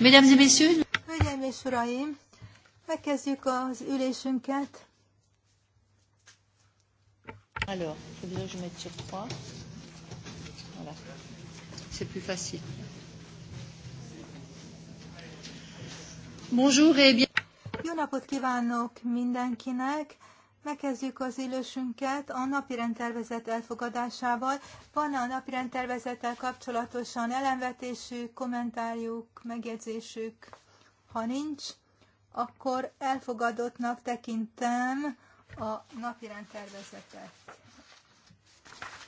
Mesdames et messieurs. Hölgyeim és uraim, megkezdjük az ülésünket. Alors, je vais je mettre sur 3. Voilà. C'est plus facile. Bonjour et bien. Jó napot kívánok mindenkinek! Megkezdjük az ülésünket a napirend tervezet elfogadásával. Van -e a napirend tervezettel kapcsolatosan ellenvetésük, kommentárjuk, megjegyzésük? Ha nincs, akkor elfogadottnak tekintem a napirend tervezetet.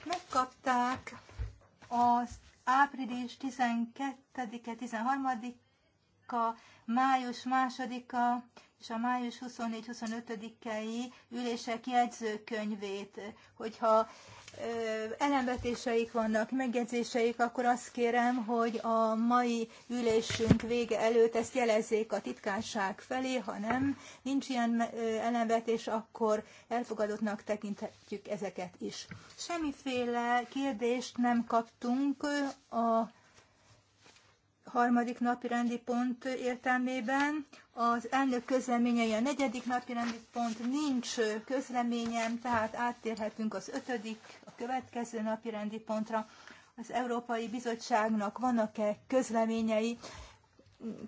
Megkapták az április 12-e, 13-a, május 2-a, és a május 24-25-i ülések jegyzőkönyvét, hogyha ellenvetéseik vannak, megjegyzéseik, akkor azt kérem, hogy a mai ülésünk vége előtt ezt jelezzék a titkárság felé, ha nem, nincs ilyen ellenvetés, akkor elfogadottnak tekinthetjük ezeket is. Semmiféle kérdést nem kaptunk a harmadik napi rendi pont értelmében. Az elnök közleményei a negyedik napi rendi pont, nincs közleményem, tehát áttérhetünk az ötödik, a következő napi rendi pontra. Az Európai Bizottságnak vannak-e közleményei?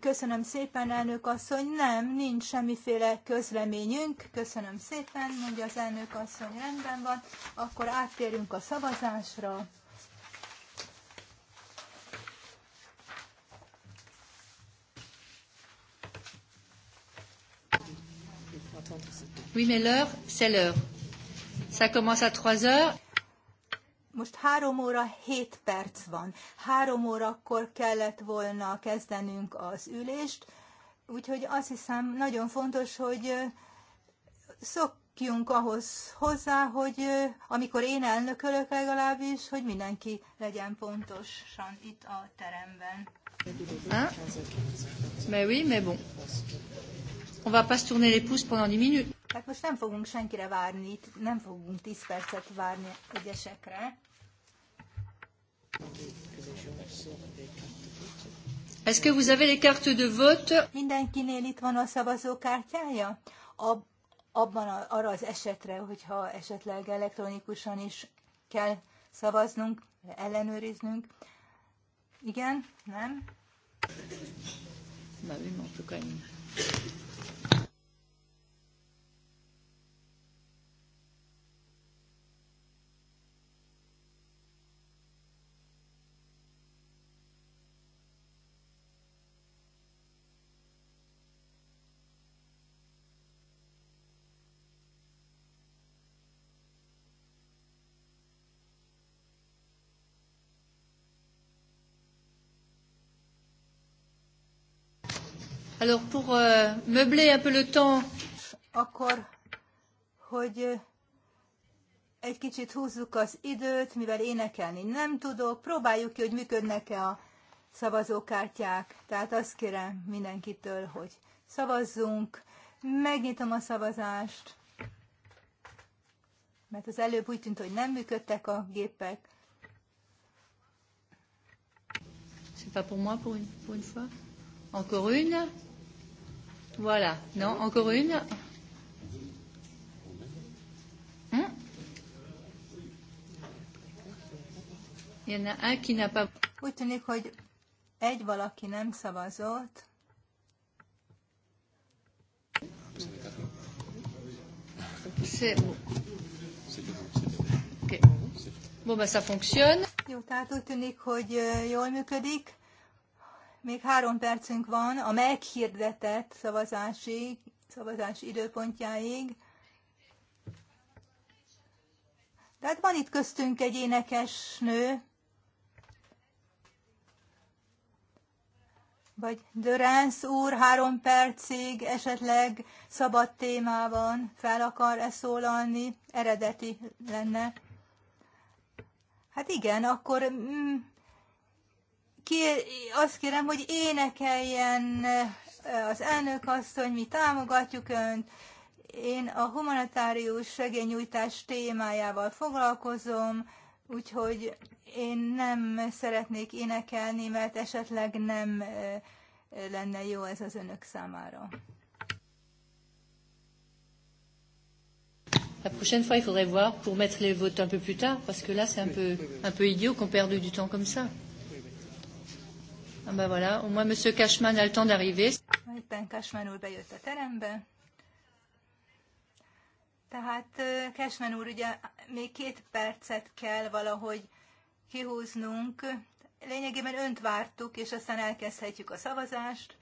Köszönöm szépen, elnök asszony. Nem, nincs semmiféle közleményünk. Köszönöm szépen, mondja az elnök asszony, rendben van. Akkor áttérünk a szavazásra. Oui, mais l'heure, c'est l'heure. Ça commence à 3 heures. Most három óra hét perc van. Három órakor kellett volna kezdenünk az ülést, úgyhogy azt hiszem nagyon fontos, hogy szokjunk ahhoz hozzá, hogy amikor én elnökölök legalábbis, hogy mindenki legyen pontosan itt a teremben. Hein? Mais oui, mais bon. On va pas se tourner les pouces pendant 10 minutes. Hát most nem fogunk senkire várni, nem fogunk 10 percet várni egyesekre. Est-ce que vous avez les cartes de vote? Mindenkinél itt van a szavazókártyája? Ab, abban a, arra az esetre, hogyha esetleg elektronikusan is kell szavaznunk, ellenőriznünk. Igen? Nem? Na, mi mondtuk on Alors pour euh, meubler un peu le temps. Akkor, hogy euh, egy kicsit húzzuk az időt, mivel énekelni nem tudok, próbáljuk ki, hogy működnek-e a szavazókártyák. Tehát azt kérem mindenkitől, hogy szavazzunk. Megnyitom a szavazást, mert az előbb úgy tűnt, hogy nem működtek a gépek. C'est pas pour moi pour une, pour une fois. Encore une. Voilà. Non, encore une hein Il y en a un qui n'a pas... Úgy tűnik, hogy egy valaki nem szavazott. Bon, ben ça fonctionne. Jó, tehát úgy tűnik, hogy jól működik még három percünk van a meghirdetett szavazásig, szavazás időpontjáig. Tehát van itt köztünk egy énekes nő, vagy Dörens úr három percig esetleg szabad témában fel akar-e szólalni, eredeti lenne. Hát igen, akkor mm, kér, azt kérem, hogy énekeljen eh, az elnök hogy mi támogatjuk önt. Én a humanitárius segélynyújtás témájával foglalkozom, úgyhogy én nem szeretnék énekelni, mert esetleg nem eh, lenne jó ez az önök számára. La prochaine fois, il faudrait voir pour mettre les votes un peu plus tard, parce que là, c'est un peu, un peu idiot qu'on perde du temps comme ça. Ah ben voilà, au moins Monsieur Cashman a le temps d'arriver. Ah, éppen Cashman úr bejött a terembe. Tehát Cashman úr, ugye még két percet kell valahogy kihúznunk. Lényegében önt vártuk, és aztán elkezdhetjük a szavazást.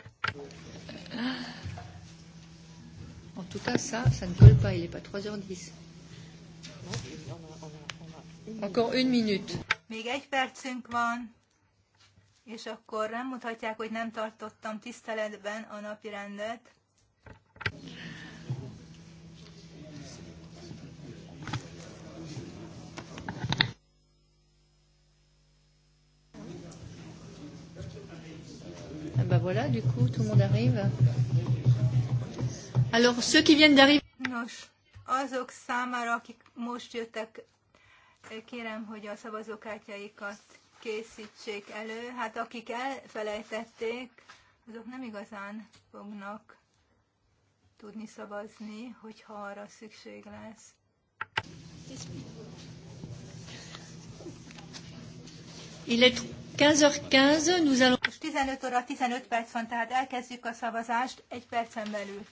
En tout cas, ça, ça ne colle pas, il n'est pas 3h10. Encore une minute. Még egy percünk van és akkor nem mutatják, hogy nem tartottam tiszteletben a napi rendet. Ah ben voilà, du coup, tout le monde arrive. Alors, ceux qui viennent d'arriver... Nos, azok számára, akik most jöttek, kérem, hogy a szavazókártyáikat készítsék elő. Hát akik elfelejtették, azok nem igazán fognak tudni szavazni, hogyha arra szükség lesz. Il est 15h15, nous allons... 15 óra 15 perc van, tehát elkezdjük a szavazást egy percen belül.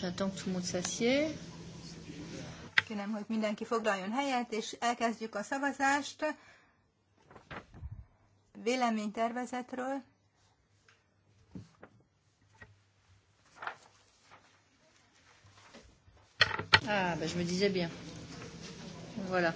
J'attends que tout le monde s'assied. Kérem, hogy mindenki foglaljon helyet, és elkezdjük a szavazást véleménytervezetről. Ah, ben je me disais bien. Voilà.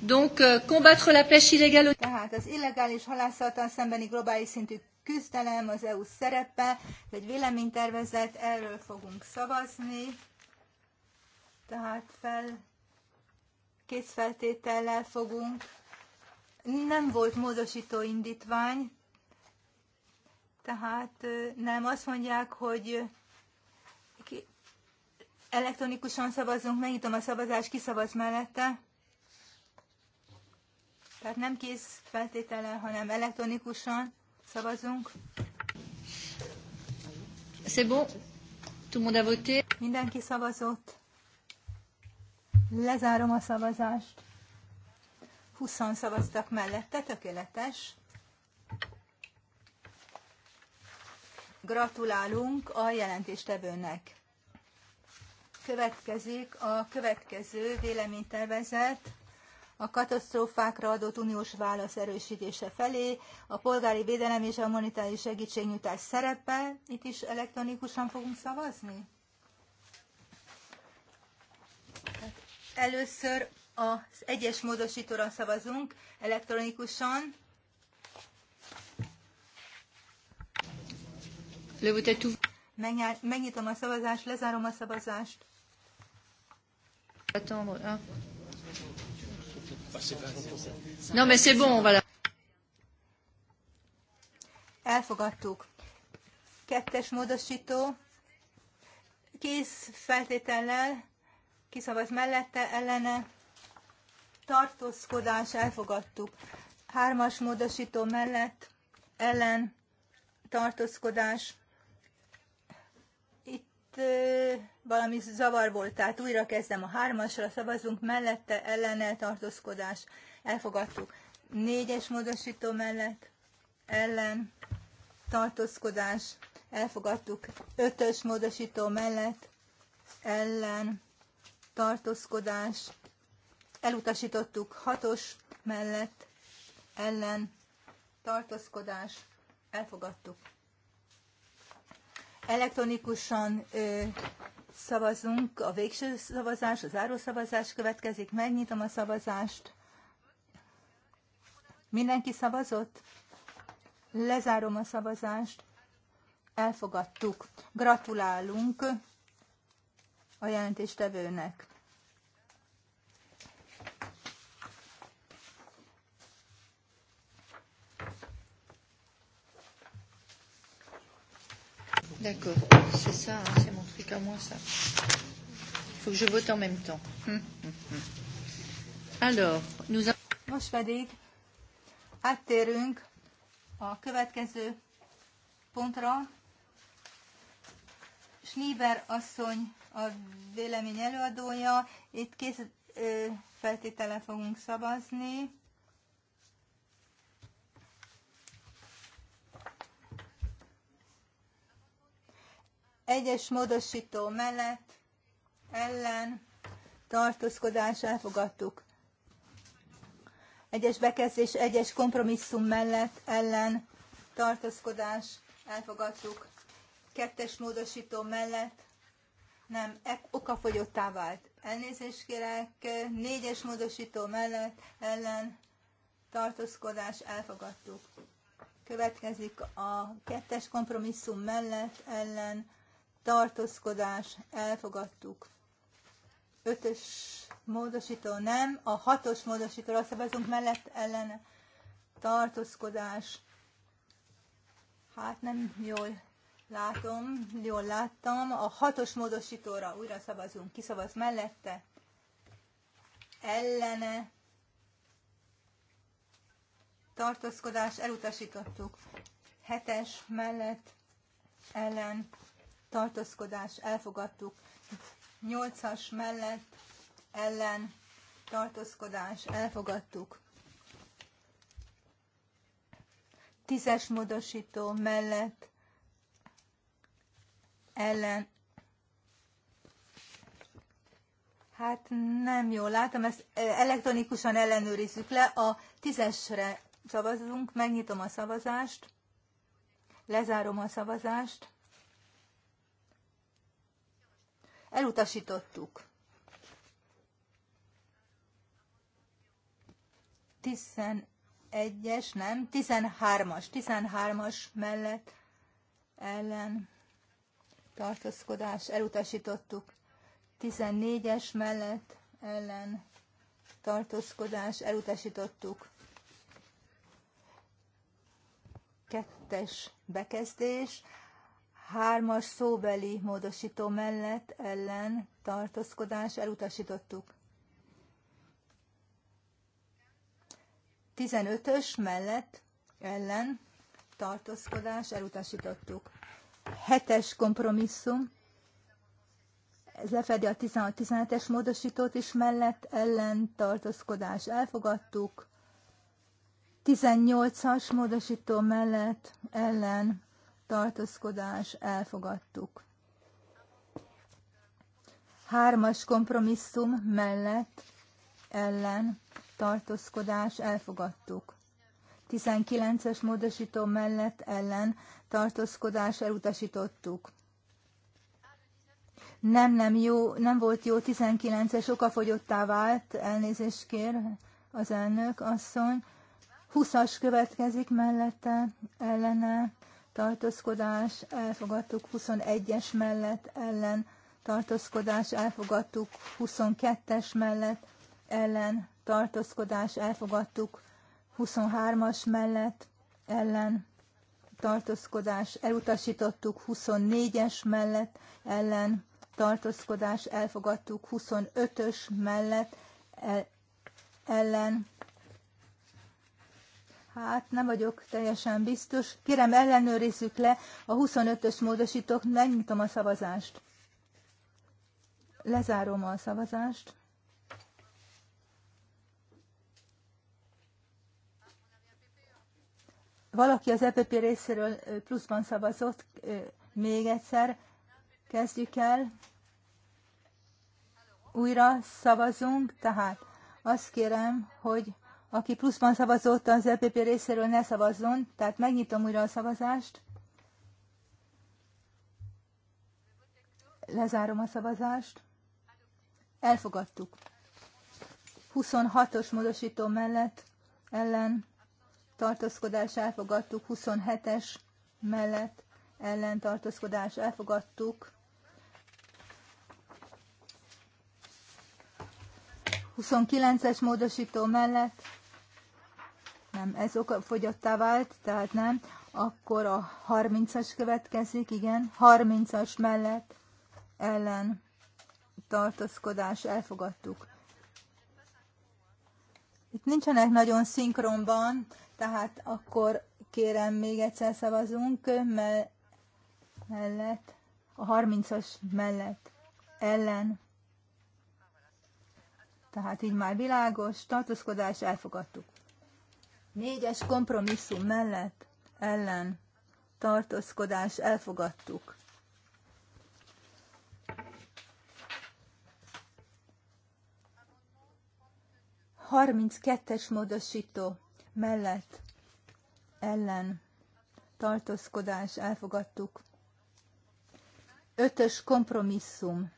Donc, euh, combattre la pêche illégale. Tehát az illegális halászattal szembeni globális szintű küzdelem, az EU szerepe, egy véleménytervezet, erről fogunk szavazni. Tehát fel, feltétellel fogunk. Nem volt módosító indítvány, tehát nem azt mondják, hogy elektronikusan szavazunk, megnyitom a szavazás, kiszavaz mellette. Tehát nem kész feltétele, hanem elektronikusan. Szavazunk. C'est bon? Tout le monde a voté? Mindenki szavazott. Lezárom a szavazást. 20 szavaztak mellette, tökéletes. Gratulálunk a jelentéstevőnek. Következik a következő véleménytervezet a katasztrófákra adott uniós válasz erősítése felé, a polgári védelem és a monetári segítségnyújtás szerepe. Itt is elektronikusan fogunk szavazni? Először az egyes módosítóra szavazunk elektronikusan. Megnyitom a szavazást, lezárom a szavazást. Attendre un No, mais c'est bon, voilà. Elfogadtuk. Kettes módosító, kész feltétellel, kiszavaz mellette, ellene, tartózkodás, elfogadtuk. Hármas módosító mellett, ellen, tartózkodás, Hát, valami zavar volt, tehát újra kezdem a hármasra, szavazunk mellette, ellene tartózkodás, elfogadtuk. Négyes módosító mellett, ellen tartózkodás, elfogadtuk. Ötös módosító mellett, ellen tartózkodás, elutasítottuk. Hatos mellett, ellen tartózkodás, elfogadtuk. Elektronikusan szavazunk, a végső szavazás, a szavazás következik, megnyitom a szavazást. Mindenki szavazott? Lezárom a szavazást. Elfogadtuk. Gratulálunk a jelentéstevőnek. D'accord, c'est ça, hein, c'est mon truc à moi, ça. Il faut que je vote en même temps. Alors, nous avons... Most pedig áttérünk a következő pontra. Schnieber asszony a vélemény előadója. Itt két feltétele fogunk szavazni. Egyes módosító mellett ellen tartózkodás elfogadtuk. Egyes bekezdés, egyes kompromisszum mellett ellen tartózkodás elfogadtuk. Kettes módosító mellett nem, e- okafogyottá vált. Elnézést kérek, négyes módosító mellett ellen tartózkodás elfogadtuk. Következik a kettes kompromisszum mellett ellen tartózkodás, elfogadtuk. Ötös módosító nem, a hatos módosítóra szavazunk mellett ellene tartózkodás. Hát nem jól látom, jól láttam. A hatos módosítóra újra szavazunk, kiszavaz mellette, ellene tartózkodás, elutasítottuk. Hetes mellett ellen tartózkodás elfogadtuk. 8-as mellett ellen tartózkodás elfogadtuk. 10-es módosító mellett ellen Hát nem jól látom, ezt elektronikusan ellenőrizzük le. A tízesre szavazunk, megnyitom a szavazást, lezárom a szavazást. Elutasítottuk. 11-es, nem, 13-as, 13-as mellett ellen tartózkodás, elutasítottuk. 14-es mellett ellen tartózkodás, elutasítottuk. Kettes bekezdés, hármas szóbeli módosító mellett ellen tartózkodás elutasítottuk. 15-ös mellett ellen tartózkodás elutasítottuk. 7-es kompromisszum, ez lefedi a 16-17-es módosítót is mellett ellen tartózkodás elfogadtuk. 18-as módosító mellett ellen tartózkodás elfogadtuk. Hármas kompromisszum mellett ellen tartózkodás elfogadtuk. 19-es módosító mellett ellen tartózkodás elutasítottuk. Nem, nem, jó, nem volt jó, 19-es okafogyottá vált, elnézést kér az elnök asszony. 20-as következik mellette, ellene tartózkodás elfogadtuk, 21-es mellett ellen tartózkodás elfogadtuk, 22-es mellett ellen tartózkodás elfogadtuk, 23-as mellett ellen tartózkodás elutasítottuk, 24-es mellett ellen tartózkodás elfogadtuk, 25-ös mellett ellen Hát nem vagyok teljesen biztos. Kérem, ellenőrizzük le a 25-ös módosítók. Megnyitom a szavazást. Lezárom a szavazást. Valaki az EPP részéről pluszban szavazott, még egyszer kezdjük el. Újra szavazunk, tehát azt kérem, hogy aki pluszban szavazott, az LPP részéről ne szavazzon, tehát megnyitom újra a szavazást. Lezárom a szavazást. Elfogadtuk. 26-os módosító mellett ellen tartózkodás elfogadtuk, 27-es mellett ellen tartózkodás elfogadtuk, 29-es módosító mellett nem, ez fogyottá vált, tehát nem. Akkor a 30-as következik, igen. 30-as mellett ellen tartózkodás elfogadtuk. Itt nincsenek nagyon szinkronban, tehát akkor kérem még egyszer szavazunk mellett, a 30-as mellett, ellen. Tehát így már világos, tartózkodás elfogadtuk. Négyes kompromisszum mellett ellen tartózkodás elfogadtuk. kettes módosító mellett ellen tartózkodás elfogadtuk. Ötös kompromisszum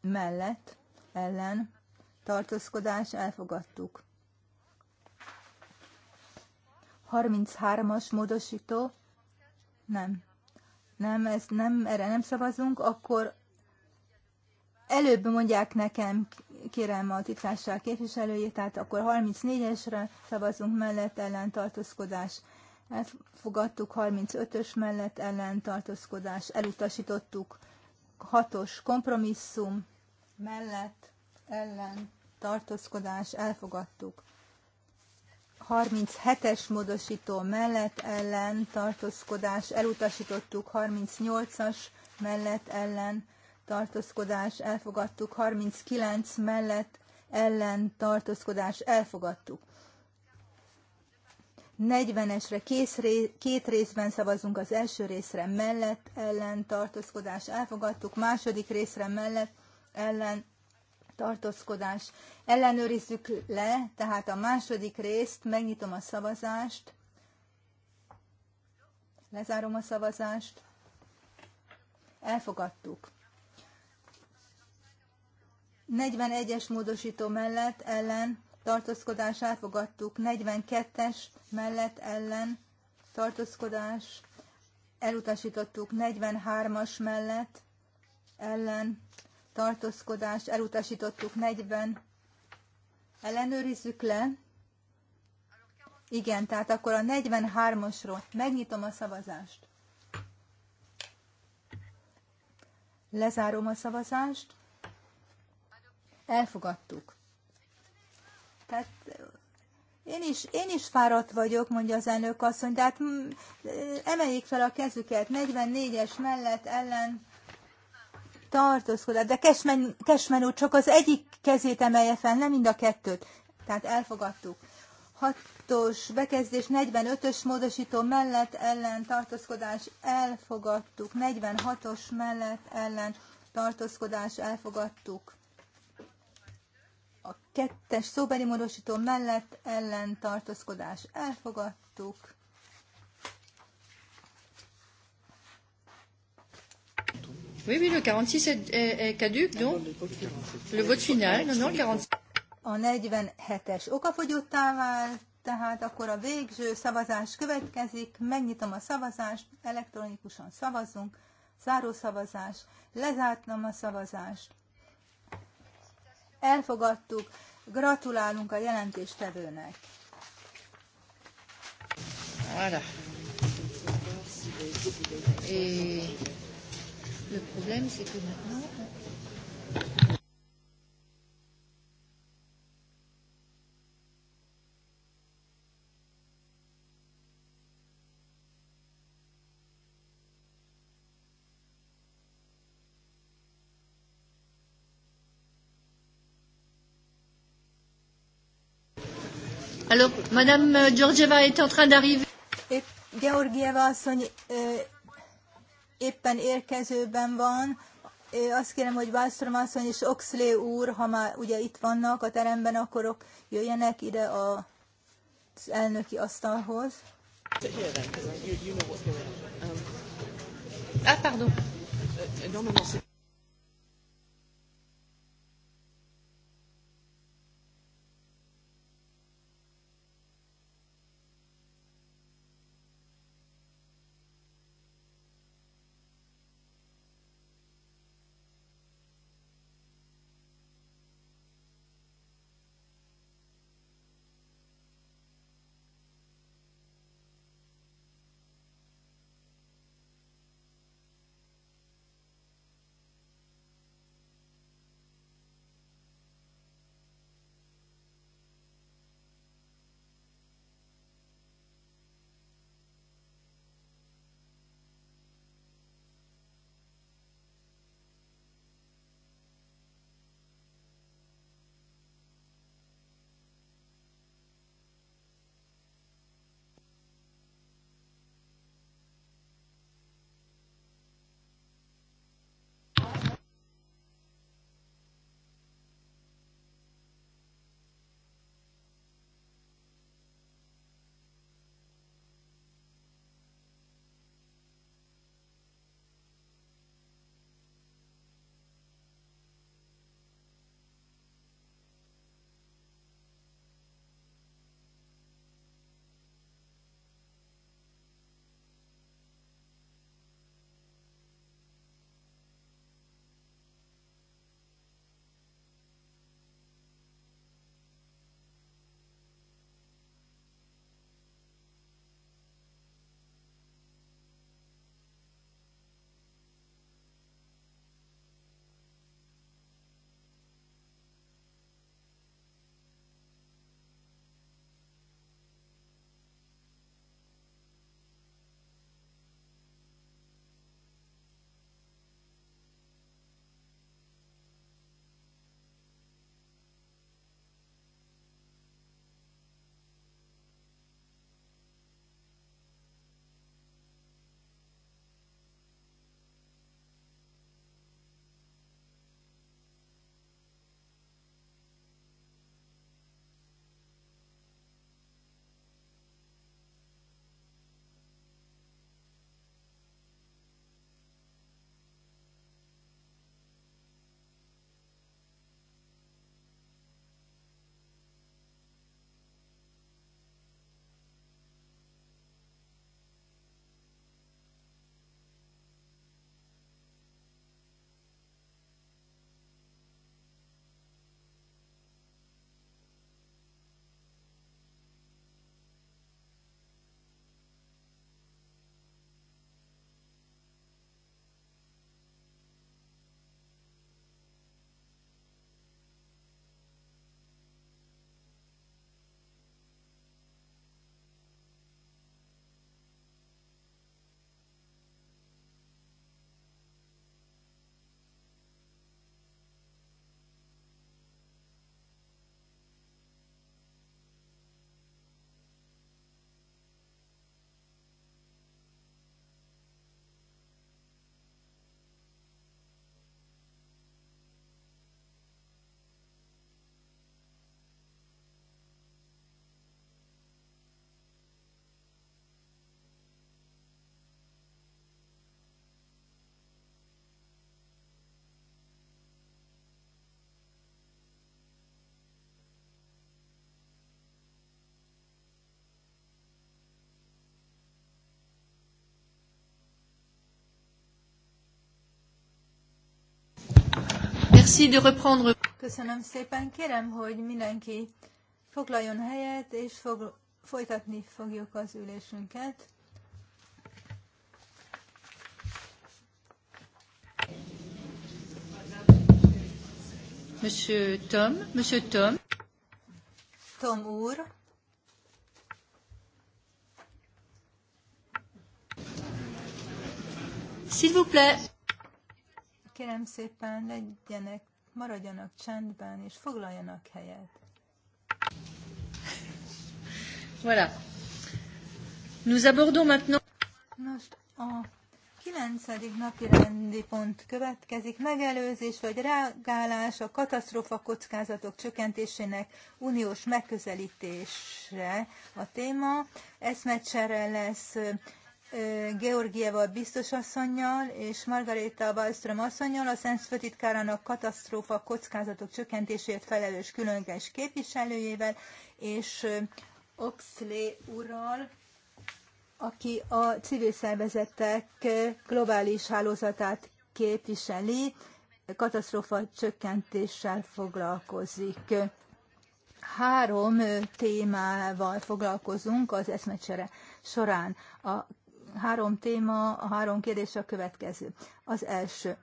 mellett ellen tartózkodás elfogadtuk. 33-as módosító? Nem. Nem, ez nem, erre nem szavazunk, akkor előbb mondják nekem, kérem a titkással képviselőjét, tehát akkor 34-esre szavazunk mellett ellentartózkodás. Elfogadtuk 35-ös mellett ellentartózkodás, elutasítottuk 6-os kompromisszum mellett ellen elfogadtuk. 37-es módosító mellett ellen tartózkodás elutasítottuk, 38-as mellett ellen tartózkodás elfogadtuk, 39 mellett ellen tartózkodás elfogadtuk. 40-esre két részben szavazunk az első részre mellett ellen tartózkodás elfogadtuk, második részre mellett ellen tartózkodás. Ellenőrizzük le, tehát a második részt, megnyitom a szavazást, lezárom a szavazást, elfogadtuk. 41-es módosító mellett ellen tartózkodás elfogadtuk, 42-es mellett ellen tartózkodás elutasítottuk, 43-as mellett ellen tartózkodás, elutasítottuk 40. Ellenőrizzük le. Igen, tehát akkor a 43-osról megnyitom a szavazást. Lezárom a szavazást. Elfogadtuk. Tehát én is, én is fáradt vagyok, mondja az elnök asszony, de hát mm, emeljék fel a kezüket. 44-es mellett ellen tartózkodás. De Kesmen, Kesmen úr csak az egyik kezét emelje fel, nem mind a kettőt. Tehát elfogadtuk. hatos bekezdés 45-ös módosító mellett ellen tartózkodás elfogadtuk. 46-os mellett ellen tartózkodás elfogadtuk. A kettes szóbeli módosító mellett ellen tartózkodás elfogadtuk. Oui, oui, le 46 est, est, est caduc, donc le vote final, non, non, le 46. A 47-es okafogyottá vált, tehát akkor a végző szavazás következik, megnyitom a szavazást, elektronikusan szavazunk, záró szavazás, lezártam a szavazást. Elfogadtuk, gratulálunk a jelentéstevőnek. Voilà. Et... Le problème, c'est que maintenant. Alors, Madame euh, Georgieva est en train d'arriver. Georgieva euh, éppen érkezőben van. Azt kérem, hogy Wallström asszony és Oxley úr, ha már ugye itt vannak a teremben, akkor jöjjenek ide a, az elnöki asztalhoz. Ah, pardon. Euh, non, non, non, Merci de reprendre. Köszönöm szépen. Kérem, hogy mindenki foglaljon helyet, és fog, folytatni fogjuk az ülésünket. Monsieur Tom, Monsieur Tom. Tom úr. S'il vous plaît. Kérem szépen, legyenek, maradjanak csendben, és foglaljanak helyet. Voilà. Nous abordons maintenant... Most a kilencedik napi rendi pont következik. Megelőzés vagy reagálás a katasztrófa kockázatok csökkentésének uniós megközelítésre a téma. Eszmecsere lesz Georgieva biztos asszonynal és Margareta Wallström asszonynal, a Szent főtitkárának katasztrófa kockázatok csökkentésért felelős különleges képviselőjével, és Oxley ural, aki a civil szervezetek globális hálózatát képviseli, katasztrófa csökkentéssel foglalkozik. Három témával foglalkozunk az eszmecsere során. A három téma, a három kérdés a következő. Az első.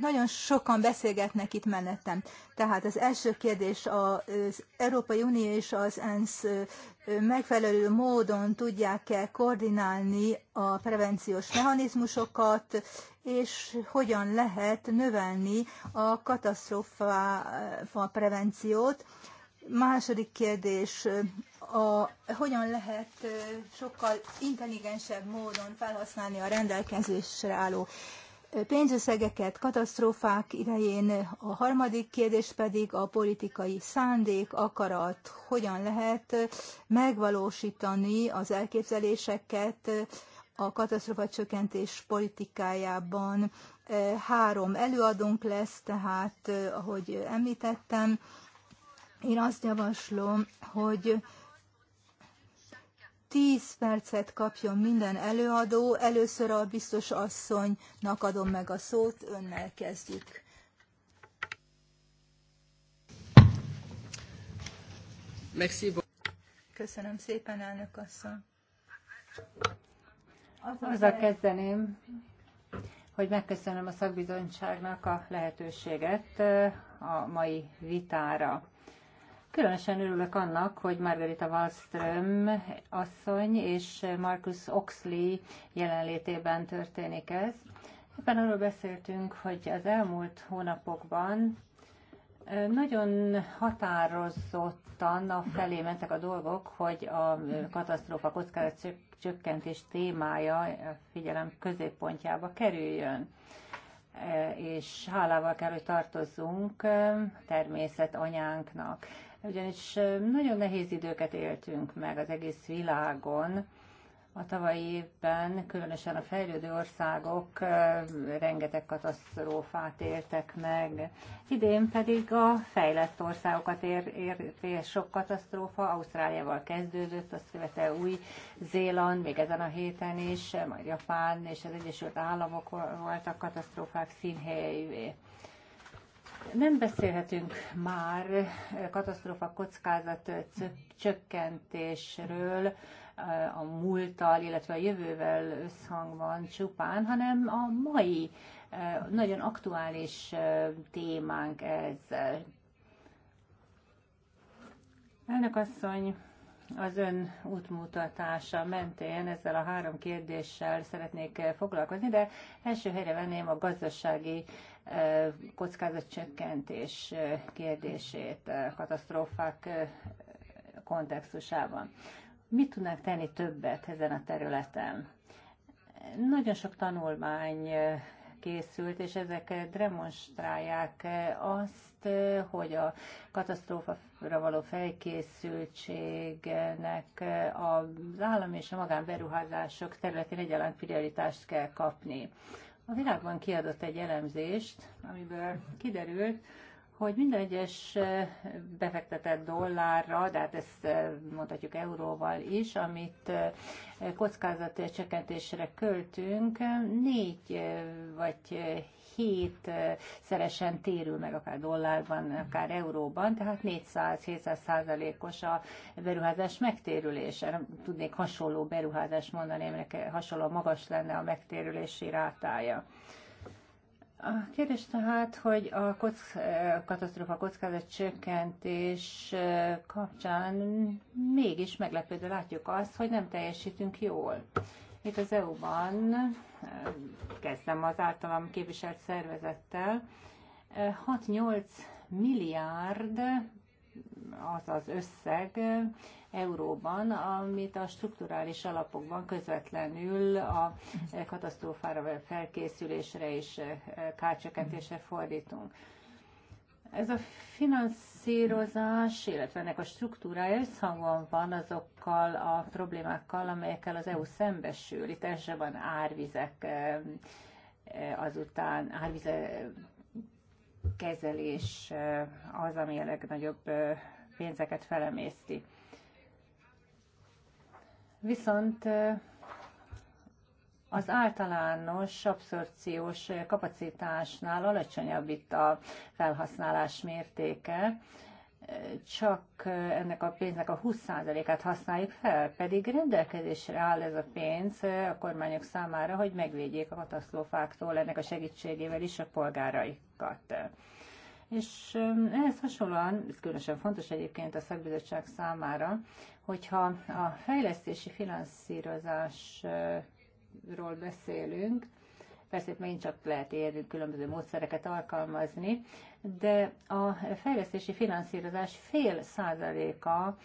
Nagyon sokan beszélgetnek itt mellettem. Tehát az első kérdés az Európai Unió és az ENSZ megfelelő módon tudják-e koordinálni a prevenciós mechanizmusokat, és hogyan lehet növelni a katasztrófa prevenciót. Második kérdés, a, hogyan lehet sokkal intelligensebb módon felhasználni a rendelkezésre álló pénzösszegeket katasztrófák idején. A harmadik kérdés pedig a politikai szándék, akarat, hogyan lehet megvalósítani az elképzeléseket a katasztrófa csökkentés politikájában. Három előadónk lesz, tehát ahogy említettem, én azt javaslom, hogy 10 percet kapjon minden előadó. Először a biztos asszonynak adom meg a szót, önnel kezdjük. Köszönöm szépen, elnök asszony. Azzal kezdeném, hogy megköszönöm a szakbizottságnak a lehetőséget a mai vitára. Különösen örülök annak, hogy Margarita Wallström asszony és Marcus Oxley jelenlétében történik ez. Éppen arról beszéltünk, hogy az elmúlt hónapokban nagyon határozottan a felé mentek a dolgok, hogy a katasztrófa kockázat csökkentés témája figyelem középpontjába kerüljön és hálával kell, hogy tartozzunk természet anyánknak ugyanis nagyon nehéz időket éltünk meg az egész világon. A tavalyi évben különösen a fejlődő országok rengeteg katasztrófát éltek meg. Idén pedig a fejlett országokat ér, ér, ér sok katasztrófa. Ausztráliával kezdődött, azt követte Új-Zéland, még ezen a héten is, majd Japán és az Egyesült Államok voltak katasztrófák színhelyévé. Nem beszélhetünk már katasztrófa kockázat csökkentésről eh, a múlttal, illetve a jövővel összhangban csupán, hanem a mai eh, nagyon aktuális eh, témánk ez. Elnök asszony, az ön útmutatása mentén ezzel a három kérdéssel szeretnék foglalkozni, de első helyre venném a gazdasági kockázatcsökkentés kérdését katasztrófák kontextusában. Mit tudnánk tenni többet ezen a területen? Nagyon sok tanulmány készült, és ezek demonstrálják azt, hogy a katasztrófára való felkészültségnek az állam és a magánberuházások területén egyaránt prioritást kell kapni. A világban kiadott egy elemzést, amiből kiderült, hogy minden egyes befektetett dollárra, de hát ezt mondhatjuk euróval is, amit kockázat csökkentésre költünk, négy vagy hét szeresen térül meg, akár dollárban, akár euróban, tehát 400-700 százalékos a beruházás megtérülése. Nem tudnék hasonló beruházást mondani, aminek hasonló magas lenne a megtérülési rátája. A kérdés tehát, hogy a kocz, katasztrófa kockázat csökkentés kapcsán mégis meglepődve látjuk azt, hogy nem teljesítünk jól. Itt az EU-ban kezdtem az általam képviselt szervezettel. 6-8 milliárd az az összeg euróban, amit a strukturális alapokban közvetlenül a katasztrófára felkészülésre és kárcsökkentésre fordítunk. Ez a finansz finanszírozás, illetve ennek a struktúrája összhangban van azokkal a problémákkal, amelyekkel az EU szembesül. Itt elsősorban árvizek, eh, eh, azután árvize kezelés eh, az, ami a legnagyobb pénzeket felemészti. Viszont az általános abszorpciós kapacitásnál alacsonyabb itt a felhasználás mértéke, csak ennek a pénznek a 20%-át használjuk fel, pedig rendelkezésre áll ez a pénz a kormányok számára, hogy megvédjék a katasztrófáktól ennek a segítségével is a polgáraikat. És um, ehhez hasonlóan, ez különösen fontos egyébként a szakbizottság számára, hogyha a fejlesztési finanszírozás ról beszélünk, persze itt megint csak lehet érni különböző módszereket alkalmazni, de a fejlesztési finanszírozás fél százaléka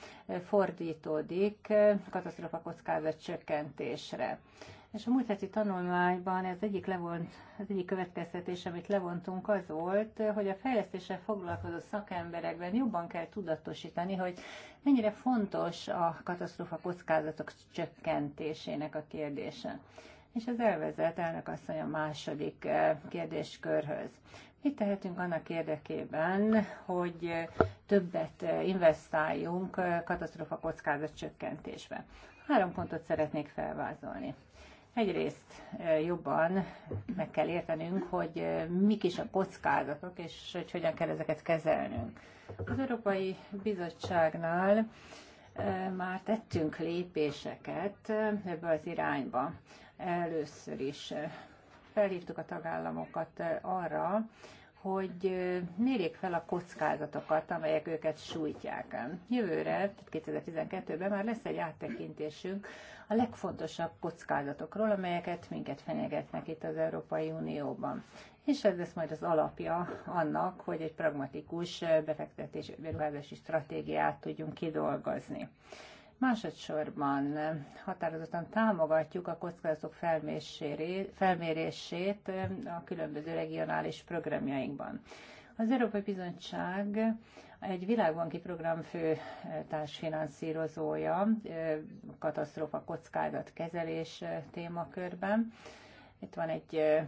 fordítódik katasztrofa kockázat csökkentésre. És a múlt heti tanulmányban ez egyik levont, az egyik következtetés, amit levontunk, az volt, hogy a fejlesztéssel foglalkozó szakemberekben jobban kell tudatosítani, hogy mennyire fontos a katasztrófa kockázatok csökkentésének a kérdése. És ez elvezet elnök asszony a második eh, kérdéskörhöz. Mit tehetünk annak érdekében, hogy eh, többet eh, investáljunk katasztrófa kockázat csökkentésbe? Három pontot szeretnék felvázolni. Egyrészt jobban meg kell értenünk, hogy mik is a kockázatok, és hogy hogyan kell ezeket kezelnünk. Az Európai Bizottságnál már tettünk lépéseket ebbe az irányba. Először is felhívtuk a tagállamokat arra, hogy mérjék fel a kockázatokat, amelyek őket sújtják. Jövőre, 2012-ben már lesz egy áttekintésünk a legfontosabb kockázatokról, amelyeket minket fenyegetnek itt az Európai Unióban. És ez lesz majd az alapja annak, hogy egy pragmatikus befektetési beruházási stratégiát tudjunk kidolgozni. Másodszorban eh, határozottan támogatjuk a kockázatok felmérését eh, a különböző regionális programjainkban. Az Európai Bizottság egy világbanki program fő eh, társfinanszírozója katasztrófa kockázat kezelés témakörben. Itt van egy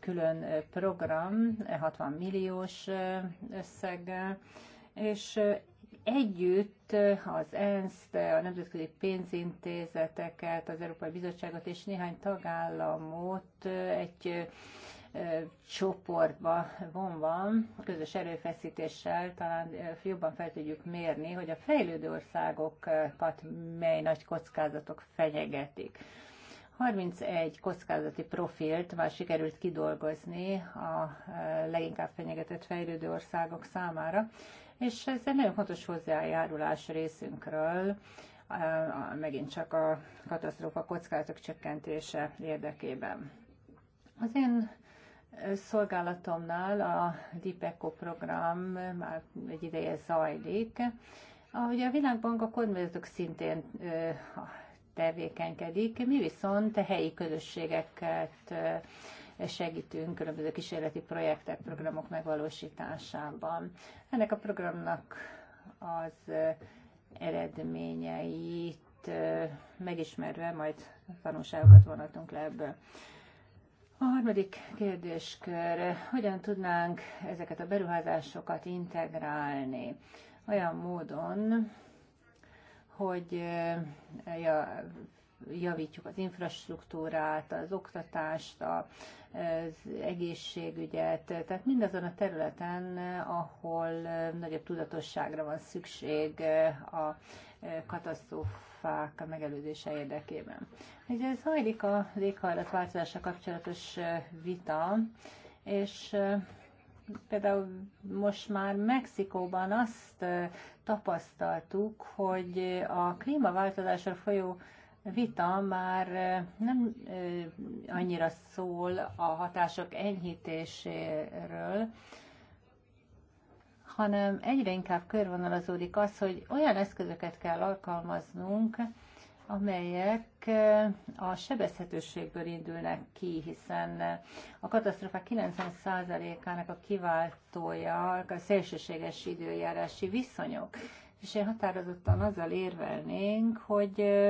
külön program, 60 milliós összeggel, és együtt az ensz a nemzetközi pénzintézeteket, az Európai Bizottságot és néhány tagállamot egy csoportba vonva, közös erőfeszítéssel talán jobban fel tudjuk mérni, hogy a fejlődő országokat mely nagy kockázatok fenyegetik. 31 kockázati profilt már sikerült kidolgozni a leginkább fenyegetett fejlődő országok számára, és ez egy nagyon fontos hozzájárulás részünkről, megint csak a katasztrófa kockázatok csökkentése érdekében. Az én szolgálatomnál a Deep Echo program már egy ideje zajlik. Ahogy a Világbank a kormányzatok szintén tevékenykedik, mi viszont helyi közösségeket segítünk különböző kísérleti projektek, programok megvalósításában. Ennek a programnak az eredményeit megismerve majd tanulságokat vonatunk le ebből. A harmadik kérdéskör, hogyan tudnánk ezeket a beruházásokat integrálni olyan módon, hogy ja, javítjuk az infrastruktúrát, az oktatást, az egészségügyet, tehát mindazon a területen, ahol nagyobb tudatosságra van szükség a katasztrófák a megelőzése érdekében. Ugye ez hajlik a léghajlatváltozása kapcsolatos vita, és például most már Mexikóban azt tapasztaltuk, hogy a klímaváltozásra folyó vita már nem annyira szól a hatások enyhítéséről, hanem egyre inkább körvonalazódik az, hogy olyan eszközöket kell alkalmaznunk, amelyek a sebezhetőségből indulnak ki, hiszen a katasztrofák 90%-ának a kiváltója a szélsőséges időjárási viszonyok. És én határozottan azzal érvelnénk, hogy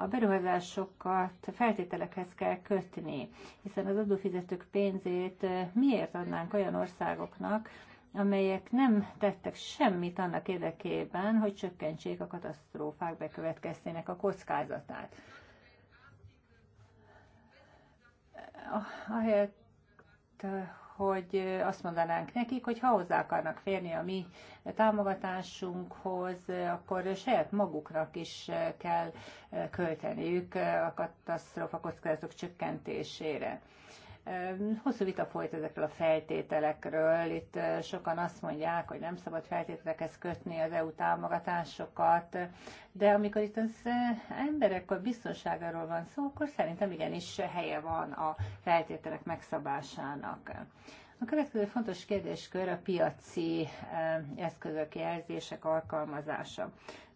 a beruházásokat feltételekhez kell kötni, hiszen az adófizetők pénzét eh, miért adnánk olyan országoknak, amelyek nem tettek semmit annak érdekében, hogy csökkentsék a katasztrófák bekövetkeztének a kockázatát. Ahelyett, eh, hogy azt mondanánk nekik, hogy ha hozzá akarnak férni a mi támogatásunkhoz, akkor saját maguknak is kell költeniük a katasztrófa kockázatok csökkentésére. Hosszú vita folyt ezekről a feltételekről. Itt sokan azt mondják, hogy nem szabad feltételekhez kötni az EU támogatásokat, de amikor itt az emberek a biztonságáról van szó, akkor szerintem igenis helye van a feltételek megszabásának. A következő fontos kérdéskör a piaci eszközök jelzések alkalmazása.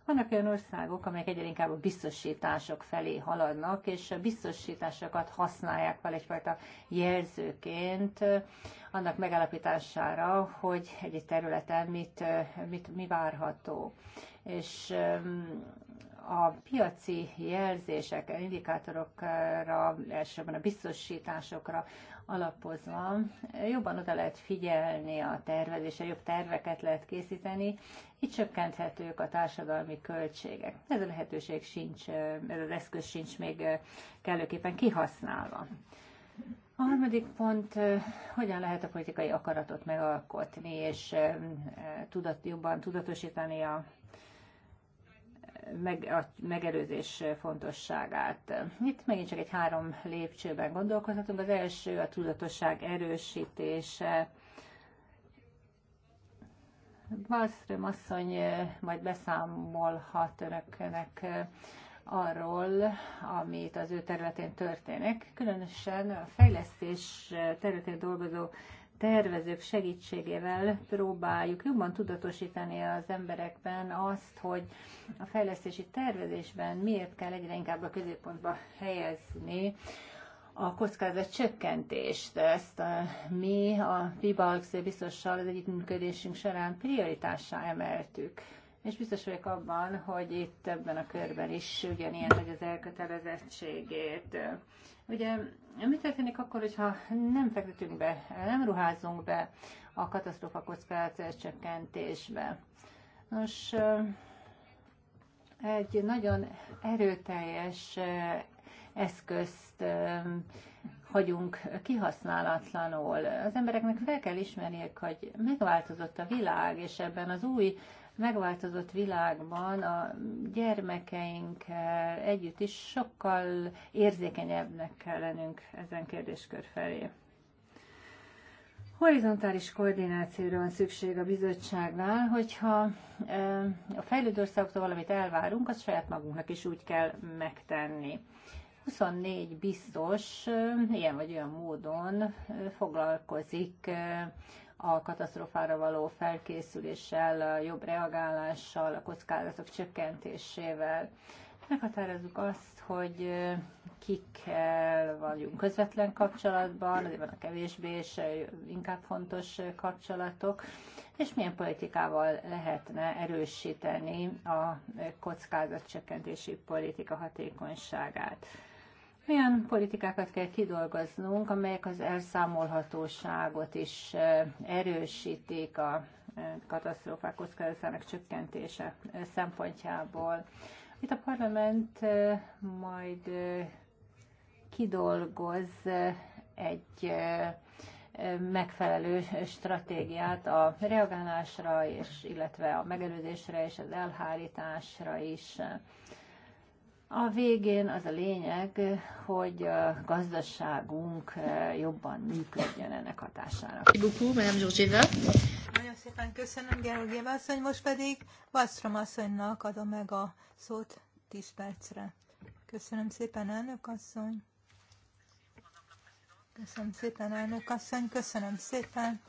Vannak olyan országok, amelyek egyre inkább a biztosítások felé haladnak, és a biztosításokat használják fel egyfajta jelzőként annak megállapítására, hogy egy területen mit, mit, mi várható. És a piaci jelzések, indikátorokra, elsősorban a biztosításokra alapozva jobban oda lehet figyelni a tervezésre, jobb terveket lehet készíteni, így csökkenthetők a társadalmi költségek. Ez a lehetőség sincs, ez az eszköz sincs még kellőképpen kihasználva. A harmadik pont, hogyan lehet a politikai akaratot megalkotni, és eh, tudat, jobban tudatosítani a meg, a megelőzés fontosságát. Itt megint csak egy három lépcsőben gondolkozhatunk. Az első a tudatosság erősítése. Malmström asszony majd beszámolhat önöknek arról, amit az ő területén történik, különösen a fejlesztés területén dolgozó tervezők segítségével próbáljuk jobban tudatosítani az emberekben azt, hogy a fejlesztési tervezésben miért kell egyre inkább a középpontba helyezni a kockázat csökkentést. Ezt a, mi a Pibalx biztossal az együttműködésünk során prioritássá emeltük és biztos vagyok abban, hogy itt ebben a körben is ugyanilyen vagy az elkötelezettségét. Ugye mi történik akkor, hogyha nem fektetünk be, nem ruházunk be a katasztrófa kockázat csökkentésbe? Nos, egy nagyon erőteljes eh, eszközt eh, hagyunk kihasználatlanul. Az embereknek fel kell ismerniük, hogy megváltozott a világ, és ebben az új megváltozott világban a gyermekeinkkel együtt is sokkal érzékenyebbnek kell lennünk ezen kérdéskör felé. Horizontális koordinációra van szükség a bizottságnál, hogyha a fejlődő országoktól valamit elvárunk, azt saját magunknak is úgy kell megtenni. 24 biztos ilyen vagy olyan módon foglalkozik a katasztrófára való felkészüléssel, a jobb reagálással, a kockázatok csökkentésével. Meghatározzuk azt, hogy kikkel vagyunk közvetlen kapcsolatban, azért van a kevésbé és inkább fontos kapcsolatok, és milyen politikával lehetne erősíteni a kockázatcsökkentési politika hatékonyságát milyen politikákat kell kidolgoznunk, amelyek az elszámolhatóságot is erősítik a katasztrófák kockázatának csökkentése szempontjából. Itt a parlament majd kidolgoz egy megfelelő stratégiát a reagálásra, és, illetve a megelőzésre és az elhárításra is. A végén az a lényeg, hogy a gazdaságunk eh, jobban működjön ennek hatására. Nagyon szépen köszönöm, Georgieva asszony. Most pedig Bastrom asszonynak adom meg a szót 10 percre. Köszönöm szépen, elnök asszony. Köszönöm szépen, elnök asszony. Köszönöm szépen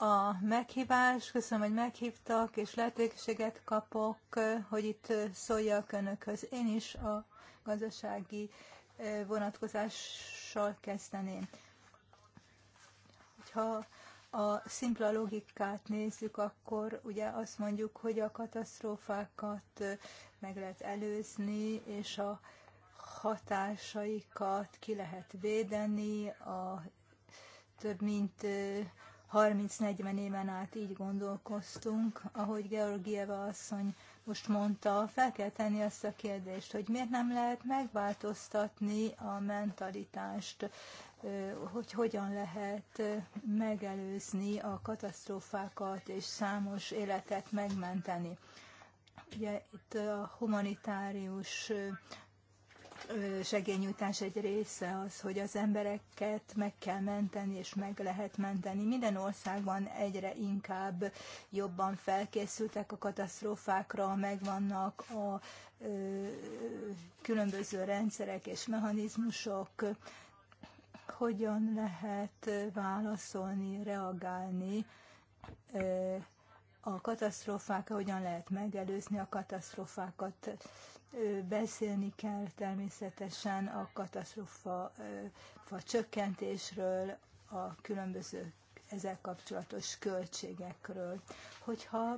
a meghívás, köszönöm, hogy meghívtak, és lehetőséget kapok, hogy itt szóljak Önökhöz. Én is a gazdasági vonatkozással kezdeném. Ha a szimpla logikát nézzük, akkor ugye azt mondjuk, hogy a katasztrófákat meg lehet előzni, és a hatásaikat ki lehet védeni, a több mint 30-40 éven át így gondolkoztunk, ahogy Georgieva asszony most mondta, fel kell tenni azt a kérdést, hogy miért nem lehet megváltoztatni a mentalitást, hogy hogyan lehet megelőzni a katasztrófákat és számos életet megmenteni. Ugye itt a humanitárius segényújtás egy része az, hogy az embereket meg kell menteni, és meg lehet menteni. Minden országban egyre inkább jobban felkészültek a katasztrófákra, megvannak a ö, különböző rendszerek és mechanizmusok, hogyan lehet válaszolni, reagálni ö, a katasztrófákra, hogyan lehet megelőzni a katasztrófákat Beszélni kell természetesen a katasztrófa a csökkentésről, a különböző ezzel kapcsolatos költségekről. Hogyha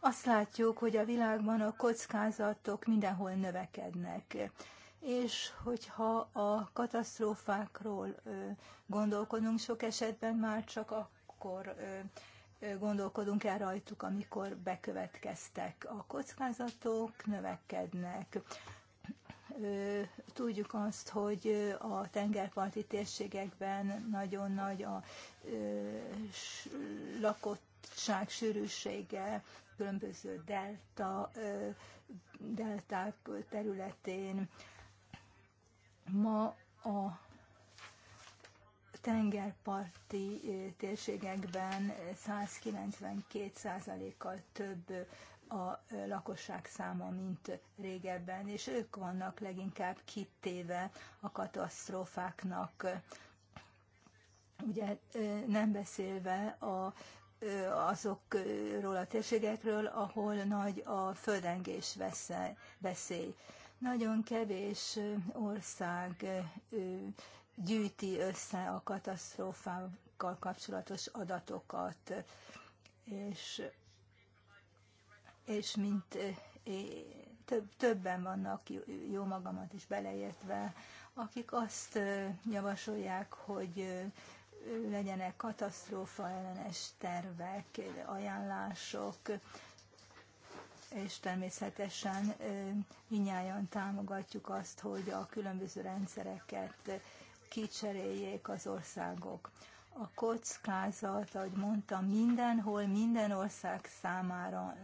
azt látjuk, hogy a világban a kockázatok mindenhol növekednek. És hogyha a katasztrófákról gondolkodunk, sok esetben már csak akkor gondolkodunk el rajtuk, amikor bekövetkeztek. A kockázatok növekednek. Tudjuk azt, hogy a tengerparti térségekben nagyon nagy a lakottság sűrűsége, különböző delta, delták területén. Ma a tengerparti térségekben 192%-kal több a lakosság száma, mint régebben, és ők vannak leginkább kitéve a katasztrófáknak. Ugye nem beszélve a, azokról a térségekről, ahol nagy a földengés veszély. Nagyon kevés ország gyűjti össze a katasztrófákkal kapcsolatos adatokat, és, és mint több, többen vannak, jó magamat is beleértve, akik azt javasolják, hogy legyenek katasztrófa ellenes tervek, ajánlások, és természetesen minnyáján támogatjuk azt, hogy a különböző rendszereket kicseréljék az országok. A kockázat, ahogy mondtam, mindenhol, minden ország számára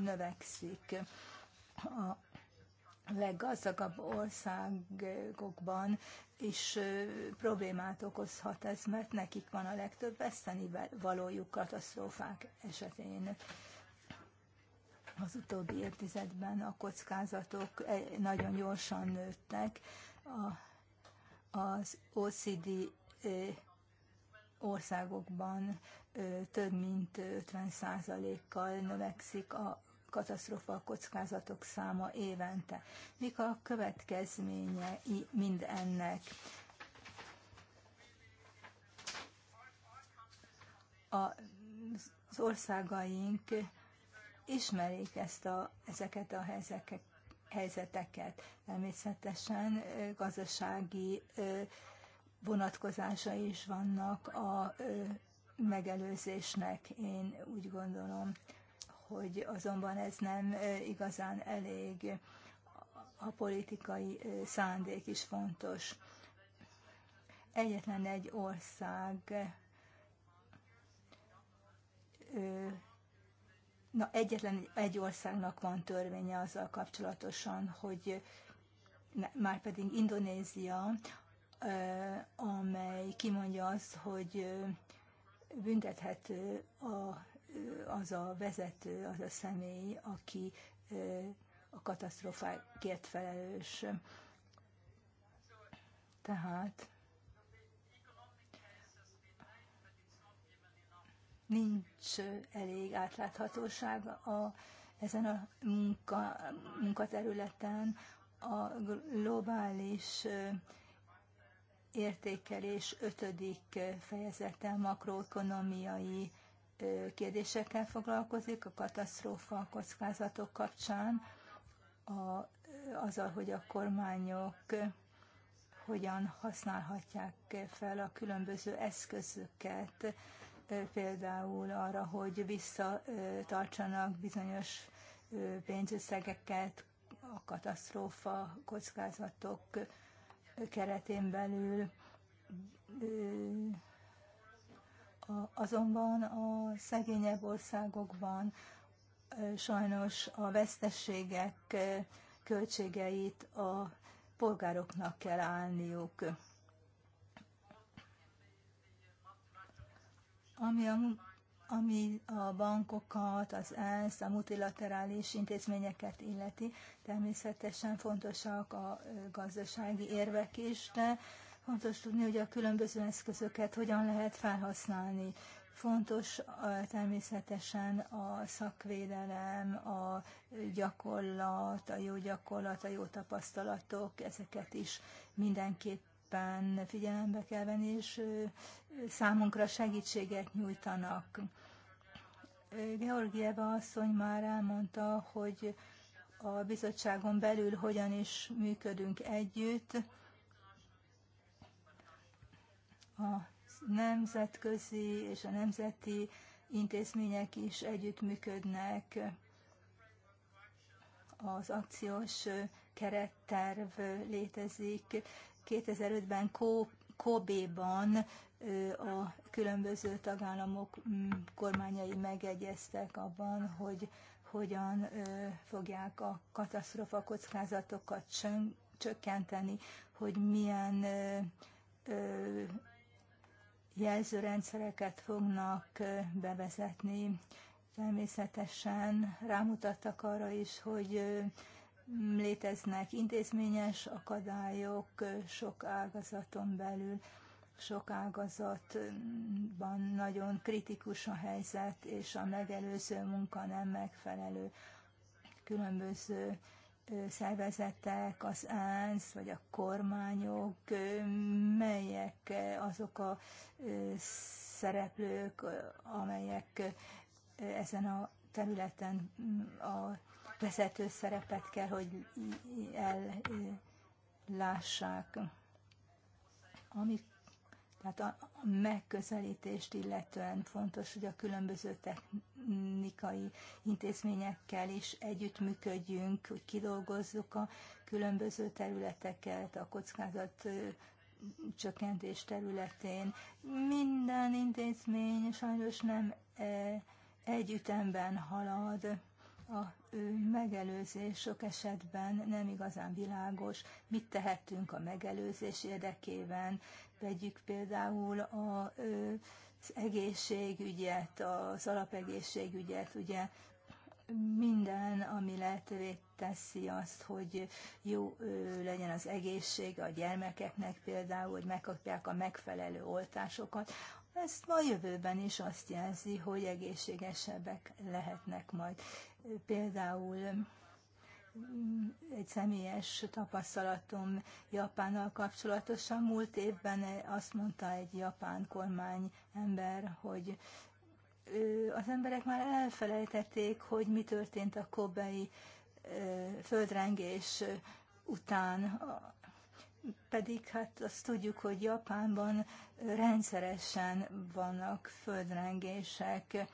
növekszik. A leggazdagabb országokban is problémát okozhat ez, mert nekik van a legtöbb veszteni valójuk katasztrófák esetén. Az utóbbi évtizedben a kockázatok eh, nagyon gyorsan nőttek, a az OCD országokban több mint 50%-kal növekszik a katasztrófa kockázatok száma évente. Mik a következménye mind ennek? Az országaink ismerik ezt a, ezeket a helyzeteket, helyzeteket. Természetesen gazdasági vonatkozása is vannak a megelőzésnek, én úgy gondolom, hogy azonban ez nem igazán elég. A politikai szándék is fontos. Egyetlen egy ország Na, egyetlen egy országnak van törvénye azzal kapcsolatosan, hogy már pedig Indonézia, amely kimondja azt, hogy büntethető a, az a vezető, az a személy, aki a katasztrofákért felelős. Tehát nincs elég átláthatóság a, ezen a munka, munkaterületen a globális értékelés ötödik fejezete makroekonomiai kérdésekkel foglalkozik a katasztrófa kockázatok kapcsán, a, azzal, hogy a kormányok hogyan használhatják fel a különböző eszközöket például arra, hogy visszatartsanak bizonyos pénzösszegeket a katasztrófa kockázatok keretén belül. Azonban a szegényebb országokban sajnos a vesztességek költségeit a polgároknak kell állniuk. ami a, ami a bankokat, az ENSZ, a multilaterális intézményeket illeti. Természetesen fontosak a gazdasági érvek is, de fontos tudni, hogy a különböző eszközöket hogyan lehet felhasználni. Fontos természetesen a szakvédelem, a gyakorlat, a jó gyakorlat, a jó tapasztalatok, ezeket is mindenképp mindenképpen figyelembe kell venni, és számunkra segítséget nyújtanak. Georgieva asszony már elmondta, hogy a bizottságon belül hogyan is működünk együtt. A nemzetközi és a nemzeti intézmények is együttműködnek az akciós keretterv létezik, 2005-ben Kobe-ban a különböző tagállamok mm, kormányai megegyeztek abban, hogy hogyan fogják a katasztrofa kockázatokat csökkenteni, hogy milyen jelzőrendszereket fognak bevezetni. Természetesen rámutattak arra is, hogy léteznek intézményes akadályok sok ágazaton belül, sok ágazatban nagyon kritikus a helyzet, és a megelőző munka nem megfelelő. Különböző szervezetek, az ENSZ vagy a kormányok, melyek azok a szereplők, amelyek ezen a területen a vezető szerepet kell, hogy ellássák. ami, tehát a megközelítést illetően fontos, hogy a különböző technikai intézményekkel is együttműködjünk, hogy kidolgozzuk a különböző területeket, a kockázat csökkentés területén. Minden intézmény sajnos nem egy ütemben halad, a megelőzés sok esetben nem igazán világos, mit tehetünk a megelőzés érdekében. Vegyük például a, az egészségügyet, az alapegészségügyet, ugye minden, ami lehetővé teszi azt, hogy jó legyen az egészség a gyermekeknek például, hogy megkapják a megfelelő oltásokat, ez a jövőben is azt jelzi, hogy egészségesebbek lehetnek majd. Például mm, egy személyes tapasztalatom Japánnal kapcsolatosan. Múlt évben azt mondta egy japán kormány ember, hogy az emberek már elfelejtették, hogy mi történt a kobei földrengés után pedig hát azt tudjuk, hogy Japánban rendszeresen vannak földrengések,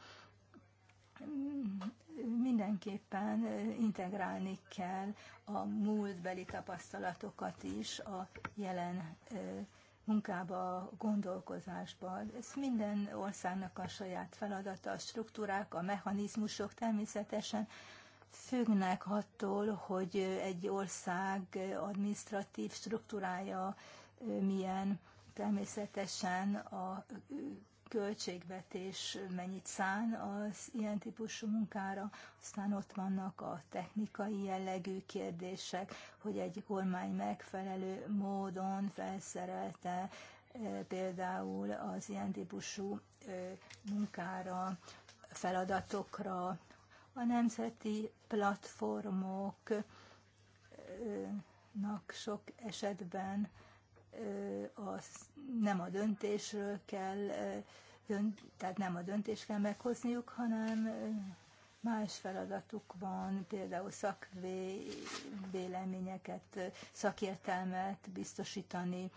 mindenképpen integrálni kell a múltbeli tapasztalatokat is a jelen munkába, a gondolkozásba. Ez minden országnak a saját feladata, a struktúrák, a mechanizmusok természetesen függnek attól, hogy egy ország administratív struktúrája milyen természetesen a költségvetés mennyit szán az ilyen típusú munkára, aztán ott vannak a technikai jellegű kérdések, hogy egy kormány megfelelő módon felszerelte például az ilyen típusú munkára, feladatokra a nemzeti platformoknak sok esetben az, nem a döntésről kell, tehát nem a döntés kell meghozniuk, hanem más feladatuk van, például szakvéleményeket, szakértelmet biztosítani.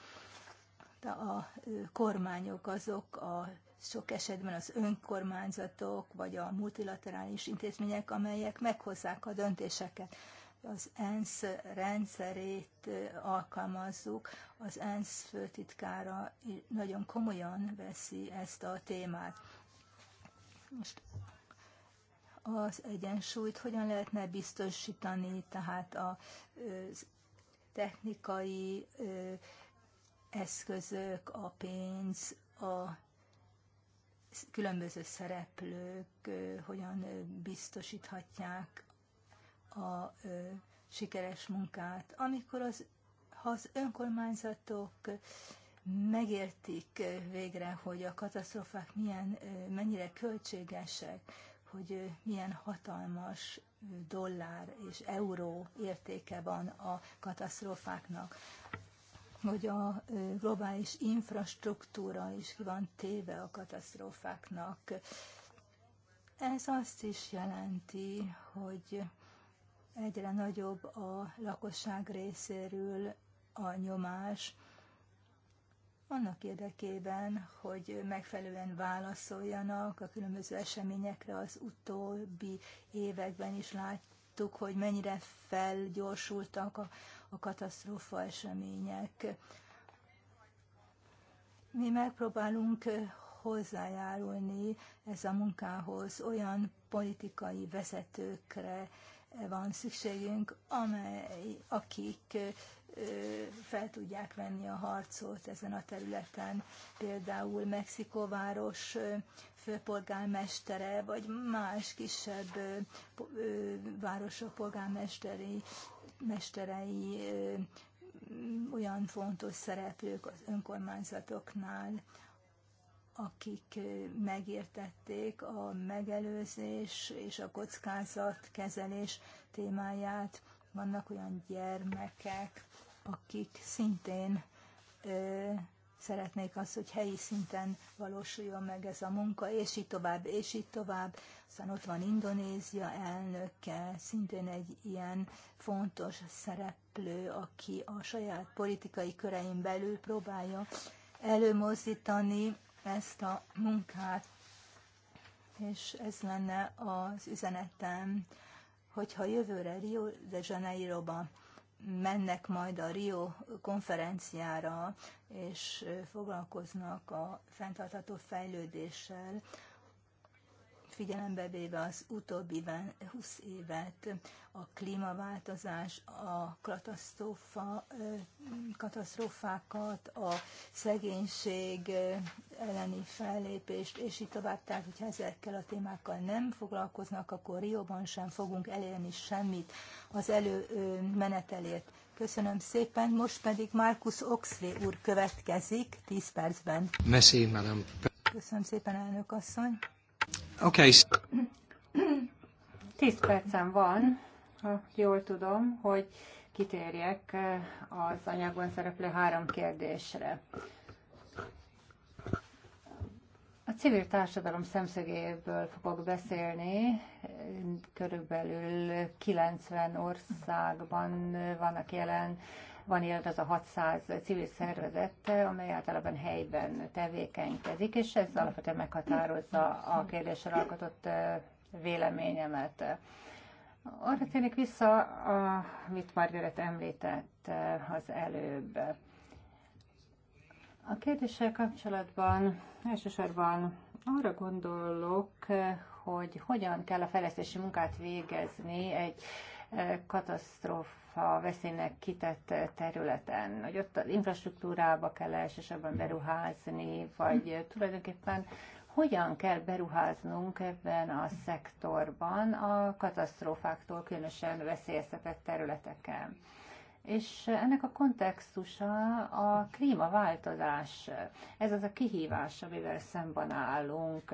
De a kormányok azok a sok esetben az önkormányzatok vagy a multilaterális intézmények, amelyek meghozzák a döntéseket. Az ENSZ rendszerét alkalmazzuk, az ENSZ főtitkára nagyon komolyan veszi ezt a témát. Most az egyensúlyt hogyan lehetne biztosítani, tehát a technikai eszközök, a pénz, a különböző szereplők hogyan biztosíthatják a sikeres munkát, amikor az, ha az önkormányzatok megértik végre, hogy a katasztrofák milyen, mennyire költségesek, hogy milyen hatalmas dollár és euró értéke van a katasztrófáknak, hogy a globális infrastruktúra is ki van téve a katasztrófáknak. Ez azt is jelenti, hogy egyre nagyobb a lakosság részéről a nyomás, annak érdekében, hogy megfelelően válaszoljanak a különböző eseményekre az utóbbi években is látjuk, láttuk, hogy mennyire felgyorsultak a, a katasztrófa események. Mi megpróbálunk hozzájárulni ez a munkához olyan politikai vezetőkre van szükségünk, amely, akik fel tudják venni a harcot ezen a területen, például Mexikóváros főpolgármestere, vagy más kisebb városok polgármesterei, mesterei olyan fontos szereplők az önkormányzatoknál, akik megértették a megelőzés és a kezelés témáját. Vannak olyan gyermekek, akik szintén ö, szeretnék azt, hogy helyi szinten valósuljon meg ez a munka, és így tovább, és így tovább. Aztán ott van Indonézia elnöke, szintén egy ilyen fontos szereplő, aki a saját politikai körein belül próbálja előmozdítani ezt a munkát, és ez lenne az üzenetem, hogyha jövőre Rio de Janeiroba mennek majd a Rio konferenciára, és foglalkoznak a fenntartható fejlődéssel, figyelembe véve az utóbbi 20 évet, a klímaváltozás, a katasztrófa, katasztrófákat, a szegénység elleni fellépést, és így tovább. Tehát, hogyha ezekkel a témákkal nem foglalkoznak, akkor Rióban sem fogunk elérni semmit az elő menetelét. Köszönöm szépen, most pedig Markus Oxley úr következik 10 percben. Köszönöm szépen, elnök asszony. Okay. Tíz percem van, ha jól tudom, hogy kitérjek eh, az anyagban szereplő három kérdésre. A civil társadalom szemszögéből fogok beszélni. Körülbelül 90 országban vannak jelen van élet az a 600 civil szervezet, amely általában helyben tevékenykedik, és ez alapvetően meghatározza a kérdésre alkotott véleményemet. Arra térnék vissza, amit Margaret említett az előbb. A kérdéssel kapcsolatban elsősorban arra gondolok, hogy hogyan kell a fejlesztési munkát végezni egy katasztrófa veszélynek kitett területen, hogy ott az infrastruktúrába kell elsősorban beruházni, vagy tulajdonképpen hogyan kell beruháznunk ebben a szektorban a katasztrófáktól különösen veszélyeztetett területeken és ennek a kontextusa a klímaváltozás. Ez az a kihívás, amivel szemben állunk.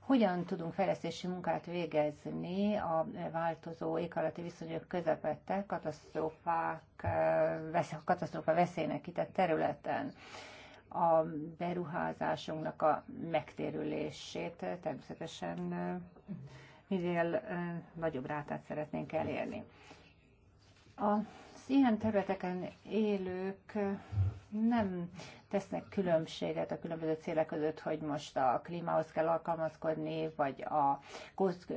Hogyan tudunk fejlesztési munkát végezni a változó éghajlati viszonyok közepette katasztrófák, katasztrófa veszélynek kitett területen? a beruházásunknak a megtérülését természetesen minél nagyobb rátát szeretnénk elérni. A ilyen területeken élők nem tesznek különbséget a különböző célek között, hogy most a klímához kell alkalmazkodni, vagy a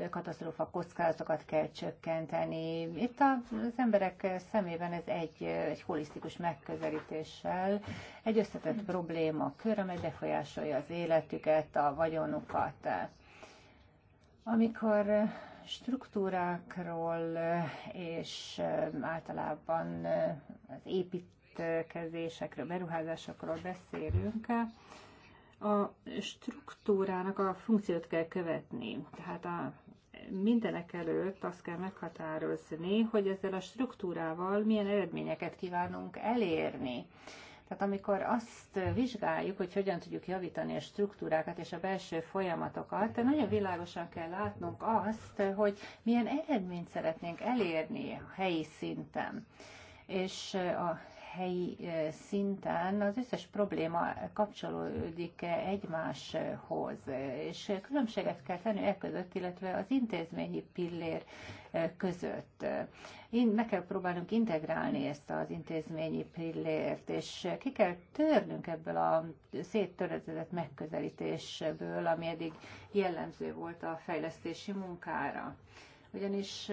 katasztrófa kockázatokat kell csökkenteni. Itt az emberek szemében ez egy, egy holisztikus megközelítéssel egy összetett probléma kör, amely befolyásolja az életüket, a vagyonukat. Amikor struktúrákról, és eh, általában eh, az építkezésekről, beruházásokról beszélünk, a struktúrának a funkciót kell követni. Tehát a mindenek előtt azt kell meghatározni, hogy ezzel a struktúrával milyen eredményeket kívánunk elérni. Tehát amikor azt vizsgáljuk, hogy hogyan tudjuk javítani a struktúrákat és a belső folyamatokat, nagyon világosan kell látnunk azt, hogy milyen eredményt szeretnénk elérni a helyi szinten. És a helyi szinten az összes probléma kapcsolódik egymáshoz, és különbséget kell tenni e között, illetve az intézményi pillér között. Meg kell próbálnunk integrálni ezt az intézményi pillért, és ki kell törnünk ebből a széttöredezett megközelítésből, ami eddig jellemző volt a fejlesztési munkára ugyanis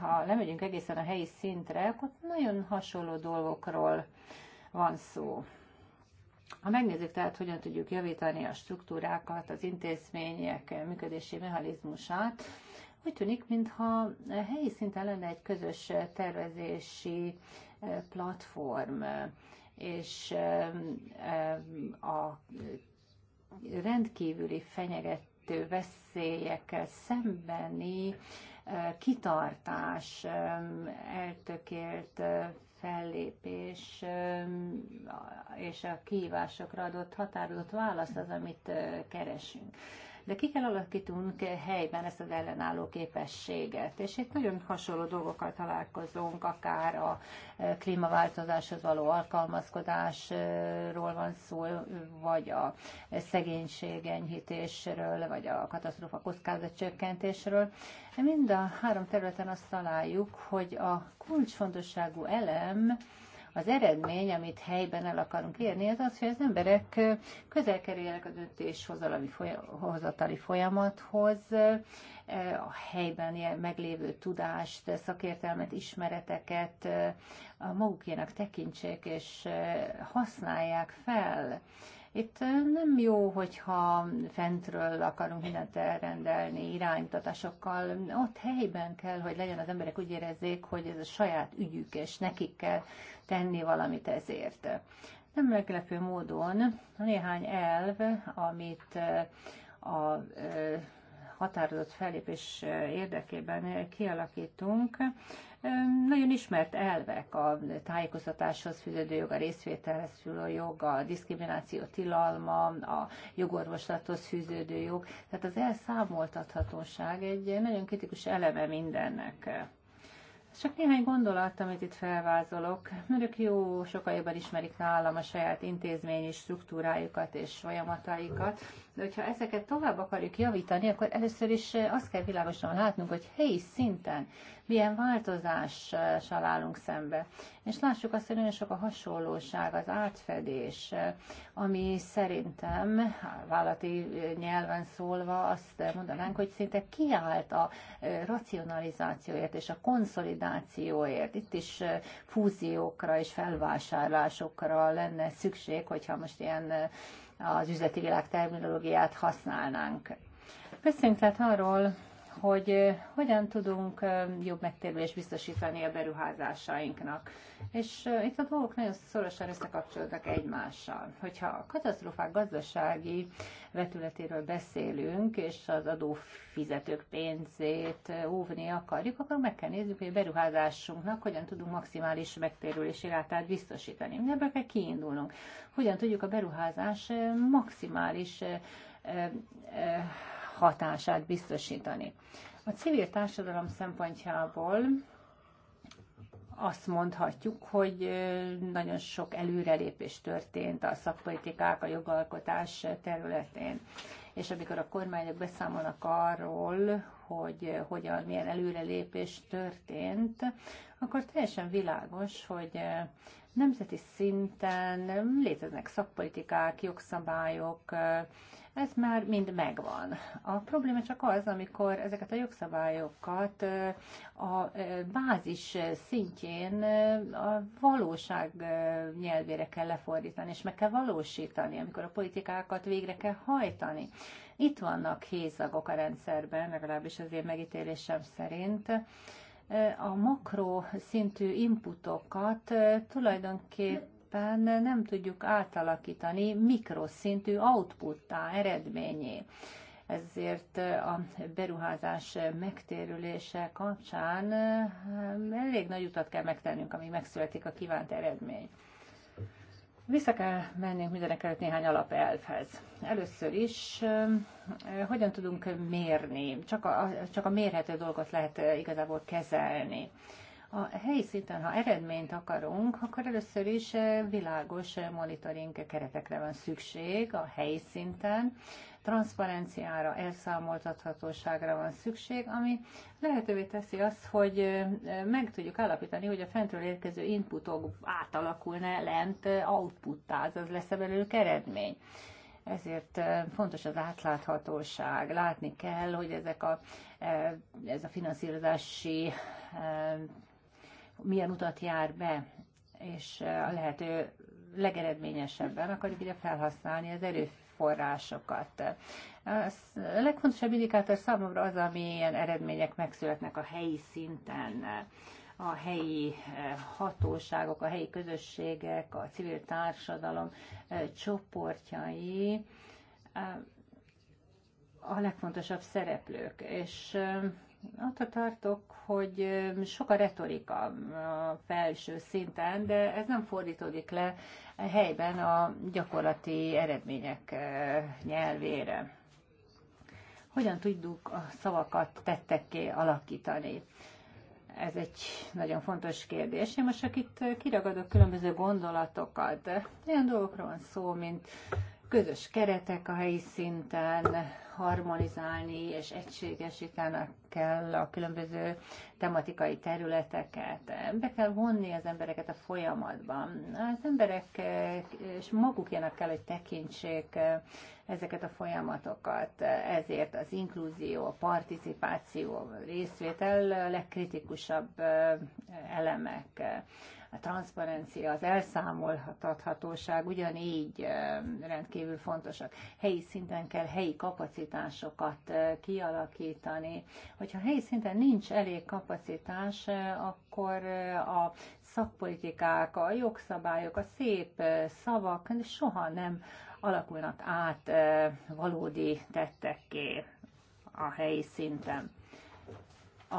ha lemegyünk egészen a helyi szintre, akkor nagyon hasonló dolgokról van szó. Ha megnézzük tehát, hogyan tudjuk javítani a struktúrákat, az intézmények működési mechanizmusát, úgy tűnik, mintha helyi szinten lenne egy közös tervezési platform, és a rendkívüli fenyegető veszélyekkel szembeni kitartás, eltökélt fellépés és a kihívásokra adott határozott válasz az, amit keresünk de ki kell alakítunk helyben ezt az ellenálló képességet. És itt nagyon hasonló dolgokkal találkozunk, akár a e, klímaváltozáshoz való alkalmazkodásról van szó, vagy a szegénység enyhítésről, vagy a katasztrófa csökkentésről. Mind a három területen azt találjuk, hogy a kulcsfontosságú elem, az eredmény, amit helyben el akarunk érni, az az, hogy az emberek közel kerüljenek a döntéshozatali folyamathoz, a helyben meglévő tudást, szakértelmet, ismereteket a magukének tekintsék és használják fel. Itt nem jó, hogyha fentről akarunk mindent elrendelni iránytatásokkal. Ott helyben kell, hogy legyen az emberek úgy érezzék, hogy ez a saját ügyük, és nekik kell tenni valamit ezért. Nem meglepő módon néhány elv, amit eh, a eh, határozott fellépés eh, érdekében kialakítunk. Nagyon ismert elvek a tájékoztatáshoz fűződő jog, a részvételhez fűződő jog, a diszkrimináció tilalma, a jogorvoslathoz fűződő jog. Tehát az elszámoltathatóság egy nagyon kritikus eleme mindennek csak néhány gondolat, amit itt felvázolok. Önök jó sokkal jobban ismerik nálam a saját intézményi struktúrájukat és folyamataikat, de hogyha ezeket tovább akarjuk javítani, akkor először is eh, azt kell világosan látnunk, hogy helyi szinten milyen változással állunk szembe. És lássuk azt, hogy nagyon sok a hasonlóság, az átfedés, eh, ami szerintem vállati eh, nyelven szólva azt mondanánk, hogy szinte kiállt a racionalizációért és a konszolidációért. Itt is fúziókra és felvásárlásokra lenne szükség, hogyha most ilyen az üzleti világ terminológiát használnánk. Beszéljünk tehát arról, hogy hogyan tudunk jobb megtérülést biztosítani a beruházásainknak. És itt a dolgok nagyon szorosan összekapcsolódnak egymással. Hogyha a katasztrofák gazdasági vetületéről beszélünk, és az adófizetők pénzét óvni akarjuk, akkor meg kell nézzük, hogy a beruházásunknak hogyan tudunk maximális megtérülési rátát biztosítani. Ebből kell kiindulnunk. Hogyan tudjuk a beruházás maximális hatását biztosítani. A civil társadalom szempontjából azt mondhatjuk, hogy nagyon sok előrelépés történt a szakpolitikák, a jogalkotás területén. És amikor a kormányok beszámolnak arról, hogy hogyan, milyen előrelépés történt, akkor teljesen világos, hogy Nemzeti szinten léteznek szakpolitikák, jogszabályok, ez már mind megvan. A probléma csak az, amikor ezeket a jogszabályokat a bázis szintjén a valóság nyelvére kell lefordítani, és meg kell valósítani, amikor a politikákat végre kell hajtani. Itt vannak hézagok a rendszerben, legalábbis az én megítélésem szerint a makro szintű inputokat tulajdonképpen nem tudjuk átalakítani mikroszintű outputtá, eredményé. Ezért a beruházás megtérülése kapcsán elég nagy utat kell megtennünk, amíg megszületik a kívánt eredmény. Vissza kell mennünk mindenek előtt néhány alapelvhez. Először is, hogyan tudunk mérni? Csak a, csak a mérhető dolgot lehet igazából kezelni. A helyi szinten, ha eredményt akarunk, akkor először is világos monitoring keretekre van szükség a helyi szinten, transzparenciára, elszámoltathatóságra van szükség, ami lehetővé teszi azt, hogy meg tudjuk állapítani, hogy a fentről érkező inputok átalakulne lent outputtá, azaz lesz belőlük eredmény ezért fontos az átláthatóság. Látni kell, hogy ezek a, ez a finanszírozási milyen utat jár be, és a lehető legeredményesebben akarjuk ide felhasználni az erőforrásokat forrásokat. A legfontosabb indikátor számomra az, ami ilyen eredmények megszületnek a helyi szinten a helyi eh, hatóságok, a helyi közösségek, a civil társadalom eh, csoportjai eh, a legfontosabb szereplők. És Attól tartok, hogy sok a retorika a felső szinten, de ez nem fordítódik le helyben a gyakorlati eredmények nyelvére. Hogyan tudjuk a szavakat tettekké alakítani? Ez egy nagyon fontos kérdés. Én most csak itt kiragadok különböző gondolatokat. Olyan dolgokról van szó, mint közös keretek a helyi szinten, harmonizálni és egységesíteni kell a különböző tematikai területeket. Be kell vonni az embereket a folyamatban. Az emberek és maguk magukénak kell, hogy tekintsék ezeket a folyamatokat. Ezért az inkluzió, a participáció, a részvétel legkritikusabb elemek. A transzparencia, az elszámolhatathatóság ugyanígy eh, rendkívül fontosak. Helyi szinten kell helyi kapacitásokat eh, kialakítani. Hogyha helyi szinten nincs elég kapacitás, eh, akkor a szakpolitikák, a jogszabályok, a szép szavak soha nem alakulnak át valódi tettekké a helyi szinten. A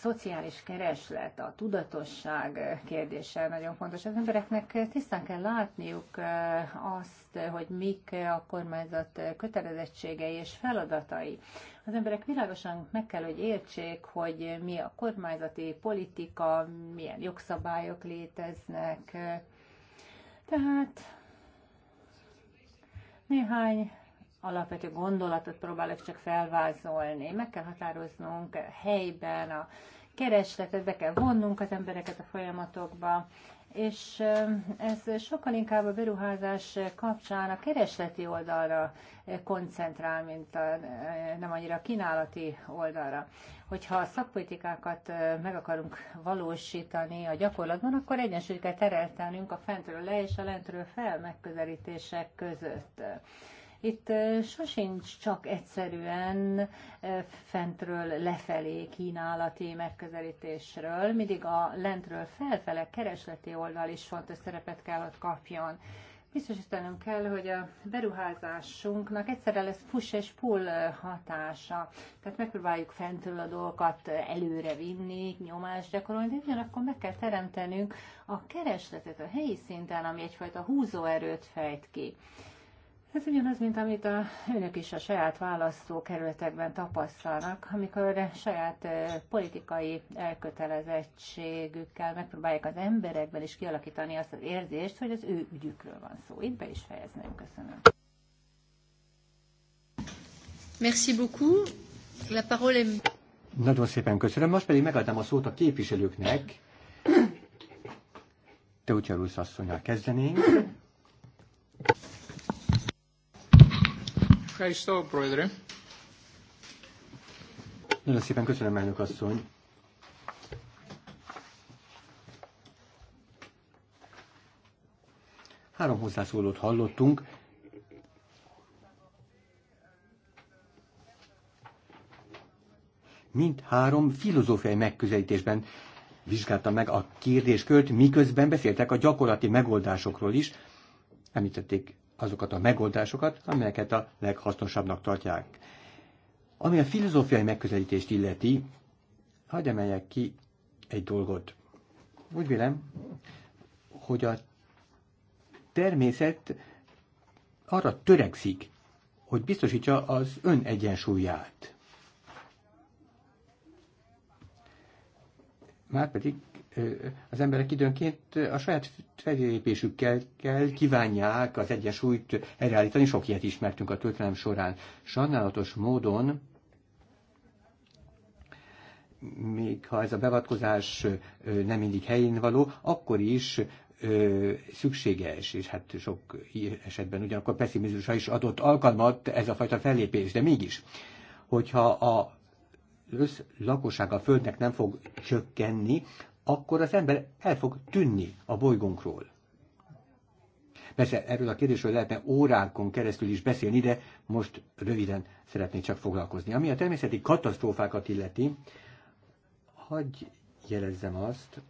szociális kereslet, a tudatosság kérdése nagyon fontos. Az embereknek tisztán kell látniuk eh, azt, hogy mik a kormányzat kötelezettségei és feladatai. Az emberek világosan meg kell, hogy értsék, hogy mi a kormányzati politika, milyen jogszabályok léteznek. Tehát néhány alapvető gondolatot próbálok csak felvázolni. Meg kell határoznunk helyben a keresletet, be kell vonnunk az embereket a folyamatokba, és eh, ez sokkal inkább a beruházás kapcsán a keresleti oldalra eh, koncentrál, mint a, eh, nem annyira a kínálati oldalra. Hogyha a szakpolitikákat meg akarunk valósítani a gyakorlatban, akkor egyensúlyt kell tereltenünk a fentről le és a lentről fel megközelítések között. Itt sosincs csak egyszerűen fentről lefelé kínálati megközelítésről, mindig a lentről felfele keresleti oldal is fontos szerepet kell, hogy kapjon biztosítanunk kell, hogy a beruházásunknak egyszerre lesz push és pull hatása. Tehát megpróbáljuk fentről a dolgokat előre vinni, nyomást gyakorolni, de ugyanakkor meg kell teremtenünk a keresletet a helyi szinten, ami egyfajta húzóerőt fejt ki. Ez ugyanaz, mint amit a, önök is a saját választókerületekben tapasztalnak, amikor a saját politikai elkötelezettségükkel megpróbálják az emberekben is kialakítani azt az érzést, hogy az ő ügyükről van szó. Itt be is fejezném. Köszönöm. Merci beaucoup. La parole est... Nagyon szépen köszönöm. Most pedig megadom a szót a képviselőknek. Te úgy asszonynal kezdenénk. Ευχαριστώ, Πρόεδρε. Nagyon szépen köszönöm, elnök asszony. Három hozzászólót hallottunk. Mind három filozófiai megközelítésben vizsgálta meg a kérdéskört, miközben beszéltek a gyakorlati megoldásokról is. Említették azokat a megoldásokat, amelyeket a leghasznosabbnak tartják. Ami a filozófiai megközelítést illeti, hagyj emeljek ki egy dolgot. Úgy vélem, hogy a természet arra törekszik, hogy biztosítsa az ön egyensúlyát. Márpedig az emberek időnként a saját fejlépésükkel kell kívánják az egyensúlyt elreállítani. sok ilyet ismertünk a történelem során. Sajnálatos módon még ha ez a beavatkozás nem mindig helyén való, akkor is szükséges, és hát sok esetben ugyanakkor pessimizmusra is adott alkalmat ez a fajta fellépés, de mégis, hogyha a lakosság a Földnek nem fog csökkenni, akkor az ember el fog tűnni a bolygónkról. Persze erről a kérdésről lehetne órákon keresztül is beszélni, de most röviden szeretnék csak foglalkozni. Ami a természeti katasztrófákat illeti, hagyj jelezzem azt,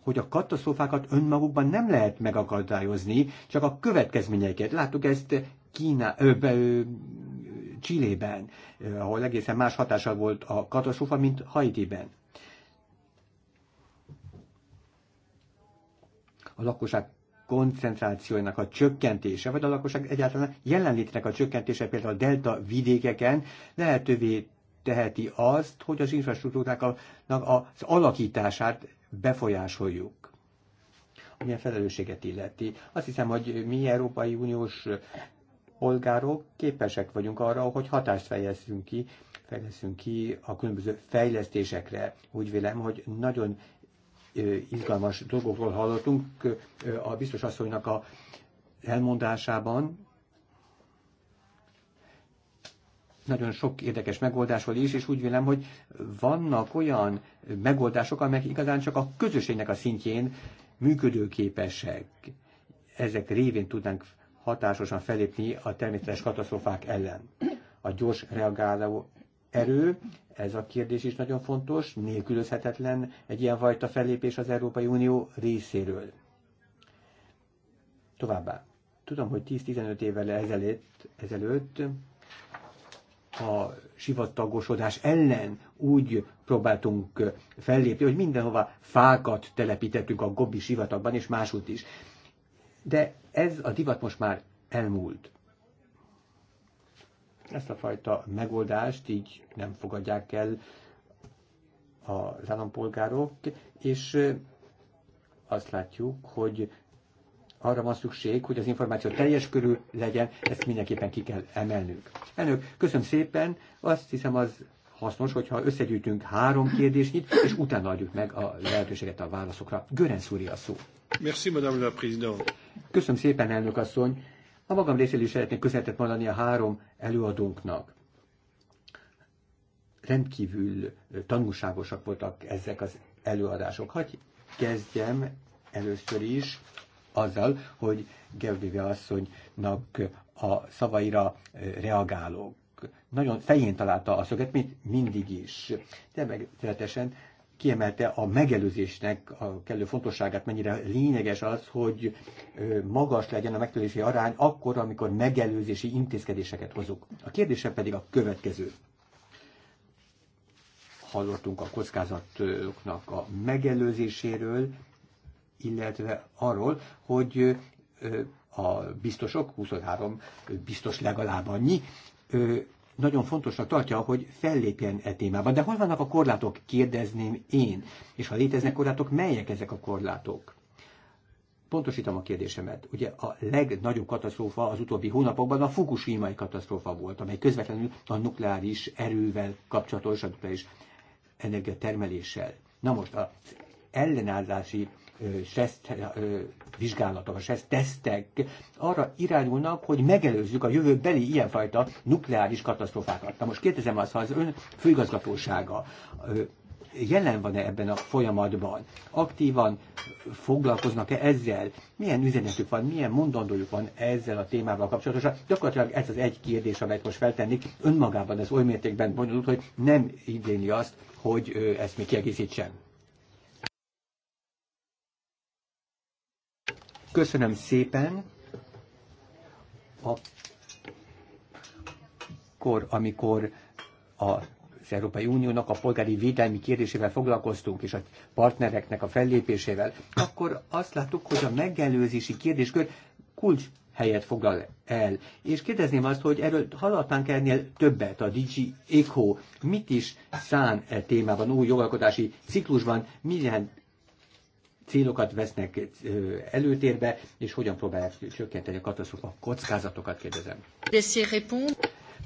hogy a katasztrófákat önmagukban nem lehet megakadályozni, csak a következményeiket. Láttuk ezt Kína, ö, ö, Csillében, ahol egészen más hatása volt a katasztrófa, mint Haitiben. a lakosság koncentrációjának a csökkentése, vagy a lakosság egyáltalán jelenlétnek a csökkentése például a delta vidékeken lehetővé teheti azt, hogy az infrastruktúráknak az alakítását befolyásoljuk ami a felelősséget illeti. Azt hiszem, hogy mi Európai Uniós polgárok képesek vagyunk arra, hogy hatást fejezzünk ki, fejleszünk ki a különböző fejlesztésekre. Úgy vélem, hogy nagyon izgalmas dolgokról hallottunk a biztos asszonynak a elmondásában. Nagyon sok érdekes megoldásról is, és úgy vélem, hogy vannak olyan megoldások, amelyek igazán csak a közösségnek a szintjén működőképesek. Ezek révén tudnánk hatásosan felépni a természetes katasztrófák ellen. A gyors reagáló erő, ez a kérdés is nagyon fontos, nélkülözhetetlen egy ilyen fajta fellépés az Európai Unió részéről. Továbbá, tudom, hogy 10-15 évvel ezelőtt, ezelőtt a sivatagosodás ellen úgy próbáltunk fellépni, hogy mindenhova fákat telepítettünk a gobbi sivatagban és máshogy is. De ez a divat most már elmúlt. Ezt a fajta megoldást így nem fogadják el az állampolgárok, és azt látjuk, hogy arra van szükség, hogy az információ teljes körül legyen, ezt mindenképpen ki kell emelnünk. Elnök, köszönöm szépen, azt hiszem az hasznos, hogyha összegyűjtünk három kérdésnyit, és utána adjuk meg a lehetőséget a válaszokra. Görenszúri a szó. Merci, madame la présidente. Köszönöm szépen, elnök asszony. A magam részéről is szeretnék köszönetet mondani a három előadónknak. Rendkívül tanulságosak voltak ezek az előadások. Hogy kezdjem először is azzal, hogy Georgieve asszonynak a szavaira reagálok. Nagyon fején találta a szöget, mint mindig is. De kiemelte a megelőzésnek a kellő fontosságát, mennyire lényeges az, hogy magas legyen a megtörési arány akkor, amikor megelőzési intézkedéseket hozunk. A kérdése pedig a következő. Hallottunk a kockázatoknak a megelőzéséről, illetve arról, hogy a biztosok, 23 biztos legalább annyi, nagyon fontosnak tartja, hogy fellépjen e témában. De hol vannak a korlátok, kérdezném én. És ha léteznek korlátok, melyek ezek a korlátok? Pontosítom a kérdésemet. Ugye a legnagyobb katasztrófa az utóbbi hónapokban a Fukushima-i katasztrófa volt, amely közvetlenül a nukleáris erővel kapcsolatos, a nukleáris energiatermeléssel. Na most az ellenállási SESZ vizsgálatok, a SESZ tesztek arra irányulnak, hogy megelőzzük a jövőbeli ilyenfajta nukleáris katasztrofákat. Na most kérdezem azt, ha az ön főigazgatósága jelen van-e ebben a folyamatban? Aktívan foglalkoznak-e ezzel? Milyen üzenetük van, milyen mondandójuk van ezzel a témával kapcsolatosan? Gyakorlatilag ez az egy kérdés, amelyet most feltennék, önmagában ez oly mértékben bonyolult, hogy nem igényli azt, hogy ezt még kiegészítsen. Köszönöm szépen. Akkor, amikor a az Európai Uniónak a polgári védelmi kérdésével foglalkoztunk, és a partnereknek a fellépésével, akkor azt láttuk, hogy a megelőzési kérdéskör kulcs helyet foglal el. És kérdezném azt, hogy erről hallatnánk ennél többet, a DIGI Eco mit is szán e témában, új jogalkotási ciklusban, milyen célokat vesznek előtérbe, és hogyan próbálják csökkenteni a katasztrófa kockázatokat, kérdezem.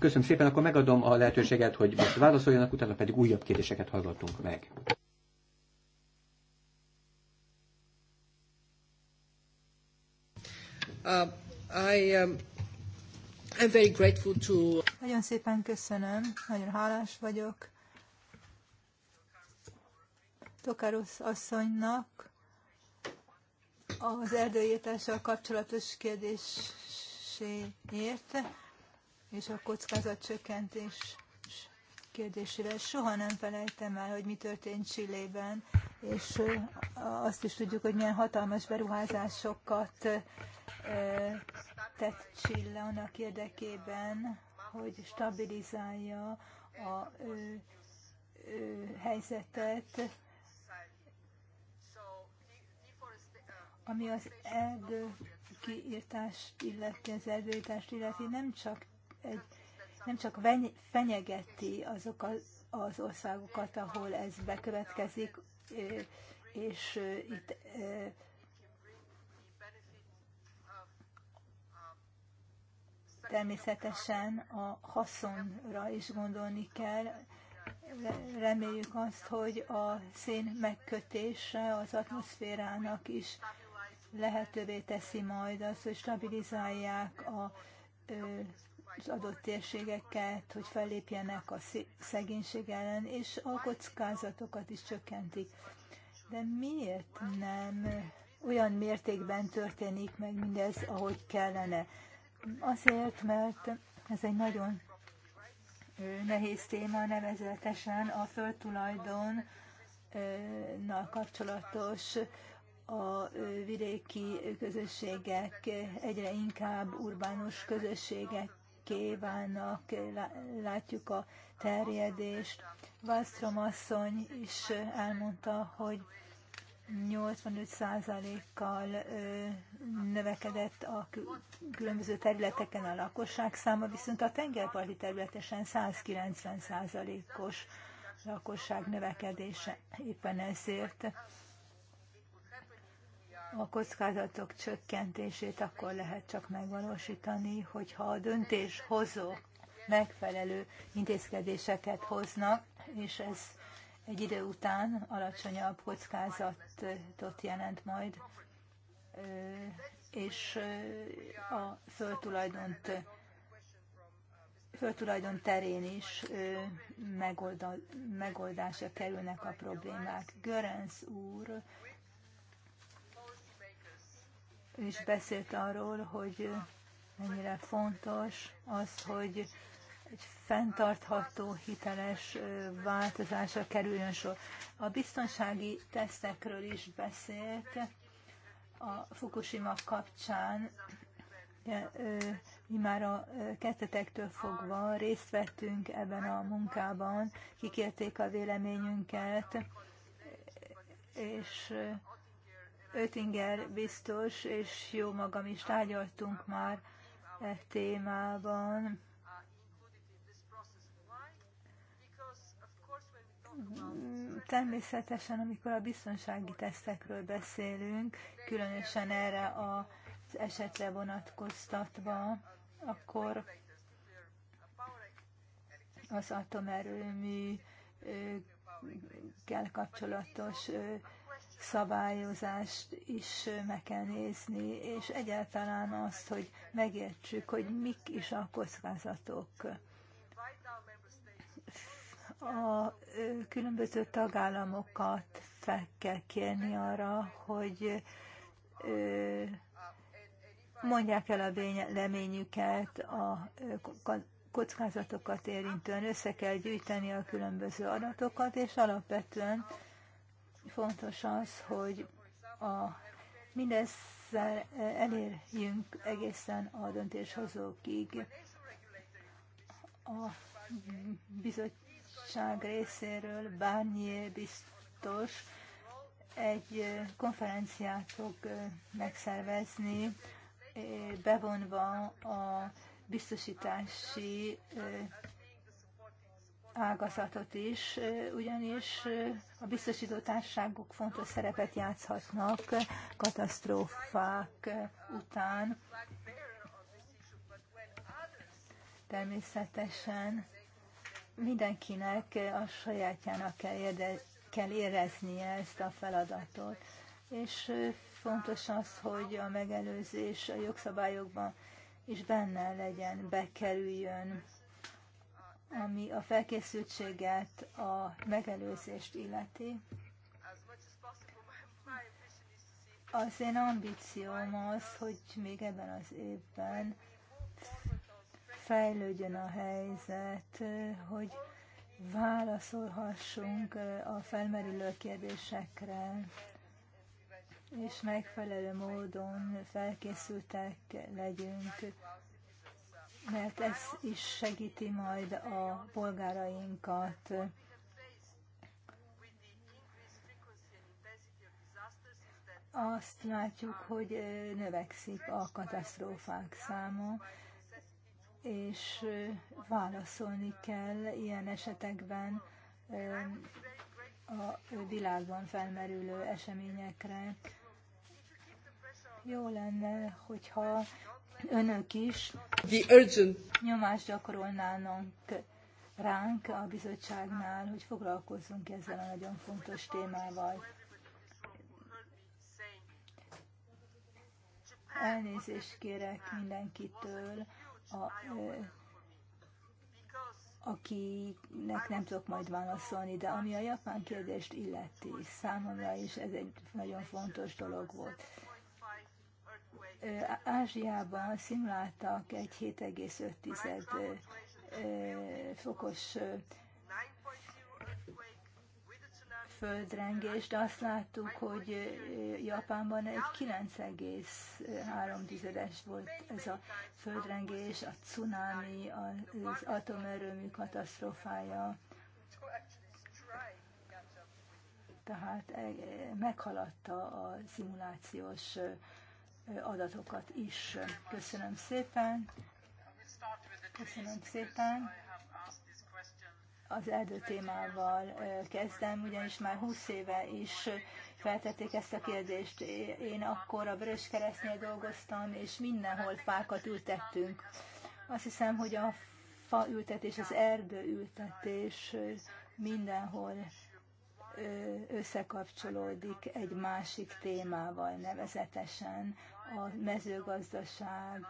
Köszönöm szépen, akkor megadom a lehetőséget, hogy most válaszoljanak, utána pedig újabb kérdéseket hallgatunk meg. Uh, I, um, I'm very grateful to... Nagyon szépen köszönöm, nagyon hálás vagyok Tokarusz asszonynak az erdőírtással kapcsolatos kérdéséért és a kockázatcsökkentés kérdésére. Soha nem felejtem el, hogy mi történt Csillében, és azt is tudjuk, hogy milyen hatalmas beruházásokat eh, tett Csille annak érdekében, hogy stabilizálja a helyzetet, Ami az erdő kiírtást illeti, az erdőítást illeti, nem csak, egy, nem csak fenyegeti az, az országokat, ahol ez bekövetkezik, és itt természetesen a haszonra is gondolni kell. Reméljük azt, hogy a szén megkötése az atmoszférának is lehetővé teszi majd azt, hogy stabilizálják a, az adott térségeket, hogy fellépjenek a szegénység ellen, és a kockázatokat is csökkentik. De miért nem olyan mértékben történik meg mindez, ahogy kellene? Azért, mert ez egy nagyon nehéz téma, nevezetesen a földtulajdonnal kapcsolatos a vidéki közösségek egyre inkább urbánus közösségek kívánnak, látjuk a terjedést. Wallström asszony is elmondta, hogy 85%-kal növekedett a különböző területeken a lakosság száma, viszont a tengerparti területesen 190%-os lakosság növekedése éppen ezért a kockázatok csökkentését akkor lehet csak megvalósítani, hogyha a döntéshozók megfelelő intézkedéseket hoznak, és ez egy idő után alacsonyabb kockázatot jelent majd, és a föltulajdont föltulajdon terén is megolda, megoldásra kerülnek a problémák. Görenc úr is beszélt arról, hogy mennyire fontos az, hogy egy fenntartható, hiteles változásra kerüljön sor. A biztonsági tesztekről is beszélt a Fukushima kapcsán. Mi már a kettetektől fogva részt vettünk ebben a munkában, kikérték a véleményünket, és Ötinger biztos, és jó magam is tárgyaltunk már e témában. Természetesen, amikor a biztonsági tesztekről beszélünk, különösen erre az esetre vonatkoztatva, akkor az atomerőmű kell kapcsolatos szabályozást is meg kell nézni, és egyáltalán azt, hogy megértsük, hogy mik is a kockázatok. A különböző tagállamokat fel kell kérni arra, hogy mondják el a leményüket a kockázatokat érintően, össze kell gyűjteni a különböző adatokat, és alapvetően fontos az, hogy a mindezzel elérjünk egészen a döntéshozókig. A bizottság részéről Barnier biztos egy konferenciát fog megszervezni, bevonva a biztosítási ágazatot is, ugyanis a biztosító társaságok fontos szerepet játszhatnak katasztrófák után. Természetesen mindenkinek a sajátjának kell, érde, kell éreznie ezt a feladatot, és fontos az, hogy a megelőzés a jogszabályokban is benne legyen, bekerüljön ami a felkészültséget, a megelőzést illeti. Az én ambícióm az, hogy még ebben az évben fejlődjön a helyzet, hogy válaszolhassunk eh, a felmerülő kérdésekre, és megfelelő módon felkészültek legyünk mert ez is segíti majd a polgárainkat. Azt látjuk, hogy növekszik a katasztrófák száma, és válaszolni kell ilyen esetekben a világban felmerülő eseményekre. Jó lenne, hogyha önök is The urgent. nyomást gyakorolnának ránk a bizottságnál, hogy foglalkozzunk ezzel a nagyon fontos témával. Elnézést kérek mindenkitől, a, eh, akinek nem tudok majd válaszolni, de ami a japán kérdést illeti, számomra is ez egy nagyon fontos dolog volt. Ázsiában szimláltak egy 7,5 fokos földrengés, de azt láttuk, hogy Japánban egy 9,3-es volt ez a földrengés, a cunami, az atomerőmű katasztrófája. Tehát e, meghaladta a szimulációs adatokat is. Köszönöm szépen. Köszönöm szépen. Az erdő témával kezdem, ugyanis már 20 éve is feltették ezt a kérdést. Én akkor a Vörös Keresztnél dolgoztam, és mindenhol fákat ültettünk. Azt hiszem, hogy a fa ültetés, az erdő ültetés mindenhol összekapcsolódik egy másik témával, nevezetesen a mezőgazdaság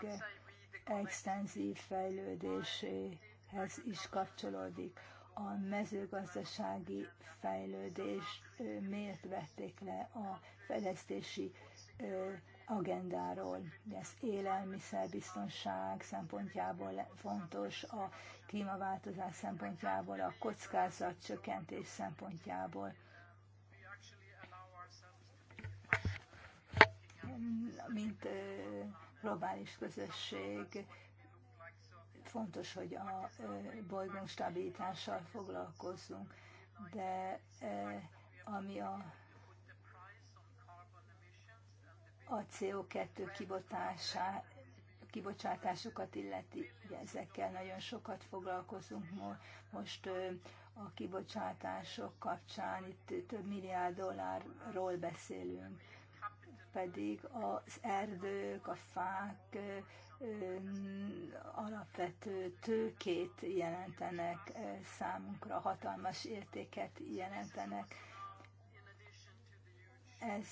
extenzív fejlődéséhez is kapcsolódik. A mezőgazdasági fejlődés miért vették le a fejlesztési agendáról. Ez élelmiszerbiztonság szempontjából fontos, a klímaváltozás szempontjából, a kockázat csökkentés szempontjából. mint globális közösség fontos, hogy a bolygón stabilitással foglalkozzunk, de ami a, a CO2 kibotását kibocsátásokat illeti, ugye ezekkel nagyon sokat foglalkozunk most a kibocsátások kapcsán, itt több milliárd dollárról beszélünk pedig az erdők, a fák alapvető tőkét jelentenek számunkra, hatalmas értéket jelentenek. Ez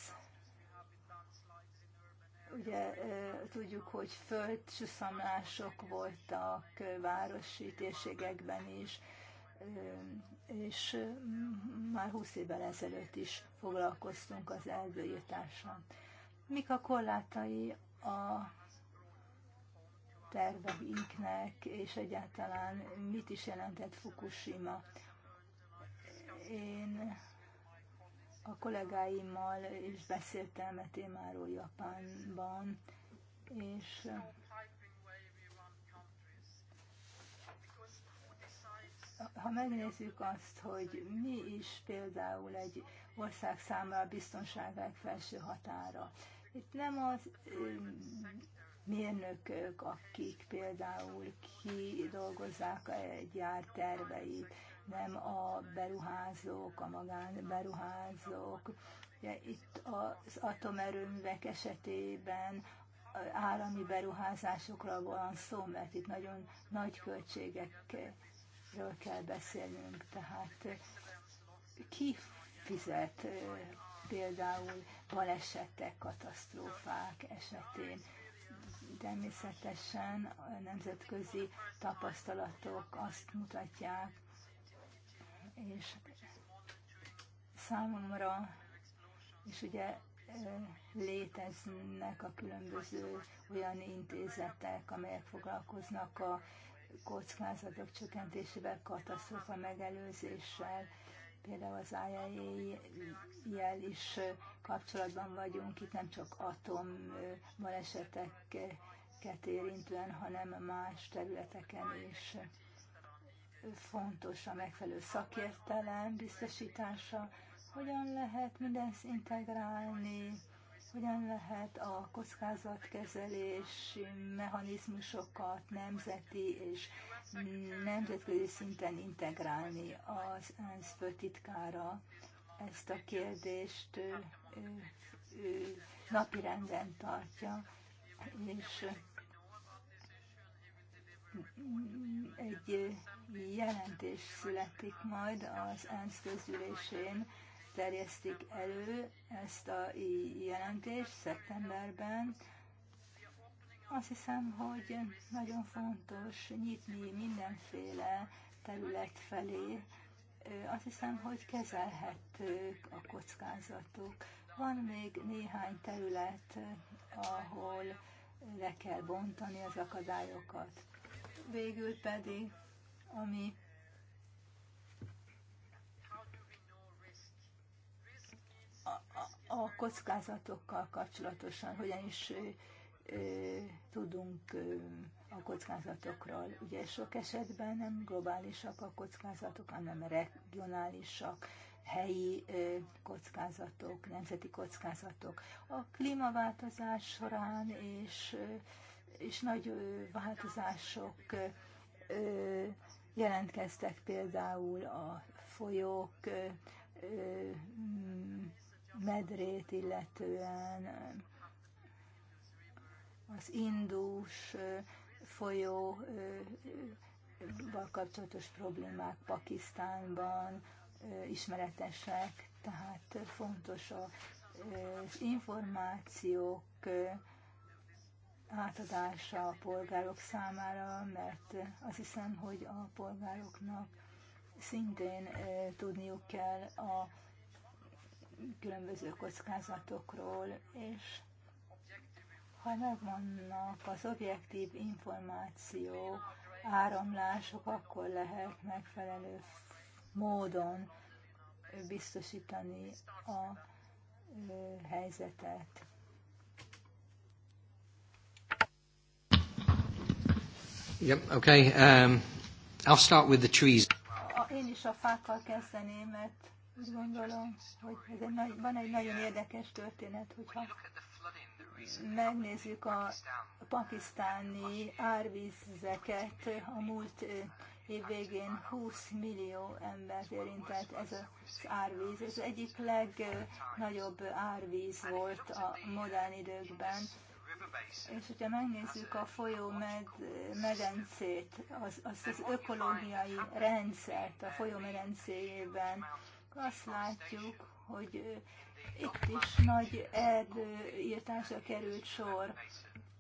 ugye tudjuk, hogy földcsúszamlások voltak városi térségekben is, és már 20 évvel ezelőtt is foglalkoztunk az erdőírtással mik a korlátai a terveinknek, és egyáltalán mit is jelentett Fukushima. Én a kollégáimmal is beszéltem a e témáról Japánban, és ha megnézzük azt, hogy mi is például egy ország számára a felső határa, itt nem az mérnökök, akik például kidolgozzák egy gyár terveit, nem a beruházók, a magánberuházók. Ugye itt az atomerőművek esetében állami beruházásokra van szó, mert itt nagyon nagy költségekről kell beszélnünk. Tehát ki fizet például balesetek, katasztrófák esetén. Természetesen a nemzetközi tapasztalatok azt mutatják, és számomra, és ugye léteznek a különböző olyan intézetek, amelyek foglalkoznak a kockázatok csökkentésével, katasztrófa megelőzéssel, például az IIA-jel is kapcsolatban vagyunk, itt nem csak atom baleseteket érintően, hanem más területeken is fontos a megfelelő szakértelem biztosítása, hogyan lehet mindezt integrálni hogyan lehet a kockázatkezelési mechanizmusokat nemzeti és nemzetközi szinten integrálni az ENSZ főtitkára ezt a kérdést ő, ő, ő napirenden tartja, és egy jelentés születik majd az ENSZ közülésén terjesztik elő ezt a jelentést szeptemberben. Azt hiszem, hogy nagyon fontos nyitni mindenféle terület felé. Azt hiszem, hogy kezelhetők a kockázatok. Van még néhány terület, ahol le kell bontani az akadályokat. Végül pedig, ami a kockázatokkal kapcsolatosan, hogyan is tudunk a kockázatokról. Ugye sok esetben nem globálisak a kockázatok, hanem regionálisak, helyi kockázatok, nemzeti kockázatok. A klímaváltozás során és, és nagy változások jelentkeztek például a folyók medrét illetően, az Indus folyóval kapcsolatos problémák Pakisztánban ismeretesek, tehát fontos az információk átadása a polgárok számára, mert azt hiszem, hogy a polgároknak szintén tudniuk kell a különböző kockázatokról, és ha megvannak az objektív információ áramlások, akkor lehet megfelelő módon biztosítani a helyzetet. Yep, okay. Um, I'll start with the trees. Én is a fákkal kezdeném, mert úgy gondolom, hogy ez egy nagy, van egy nagyon érdekes történet, hogyha megnézzük a pakisztáni árvízeket a múlt év végén 20 millió embert érintett ez az árvíz. Ez egyik legnagyobb árvíz volt a modern időkben. És hogyha megnézzük a folyó med, medencét, az, az, az ökológiai rendszert a folyó medencéjében, azt látjuk, hogy itt is nagy erdőírtásra került sor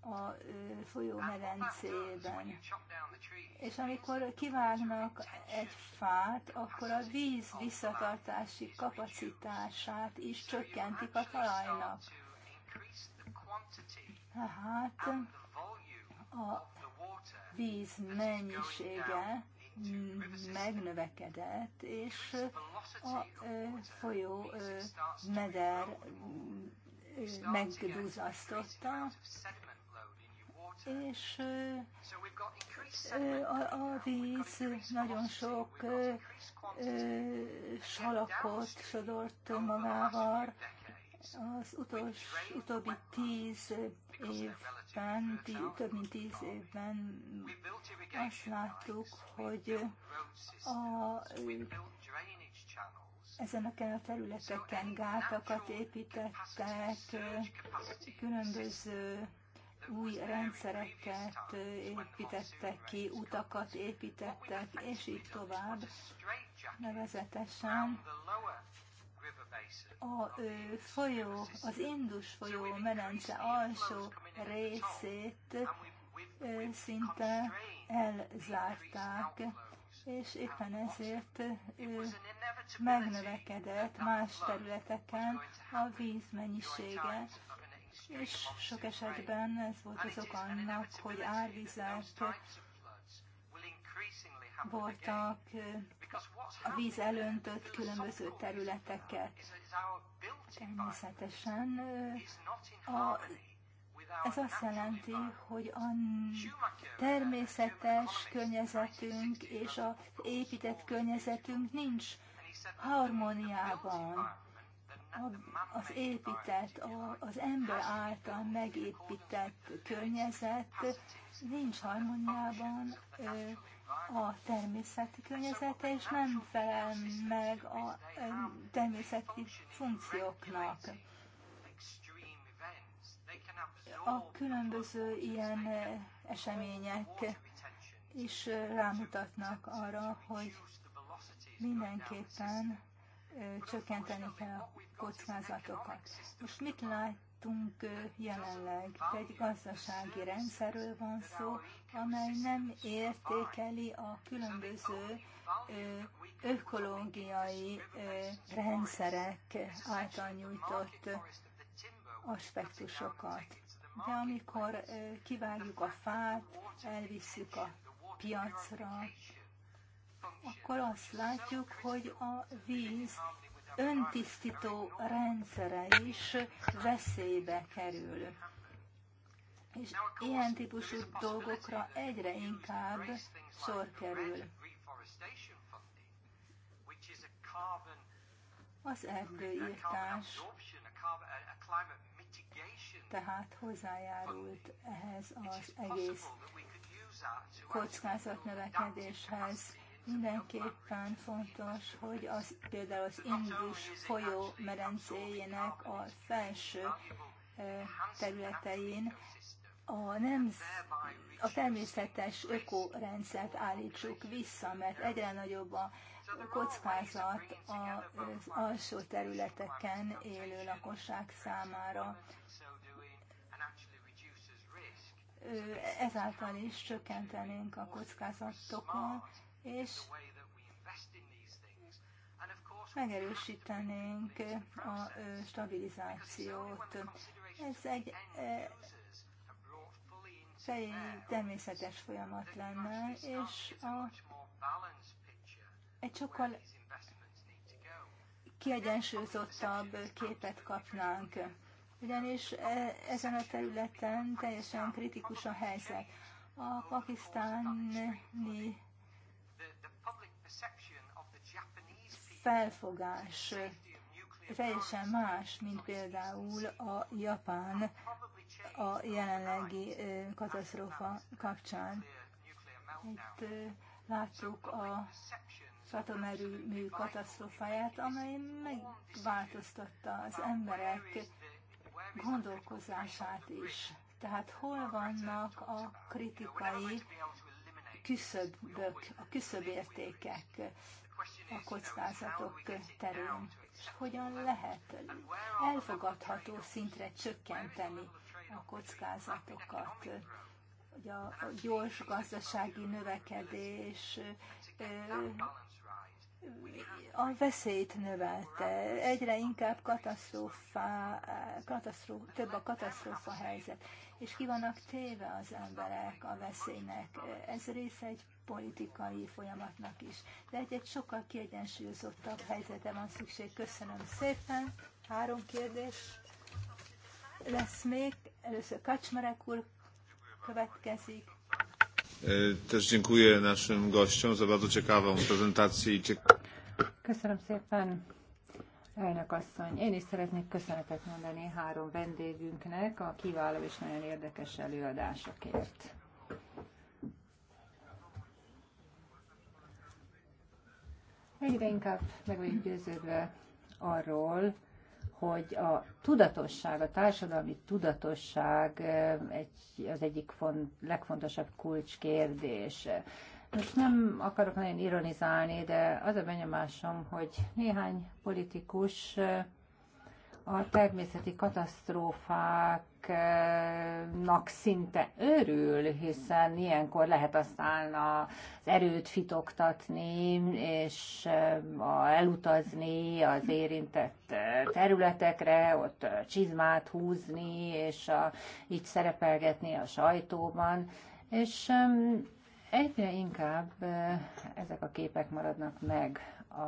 a folyómedencében. És amikor kivágnak egy fát, akkor a víz visszatartási kapacitását is csökkentik a talajnak. Tehát a víz mennyisége megnövekedett, és a folyó meder megduzasztotta, és a, a víz nagyon sok salakot sodort magával, az utolsó, utóbbi tíz évben, több mint tíz évben azt láttuk, hogy a, ezen a területeken gátakat építettek, különböző új rendszereket építettek ki, utakat építettek, és így tovább nevezetesen a folyó, az Indus folyó menence alsó részét szinte elzárták, és éppen ezért ö, megnövekedett más területeken a víz mennyisége, és sok esetben ez volt az ok annak, hogy árvizek voltak, a víz elöntött különböző területeket. Természetesen a, ez azt jelenti, hogy a természetes környezetünk és az épített környezetünk nincs harmóniában. A, az épített, a, az ember által megépített környezet nincs harmóniában a természeti környezete, és nem felel meg a eh, természeti funkcióknak. A különböző ilyen eh, események is eh, rámutatnak arra, hogy mindenképpen csökkenteni kell a kockázatokat. Most mit lát, láttunk jelenleg. Egy gazdasági rendszerről van szó, amely nem értékeli a különböző ökológiai rendszerek által nyújtott aspektusokat. De amikor kivágjuk a fát, elviszük a piacra, akkor azt látjuk, hogy a víz öntisztító rendszere is veszélybe kerül. És ilyen típusú dolgokra egyre inkább sor kerül. Az erdőírtás tehát hozzájárult ehhez az egész kockázatnövekedéshez. Mindenképpen fontos, hogy az, például az Indus folyó medencéjének a felső területein a, nem, a természetes ökorendszert állítsuk vissza, mert egyre nagyobb a kockázat az alsó területeken élő lakosság számára. Ezáltal is csökkentenénk a kockázatokat, és megerősítenénk a stabilizációt. Ez egy természetes folyamat lenne, és a, egy sokkal kiegyensúlyozottabb képet kapnánk. Ugyanis ezen a területen teljesen kritikus a helyzet. A pakisztáni felfogás teljesen más, mint például a Japán a jelenlegi katasztrófa kapcsán. Itt láttuk a atomerőmű katasztrófáját, amely megváltoztatta az emberek gondolkozását is. Tehát hol vannak a kritikai küszöbök, a küszöbértékek? a kockázatok terén, és hogyan lehet elfogadható szintre csökkenteni a kockázatokat. Ugye a gyors gazdasági növekedés a veszélyt növelte. Egyre inkább katasztrófa, katasztró, több a katasztrófa helyzet, és ki vannak téve az emberek a veszélynek. Ez része egy politikai folyamatnak is. De egy, egy sokkal kiegyensúlyozottabb helyzete van szükség. Köszönöm szépen. Három kérdés lesz még. Először Kacsmarek úr következik. E, też dziękuję naszym gościom za bardzo ciekawą prezentację. Köszönöm szépen, elnök asszony. Én is szeretnék köszönetet mondani három vendégünknek a kiváló és nagyon érdekes előadásokért. Egyre inkább meg vagyok győződve arról, hogy a tudatosság, a társadalmi tudatosság egy, az egyik font, legfontosabb kulcskérdés. Most nem akarok nagyon ironizálni, de az a benyomásom, hogy néhány politikus a természeti katasztrófák nak szinte örül, hiszen ilyenkor lehet aztán az erőt fitoktatni, és elutazni az érintett területekre, ott csizmát húzni, és a, így szerepelgetni a sajtóban, és egyre inkább ezek a képek maradnak meg a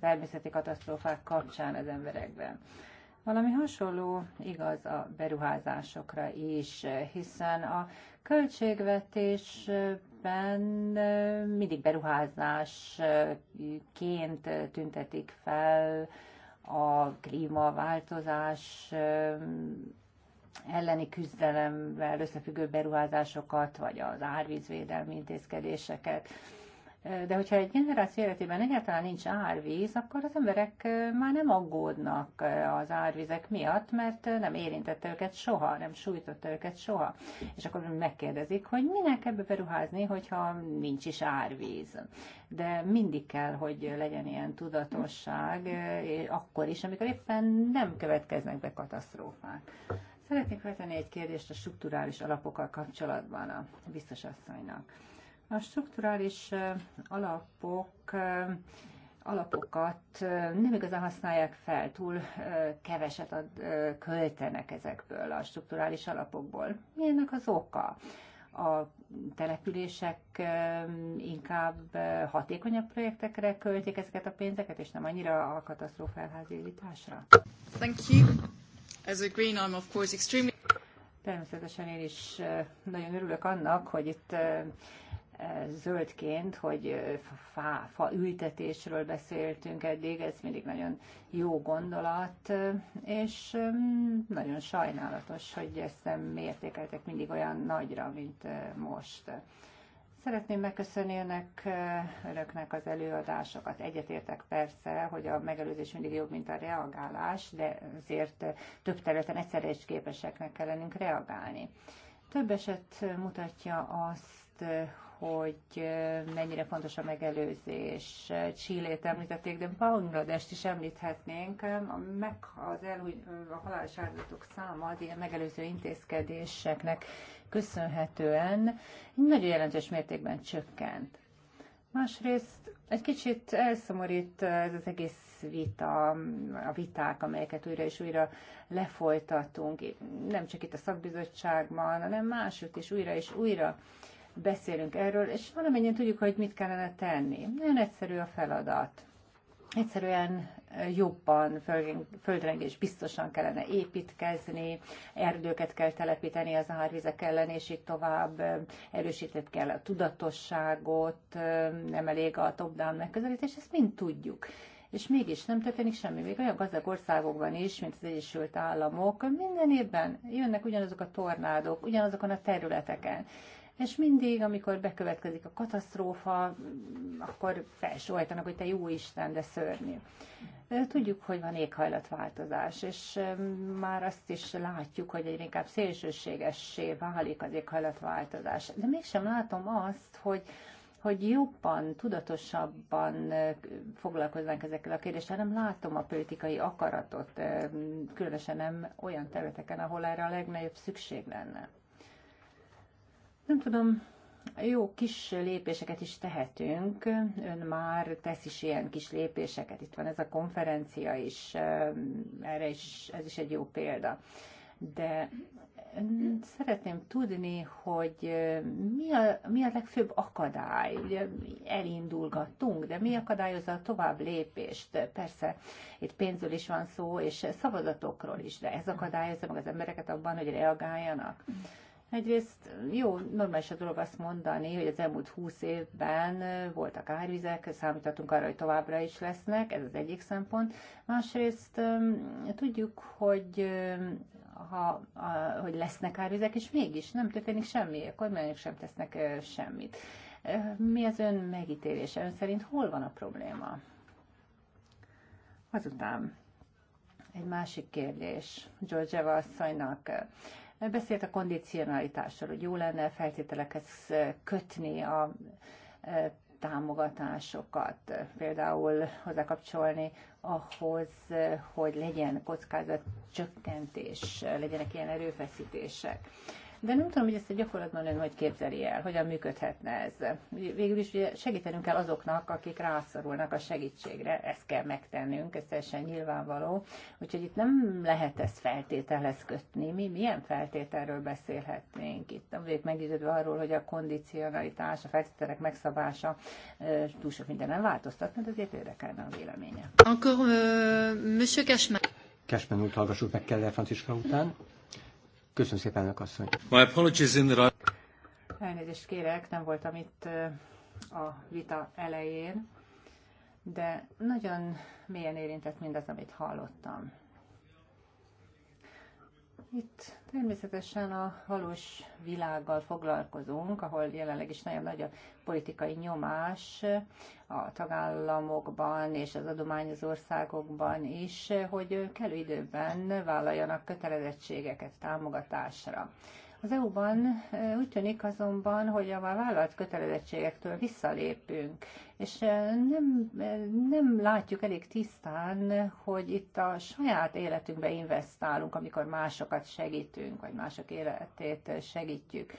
természeti katasztrófák kapcsán az emberekben. Valami hasonló igaz a beruházásokra is, hiszen a költségvetésben mindig beruházásként tüntetik fel a klímaváltozás elleni küzdelemmel összefüggő beruházásokat, vagy az árvízvédelmi intézkedéseket. De hogyha egy generáció életében egyáltalán nincs árvíz, akkor az emberek már nem aggódnak az árvizek miatt, mert nem érintette őket soha, nem sújtotta őket soha. És akkor megkérdezik, hogy minek ebbe beruházni, hogyha nincs is árvíz. De mindig kell, hogy legyen ilyen tudatosság, és akkor is, amikor éppen nem következnek be katasztrófák. Szeretnék feltenni egy kérdést a strukturális alapokkal kapcsolatban a biztos asszonynak. A strukturális eh, alapok eh, alapokat eh, nem igazán használják fel, túl keveset ad, költenek ezekből a strukturális alapokból. Mi ennek az oka? a települések inkább hatékonyabb projektekre költik ezeket a pénzeket, és nem annyira a katasztrófelházításra? Thank you. As a green, I'm of course extremely... Természetesen én is nagyon örülök annak, hogy itt zöldként, hogy fa, fa ültetésről beszéltünk eddig, ez mindig nagyon jó gondolat, és nagyon sajnálatos, hogy ezt nem értékeltek mindig olyan nagyra, mint most. Szeretném megköszönni önök, önöknek az előadásokat. Egyetértek persze, hogy a megelőzés mindig jobb, mint a reagálás, de azért több területen egyszerre is képeseknek kell lennünk reagálni. Több eset mutatja azt, hogy mennyire fontos a megelőzés. Csillét említették, de Bangladest is említhetnénk. A, meg, az elhúgy, a halálos áldozatok száma az ilyen megelőző intézkedéseknek köszönhetően nagyon jelentős mértékben csökkent. Másrészt egy kicsit elszomorít ez az egész vita, a viták, amelyeket újra és újra lefolytatunk, nem csak itt a szakbizottságban, hanem máshogy is újra és újra beszélünk erről, és valamennyien tudjuk, hogy mit kellene tenni. Nagyon egyszerű a feladat. Egyszerűen jobban földrengés biztosan kellene építkezni, erdőket kell telepíteni az árvizek ellen, és így tovább erősített kell a tudatosságot, nem elég a top-down megközelítés, ezt mind tudjuk és mégis nem történik semmi. Még olyan gazdag országokban is, mint az Egyesült Államok, minden évben jönnek ugyanazok a tornádok, ugyanazokon a területeken és mindig, amikor bekövetkezik a katasztrófa, akkor felsóhajtanak, hogy te jó Isten, de szörnyű. Tudjuk, hogy van éghajlatváltozás, és már azt is látjuk, hogy egyre inkább szélsőségessé válik az éghajlatváltozás. De mégsem látom azt, hogy hogy jobban, tudatosabban foglalkoznánk ezekkel a kérdéssel. Nem látom a politikai akaratot, különösen nem olyan területeken, ahol erre a legnagyobb szükség lenne. Nem tudom, jó kis lépéseket is tehetünk. Ön már tesz is ilyen kis lépéseket. Itt van ez a konferencia is, erre is, ez is egy jó példa. De szeretném tudni, hogy mi a, mi a legfőbb akadály? Ugye elindulgattunk, de mi akadályozza a tovább lépést? Persze itt pénzről is van szó, és szavazatokról is, de ez akadályozza meg az embereket abban, hogy reagáljanak. Egyrészt jó, normális a dolog azt mondani, hogy az elmúlt húsz évben voltak árvizek, számítatunk arra, hogy továbbra is lesznek, ez az egyik szempont. Másrészt tudjuk, hogy ha, a, hogy lesznek árvizek, és mégis nem történik semmi, a kormányok sem tesznek semmit. Mi az ön megítélése? Ön szerint hol van a probléma? Azután egy másik kérdés Georgieva asszonynak. Beszélt a kondicionalitásról, hogy jó lenne feltételeket kötni a támogatásokat, például hozzákapcsolni ahhoz, hogy legyen kockázat csökkentés, legyenek ilyen erőfeszítések de nem tudom, hogy ezt a gyakorlatban ön hogy képzeli el, hogyan működhetne ez. Végül is ugye segítenünk kell azoknak, akik rászorulnak a segítségre, ezt kell megtennünk, ez teljesen nyilvánvaló, úgyhogy itt nem lehet ezt feltételhez kötni. Mi milyen feltételről beszélhetnénk itt? Nem vagyok meggyőződve arról, hogy a kondicionalitás, a feltételek megszabása túl sok minden nem változtat, mert azért érdekelne a véleménye. Encore, uh, Monsieur Cashman. Cashman úr, hallgassuk meg Keller Franciska után. Köszönöm szépen, elnök asszony. My apologies in the... Elnézést kérek, nem voltam itt a vita elején, de nagyon mélyen érintett mindaz, amit hallottam. Itt természetesen a valós világgal foglalkozunk, ahol jelenleg is nagyon nagy a politikai nyomás a tagállamokban és az adományozó országokban is, hogy kellő időben vállaljanak kötelezettségeket támogatásra. Az EU-ban úgy tűnik azonban, hogy a vállalt kötelezettségektől visszalépünk, és nem, nem látjuk elég tisztán, hogy itt a saját életünkbe investálunk, amikor másokat segítünk, vagy mások életét segítjük.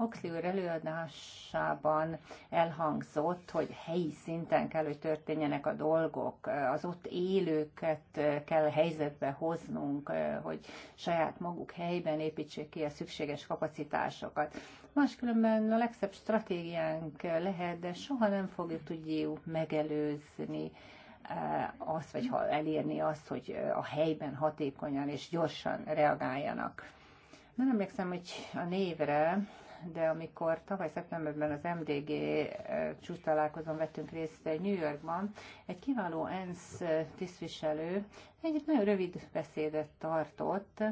Oxley úr előadásában elhangzott, hogy helyi szinten kell, hogy történjenek a dolgok, az ott élőket kell helyzetbe hoznunk, hogy saját maguk helyben építsék ki a szükséges kapacitásokat. Máskülönben a legszebb stratégiánk lehet, de soha nem fogjuk tudjuk megelőzni eh, azt, vagy ha elérni azt, hogy eh, a helyben hatékonyan és gyorsan reagáljanak. Nem emlékszem, hogy a névre, de amikor tavaly szeptemberben az MDG eh, csúcs találkozón vettünk részt New Yorkban, egy kiváló ENSZ eh, tisztviselő egy nagyon rövid beszédet tartott,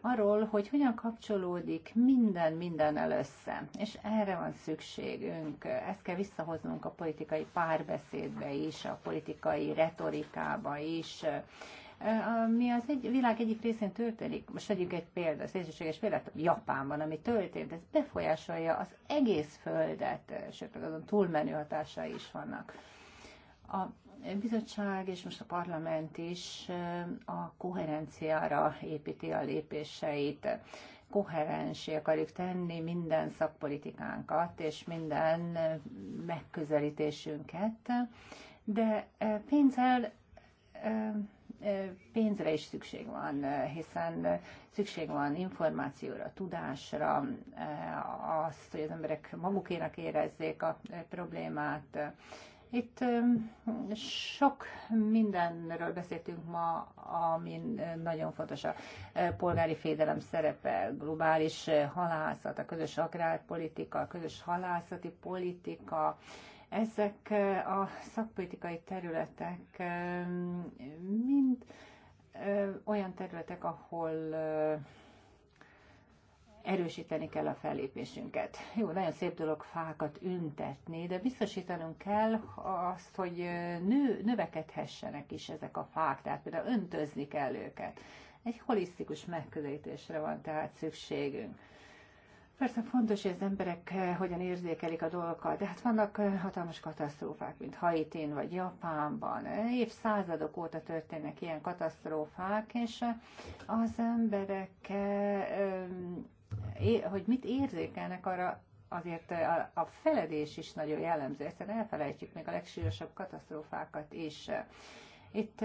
arról, hogy hogyan kapcsolódik minden mindennel össze. És erre van szükségünk, ezt kell visszahoznunk a politikai párbeszédbe is, a politikai retorikába is, ami az egy, világ egyik részén történik. Most tegyük egy példát, szélsőséges példát, Japánban, ami történt, ez befolyásolja az egész földet, sőt, azon túlmenő hatásai is vannak. A bizottság és most a parlament is a koherenciára építi a lépéseit koherensé akarjuk tenni minden szakpolitikánkat és minden megközelítésünket, de pénzzel pénzre is szükség van, hiszen szükség van információra, tudásra, azt, hogy az emberek magukénak érezzék a problémát. Itt sok mindenről beszéltünk ma, ami nagyon fontos a polgári fédelem szerepe, globális halászat, a közös agrárpolitika, a közös halászati politika, ezek a szakpolitikai területek mind olyan területek, ahol erősíteni kell a fellépésünket. Jó, nagyon szép dolog fákat üntetni, de biztosítanunk kell azt, hogy nő, növekedhessenek is ezek a fák, tehát például öntözni kell őket. Egy holisztikus megközelítésre van tehát szükségünk. Persze fontos, hogy az emberek eh, hogyan érzékelik a dolgokat, de hát vannak eh, hatalmas katasztrófák, mint Haitin vagy Japánban. Évszázadok óta történnek ilyen katasztrófák, és eh, az emberek, hogy mit érzékelnek arra, azért a feledés is nagyon jellemző, egyszerűen hát elfelejtjük még a legsúlyosabb katasztrófákat is. Itt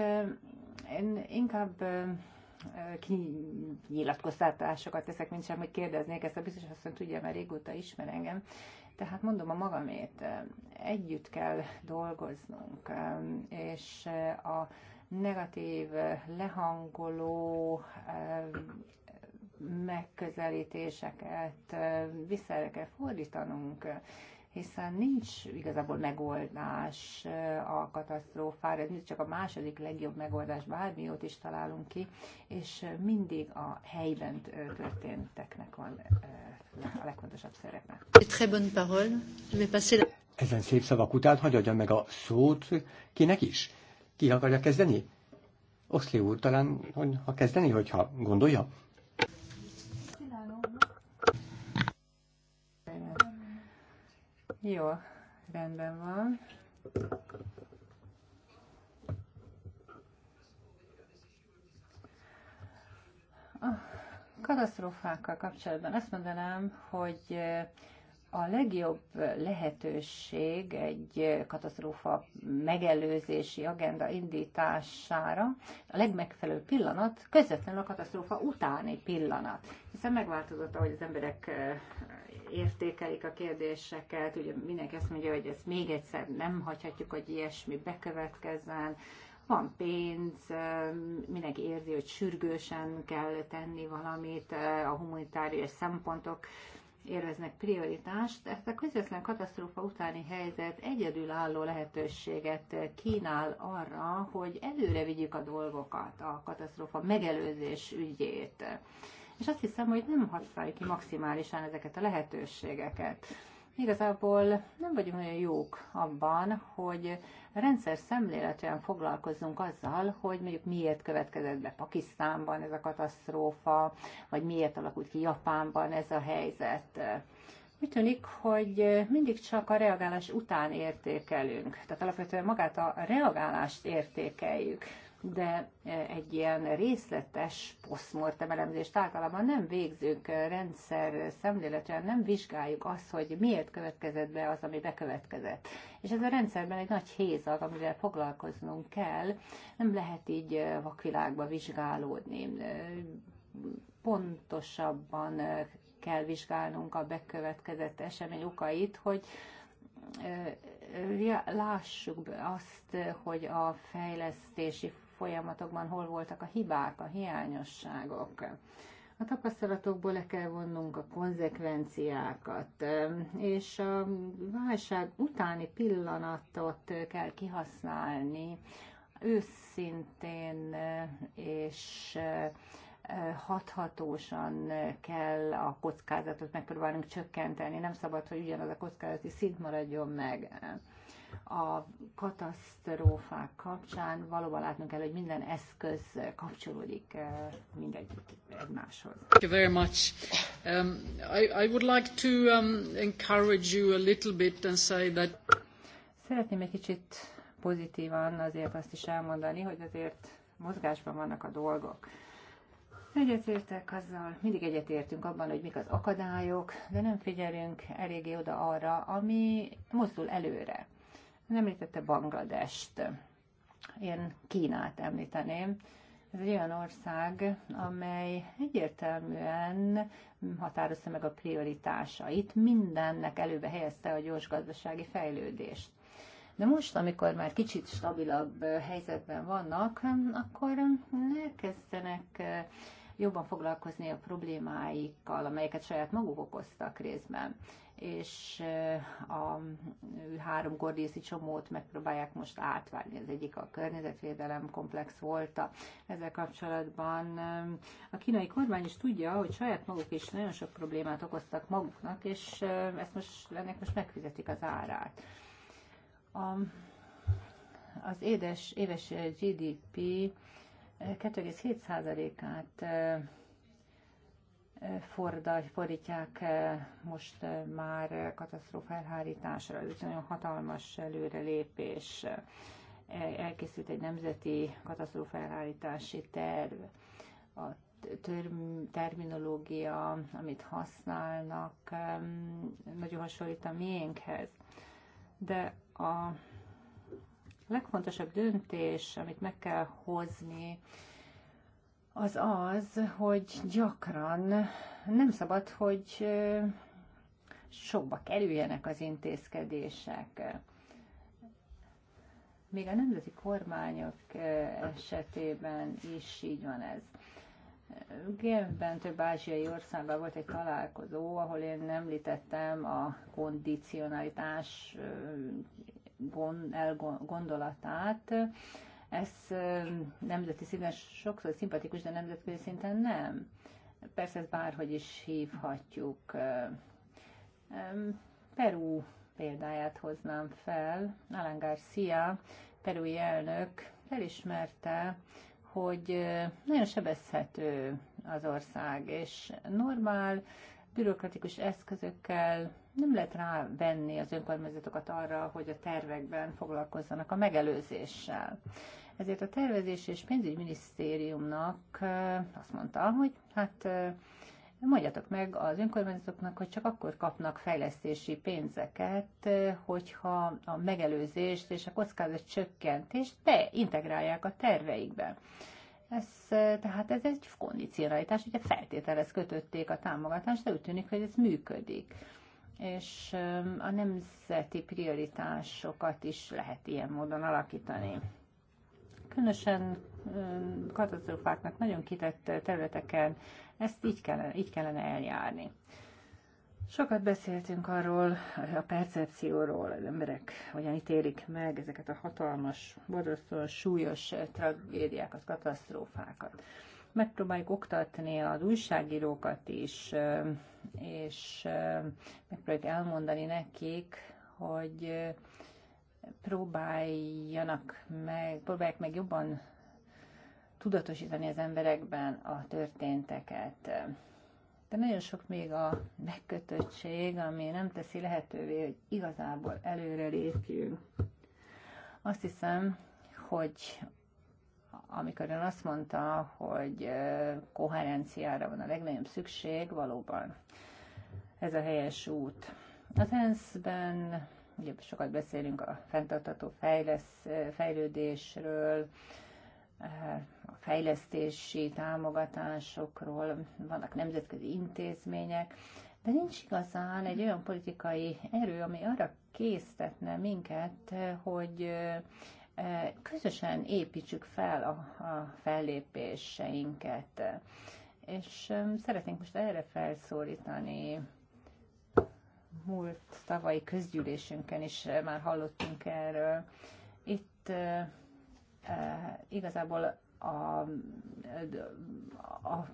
én inkább kinyilatkoztatásokat teszek, mint sem, hogy kérdeznék, ezt a biztos asszony tudja, mert régóta ismer engem. Tehát mondom a magamét, együtt kell dolgoznunk, és a negatív, lehangoló megközelítéseket vissza kell fordítanunk hiszen nincs igazából megoldás eh, a katasztrófára, ez csak a második legjobb megoldás, bármiót is találunk ki, és eh, mindig a helyben eh, történteknek van a legfontosabb szerepe. Ezen szép szavak után hagyja meg a szót kinek is. Ki akarja kezdeni? Oszli úr talán, hogy ha kezdeni, hogyha gondolja. Jó, rendben van. A katasztrófákkal kapcsolatban azt mondanám, hogy eh, a legjobb lehetőség egy eh, katasztrófa megelőzési agenda indítására a legmegfelelőbb pillanat közvetlenül a katasztrófa utáni pillanat. Hiszen megváltozott, ahogy az emberek eh, értékelik a kérdéseket. Ugye mindenki azt mondja, hogy ezt még egyszer nem hagyhatjuk, hogy ilyesmi bekövetkezzen. Van pénz, mindenki érzi, hogy sürgősen kell tenni valamit, a humanitárius szempontok éreznek prioritást. Ezt a közvetlen katasztrófa utáni helyzet egyedülálló lehetőséget kínál arra, hogy előre vigyük a dolgokat, a katasztrófa megelőzés ügyét és azt hiszem, hogy nem használjuk ki maximálisan ezeket a lehetőségeket. Igazából nem vagyunk olyan jók abban, hogy rendszer szemléletűen foglalkozzunk azzal, hogy mondjuk miért következett be Pakisztánban ez a katasztrófa, vagy miért alakult ki Japánban ez a helyzet. Úgy tűnik, hogy mindig csak a reagálás után értékelünk. Tehát alapvetően magát a reagálást értékeljük de e, egy ilyen részletes posztmortem elemzést általában nem végzünk e, rendszer szemléleten, nem vizsgáljuk azt, hogy miért következett be az, ami bekövetkezett. És ez a rendszerben egy nagy hézag, amivel foglalkoznunk kell, nem lehet így e, vakvilágba vizsgálódni. Pontosabban kell vizsgálnunk a bekövetkezett esemény okait, hogy lássuk azt, hogy a fejlesztési folyamatokban hol voltak a hibák, a hiányosságok. A tapasztalatokból le kell vonnunk a konzekvenciákat, és a válság utáni pillanatot kell kihasználni őszintén és eh, hathatósan kell a kockázatot megpróbálnunk csökkenteni. Nem szabad, hogy ugyanaz a kockázati szint maradjon meg a katasztrófák kapcsán valóban látnunk kell, hogy minden eszköz kapcsolódik eh, mindegyik egymáshoz. Thank you very much. Um, I, I would like to um, encourage you a little bit and say that Szeretném egy kicsit pozitívan azért azt is elmondani, hogy azért mozgásban vannak a dolgok. Egyetértek azzal, mindig egyetértünk abban, hogy mik az akadályok, de nem figyelünk eléggé oda arra, ami mozdul előre. Nem említette Bangladest. Én Kínát említeném. Ez egy olyan ország, amely egyértelműen határozta meg a prioritásait, mindennek előbe helyezte a gyors gazdasági fejlődést. De most, amikor már kicsit stabilabb helyzetben vannak, akkor elkezdenek jobban foglalkozni a problémáikkal, amelyeket saját maguk okoztak részben és eh, a három gordészi csomót megpróbálják most átvágni. Az egyik a környezetvédelem komplex volt a, ezzel kapcsolatban. Eh, a kínai kormány is tudja, hogy saját maguk is nagyon sok problémát okoztak maguknak, és eh, ezt most, ennek most megfizetik az árát. A, az édes, éves GDP 2,7%-át fordítják most már katasztrófa elhárításra. Ez nagyon hatalmas előrelépés. Elkészült egy nemzeti katasztrófa elhárítási terv. A term- terminológia, amit használnak, nagyon hasonlít a miénkhez. De a legfontosabb döntés, amit meg kell hozni, az az, hogy gyakran nem szabad, hogy sokba kerüljenek az intézkedések. Még a nemzeti kormányok esetében is így van ez. Genfben több ázsiai országban volt egy találkozó, ahol én említettem a kondicionalitás gondolatát ez nemzeti szinten sokszor szimpatikus, de nemzetközi szinten nem. Persze ezt bárhogy is hívhatjuk. Peru példáját hoznám fel. Alan Garcia, perui elnök, felismerte, hogy nagyon sebezhető az ország, és normál bürokratikus eszközökkel nem lehet rávenni az önkormányzatokat arra, hogy a tervekben foglalkozzanak a megelőzéssel. Ezért a tervezés és pénzügyminisztériumnak azt mondta, hogy hát mondjatok meg az önkormányzatoknak, hogy csak akkor kapnak fejlesztési pénzeket, hogyha a megelőzést és a kockázat csökkentést beintegrálják a terveikbe. Ez, tehát ez egy kondicionalitás, ugye feltételez kötötték a támogatást, de úgy tűnik, hogy ez működik. És a nemzeti prioritásokat is lehet ilyen módon alakítani. Különösen katasztrófáknak nagyon kitett területeken ezt így kellene, így kellene eljárni. Sokat beszéltünk arról, a percepcióról, az emberek hogyan ítélik meg ezeket a hatalmas, borzasztóan súlyos tragédiákat, katasztrófákat. Megpróbáljuk oktatni az újságírókat is, és megpróbáljuk elmondani nekik, hogy próbáljanak meg, próbálják meg jobban tudatosítani az emberekben a történteket de nagyon sok még a megkötöttség, ami nem teszi lehetővé, hogy igazából előre lépjünk. Azt hiszem, hogy amikor ön azt mondta, hogy koherenciára van a legnagyobb szükség, valóban ez a helyes út. Az ENSZ-ben ugye sokat beszélünk a fenntartható fejlesz, fejlődésről, fejlesztési támogatásokról, vannak nemzetközi intézmények, de nincs igazán egy olyan politikai erő, ami arra késztetne minket, hogy közösen építsük fel a, a fellépéseinket. És szeretnénk most erre felszólítani. Múlt tavalyi közgyűlésünkön is már hallottunk erről. Itt igazából a, a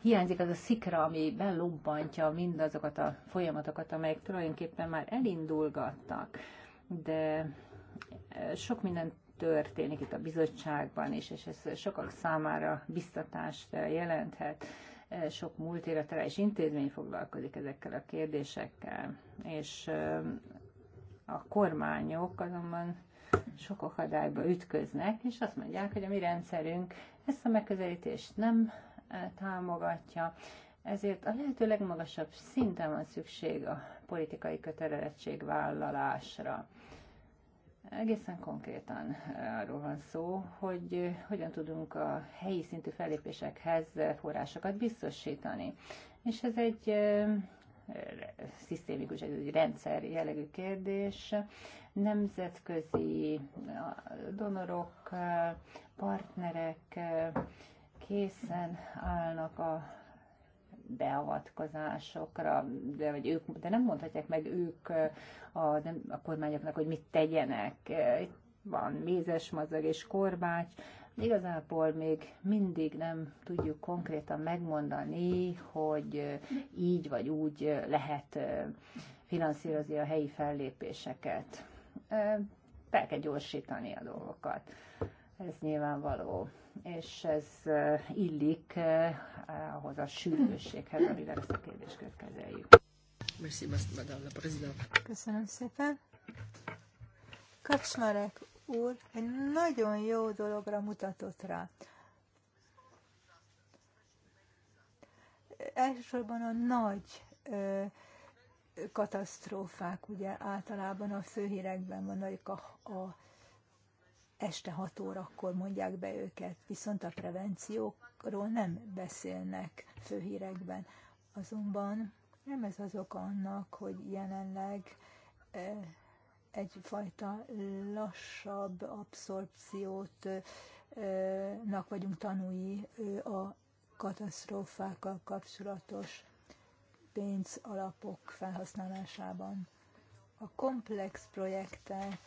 hiányzik az a szikra, ami belobbantja mindazokat a folyamatokat, amelyek tulajdonképpen már elindulgattak, de e, sok minden történik itt a bizottságban is, és ez sokak számára biztatást jelenthet. E, sok multilaterális intézmény foglalkozik ezekkel a kérdésekkel, és e, a kormányok azonban sok akadályba ütköznek, és azt mondják, hogy a mi rendszerünk ezt a megközelítést nem e, támogatja, ezért a lehető legmagasabb szinten van szükség a politikai kötelezettségvállalásra. Egészen konkrétan e, arról van szó, hogy e, hogyan tudunk a helyi szintű fellépésekhez forrásokat biztosítani. És ez egy szisztémikus, ez egy rendszer jellegű kérdés nemzetközi donorok, partnerek készen állnak a beavatkozásokra, de, vagy ők, de nem mondhatják meg ők a, a kormányoknak, hogy mit tegyenek. Itt van mézes mazag és korbács, igazából még mindig nem tudjuk konkrétan megmondani, hogy így vagy úgy lehet finanszírozni a helyi fellépéseket fel kell gyorsítani a dolgokat. Ez nyilvánvaló, és ez illik ahhoz a sűrűséghez, amivel ezt a kérdéskört kezeljük. Köszönöm szépen. Kacsmarek úr egy nagyon jó dologra mutatott rá. Elsősorban a nagy ö, katasztrófák ugye általában a főhírekben hogy a, a este 6 órakor mondják be őket, viszont a prevenciókról nem beszélnek főhírekben. Azonban nem ez az oka annak, hogy jelenleg e, egyfajta lassabb abszorpciót e, nak vagyunk tanúi e, a katasztrófákkal kapcsolatos pénzalapok felhasználásában. A komplex projektek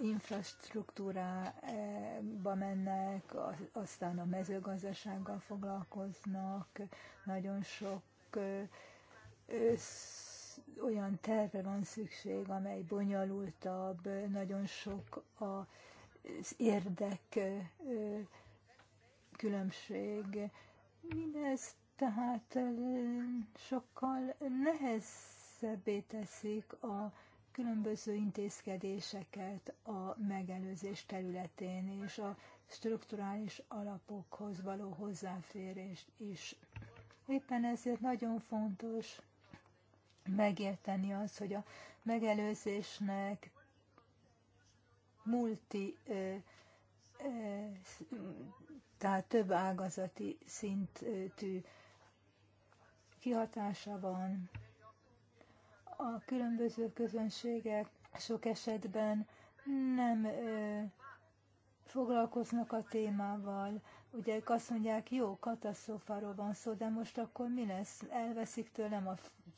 infrastruktúrába mennek, aztán a mezőgazdasággal foglalkoznak, nagyon sok olyan terve van szükség, amely bonyolultabb, nagyon sok az érdek különbség. Mindezt tehát sokkal nehezebbé teszik a különböző intézkedéseket a megelőzés területén és a strukturális alapokhoz való hozzáférést is. Éppen ezért nagyon fontos megérteni azt, hogy a megelőzésnek multi, tehát több ágazati szintű kihatása van a különböző közönségek sok esetben nem ö, foglalkoznak a témával. Ugye ők azt mondják, jó, katasztrófáról van szó, de most akkor mi lesz? Elveszik tőlem a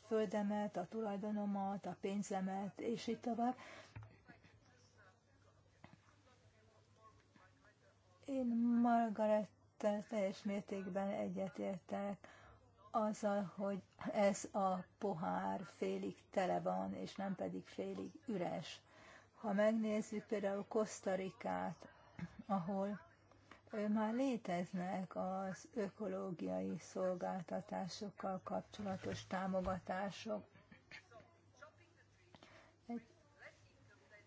földemet, a tulajdonomat, a pénzemet, és így tovább. Én Margarettel teljes mértékben egyetértek azzal, hogy ez a pohár félig tele van, és nem pedig félig üres. Ha megnézzük például Kosztarikát, ahol már léteznek az ökológiai szolgáltatásokkal kapcsolatos támogatások.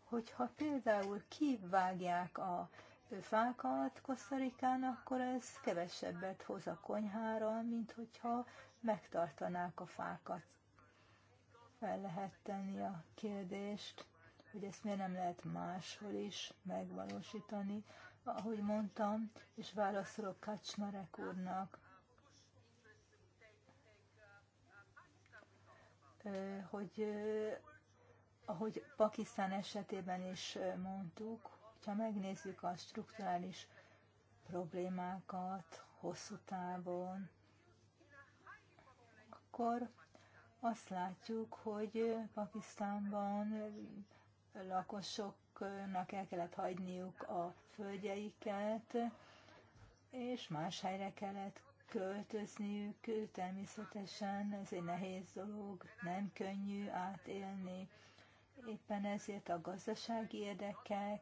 hogyha például kivágják a fákat Kosztarikán, akkor ez kevesebbet hoz a konyhára, mint hogyha megtartanák a fákat. Fel lehet tenni a kérdést, hogy ezt miért nem lehet máshol is megvalósítani, ahogy mondtam, és válaszolok Kacsmarek úrnak, hogy ahogy Pakisztán esetében is mondtuk, hogyha megnézzük a strukturális problémákat hosszú távon, akkor azt látjuk, hogy Pakisztánban lakosoknak el kellett hagyniuk a földjeiket, és más helyre kellett költözniük, természetesen ez egy nehéz dolog, nem könnyű átélni Éppen ezért a gazdasági érdekek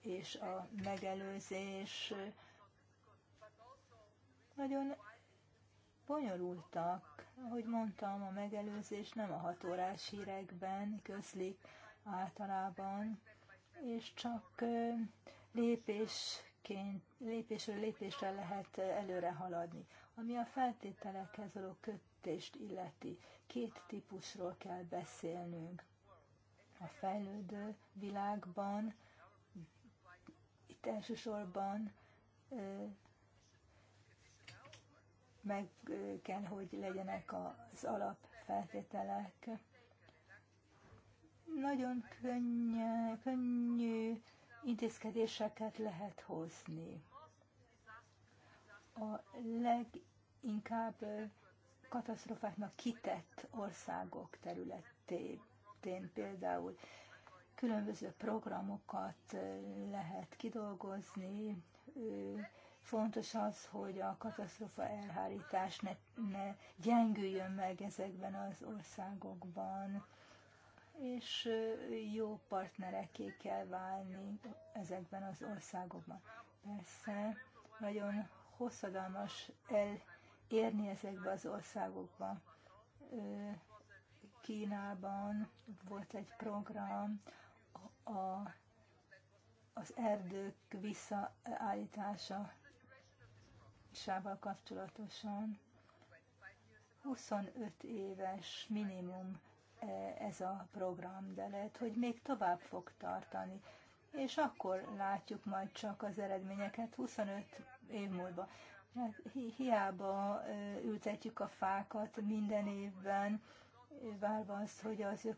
és a megelőzés nagyon bonyolultak. Ahogy mondtam, a megelőzés nem a hatórás hírekben közlik általában, és csak lépésként, lépésről lépésre lehet előre haladni. Ami a feltételekhez való kötést illeti, két típusról kell beszélnünk. A fejlődő világban itt elsősorban meg kell, hogy legyenek az alapfeltételek. Nagyon könnye, könnyű intézkedéseket lehet hozni. A leginkább katasztrofáknak kitett országok területén például különböző programokat lehet kidolgozni. Fontos az, hogy a katasztrofa elhárítás ne, ne gyengüljön meg ezekben az országokban, és jó partnereké kell válni ezekben az országokban. Persze nagyon hosszadalmas el érni ezekbe az országokba. Kínában volt egy program a, az erdők visszaállítása sával kapcsolatosan. 25 éves minimum e, ez a program, de lehet, hogy még tovább fog tartani. És akkor látjuk majd csak az eredményeket 25 év múlva. Hát, hiába ültetjük a fákat minden évben, várva azt, hogy az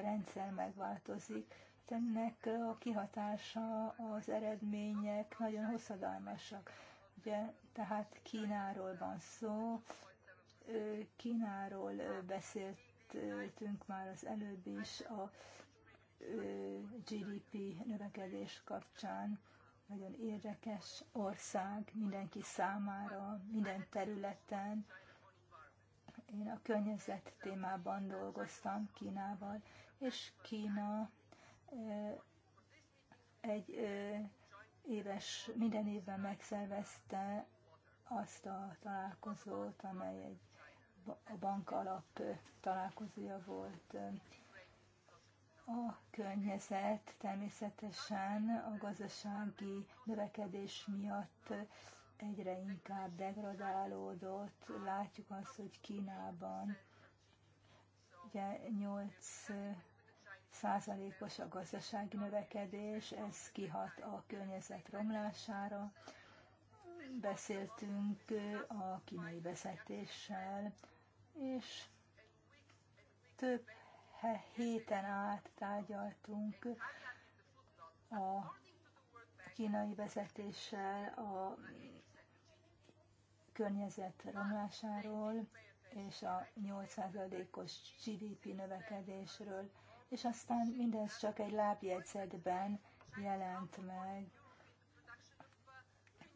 rendszer megváltozik. Ennek a kihatása, az eredmények nagyon hosszadalmasak. Ugye, tehát Kínáról van szó, Kínáról beszéltünk már az előbb is a GDP növekedés kapcsán nagyon érdekes ország mindenki számára, minden területen. Én a környezet témában dolgoztam Kínával, és Kína egy éves, minden évben megszervezte azt a találkozót, amely egy a bank alap találkozója volt a környezet természetesen a gazdasági növekedés miatt egyre inkább degradálódott. Látjuk azt, hogy Kínában ugye 8 százalékos a gazdasági növekedés, ez kihat a környezet romlására. Beszéltünk a kínai vezetéssel, és több héten át tárgyaltunk a kínai vezetéssel a környezet romlásáról és a 8%-os GDP növekedésről, és aztán mindez csak egy lábjegyzetben jelent meg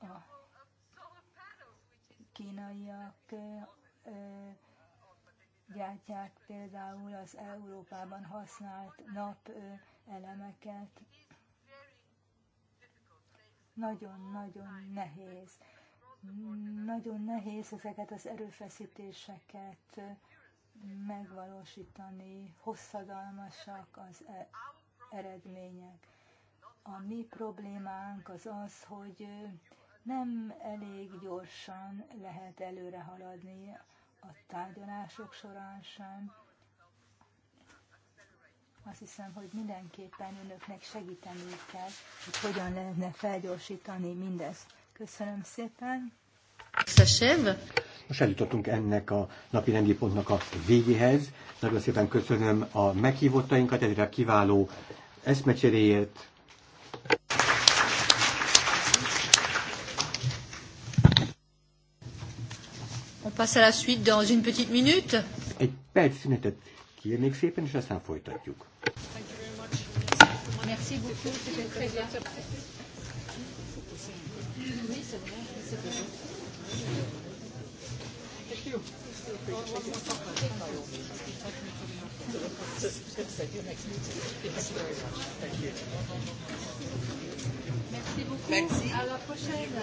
a kínaiak gyártják például az Európában használt napelemeket. Nagyon-nagyon nehéz. Nagyon nehéz ezeket az erőfeszítéseket megvalósítani, hosszadalmasak az e eredmények. A mi problémánk az az, hogy nem elég gyorsan lehet előre haladni a tárgyalások során sem. Azt hiszem, hogy mindenképpen önöknek segíteni kell, hogy hogyan lehetne felgyorsítani mindezt. Köszönöm szépen. Most eljutottunk ennek a napi rendi pontnak a végéhez. Nagyon szépen köszönöm a meghívottainkat, egyre kiváló eszmecseréért. passe à la suite dans une petite minute. Egy perc szünetet kérnék szépen, és aztán folytatjuk. Merci beaucoup, Merci beaucoup. Merci. À la prochaine.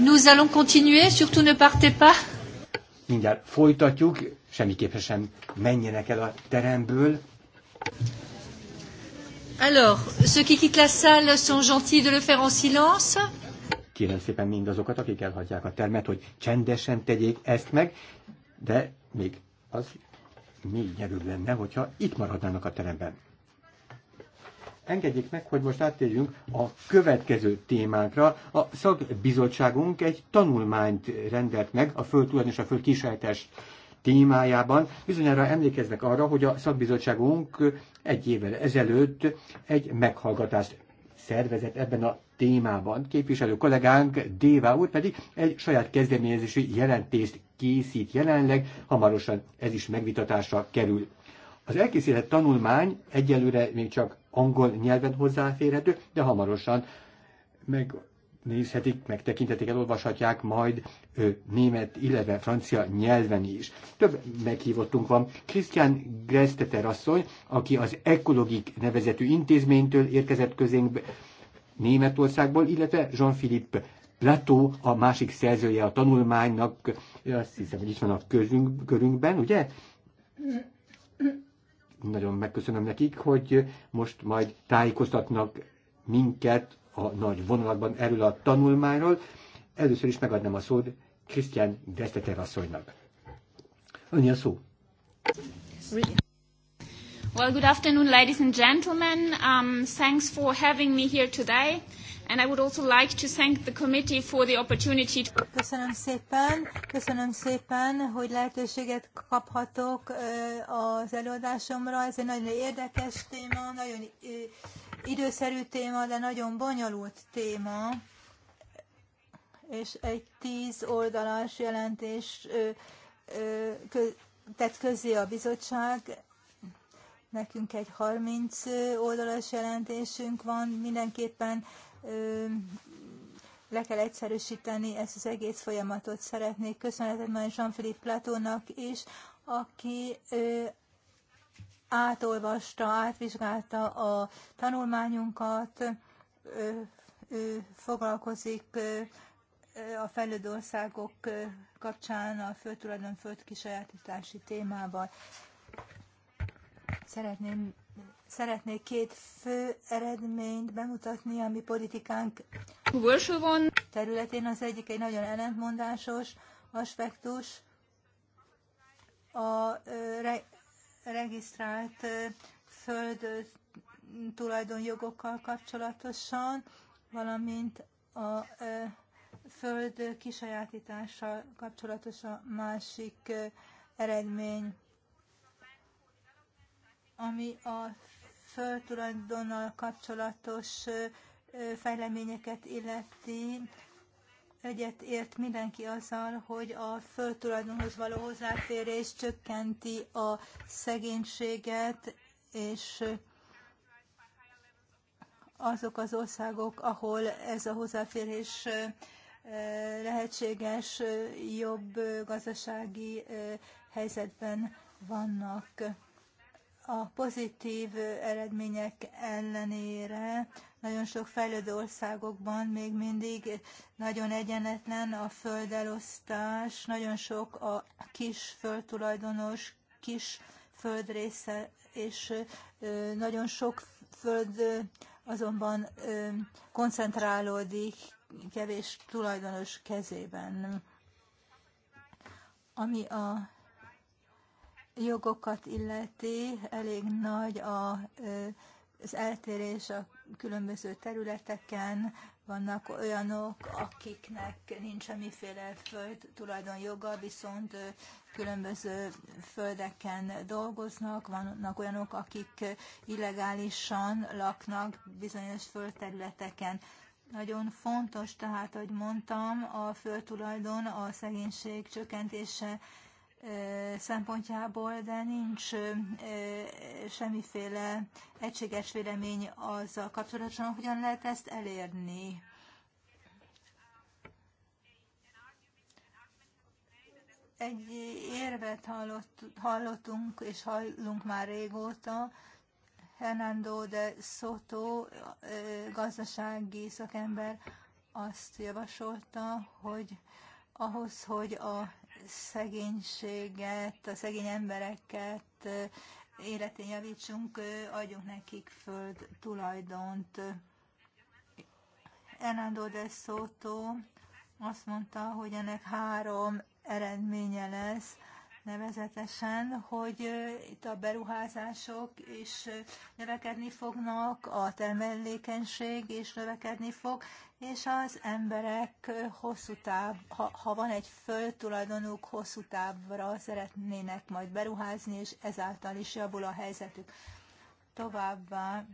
Nous allons continuer, surtout ne partez pas. Mindjárt folytatjuk, semmiképpen sem menjenek el a teremből. Alors, ceux qui quittent la salle sont gentils de le faire en silence. Kérem szépen mindazokat, akik elhagyják a termet, hogy csendesen tegyék ezt meg, de még az még nyerőbb lenne, hogyha itt maradnának a teremben. Engedjék meg, hogy most áttérjünk a következő témánkra. A szakbizottságunk egy tanulmányt rendelt meg a föld és a föld témájában. Bizonyára emlékeznek arra, hogy a szakbizottságunk egy évvel ezelőtt egy meghallgatást szervezett ebben a témában képviselő kollégánk Déva úr pedig egy saját kezdeményezésű jelentést készít jelenleg, hamarosan ez is megvitatásra kerül. Az elkészített tanulmány egyelőre még csak angol nyelven hozzáférhető, de hamarosan megnézhetik, megtekinthetik, elolvashatják majd ő, német, illetve francia nyelven is. Több meghívottunk van. Christian Gresteter asszony, aki az Ekologik nevezetű intézménytől érkezett közénkbe, Németországból, illetve Jean-Philippe Plateau, a másik szerzője a tanulmánynak, azt hiszem, hogy itt van a közünk, körünkben, ugye? Nagyon megköszönöm nekik, hogy most majd tájékoztatnak minket a nagy vonalban erről a tanulmányról. Először is megadnám a szót Christian Deszteter asszonynak. Annyi a szó. Oui. Well, good afternoon, ladies and gentlemen. Um, thanks for having me here today. And I would also like to thank the committee for the opportunity to... Köszönöm szépen, köszönöm szépen, hogy lehetőséget kaphatok uh, az előadásomra. Ez egy nagyon érdekes téma, nagyon uh, időszerű téma, de nagyon bonyolult téma. És egy tíz oldalas jelentés uh, uh, kö- tett közé a bizottság Nekünk egy 30 oldalas jelentésünk van, mindenképpen le kell egyszerűsíteni ezt az egész folyamatot. Szeretnék köszönetet mondani Jean-Philippe Platónak is, aki átolvasta, átvizsgálta a tanulmányunkat, ő foglalkozik a fejlődő országok kapcsán a földtulajdon földkisajátítási témával. Szeretném, szeretnék két fő eredményt bemutatni, ami politikánk területén az egyik egy nagyon ellentmondásos aspektus. A re, regisztrált föld tulajdonjogokkal kapcsolatosan, valamint a föld kisajátítással kapcsolatos a másik eredmény ami a földtulajdonnal kapcsolatos fejleményeket illeti, egyet ért mindenki azzal, hogy a földtulajdonhoz való hozzáférés csökkenti a szegénységet, és azok az országok, ahol ez a hozzáférés lehetséges, jobb gazdasági helyzetben vannak a pozitív eredmények ellenére nagyon sok fejlődő országokban még mindig nagyon egyenetlen a földelosztás, nagyon sok a kis földtulajdonos, kis földrésze, és nagyon sok föld azonban koncentrálódik kevés tulajdonos kezében. Ami a jogokat illeti, elég nagy a, az eltérés a különböző területeken. Vannak olyanok, akiknek nincs semmiféle föld tulajdonjoga, viszont különböző földeken dolgoznak, vannak olyanok, akik illegálisan laknak bizonyos földterületeken. Nagyon fontos, tehát, hogy mondtam, a földtulajdon a szegénység csökkentése szempontjából, de nincs semmiféle egységes vélemény azzal kapcsolatosan, hogyan lehet ezt elérni. Egy érvet hallott, hallottunk, és hallunk már régóta, Hernando de Soto gazdasági szakember azt javasolta, hogy ahhoz, hogy a szegénységet, a szegény embereket, életén javítsunk, adjunk nekik föld tulajdont. Hernando de Soto azt mondta, hogy ennek három eredménye lesz nevezetesen, hogy itt a beruházások is növekedni fognak, a termelékenység is növekedni fog, és az emberek hosszú táv, ha, ha van egy földtulajdonuk, hosszú távra szeretnének majd beruházni, és ezáltal is javul a helyzetük. Továbbá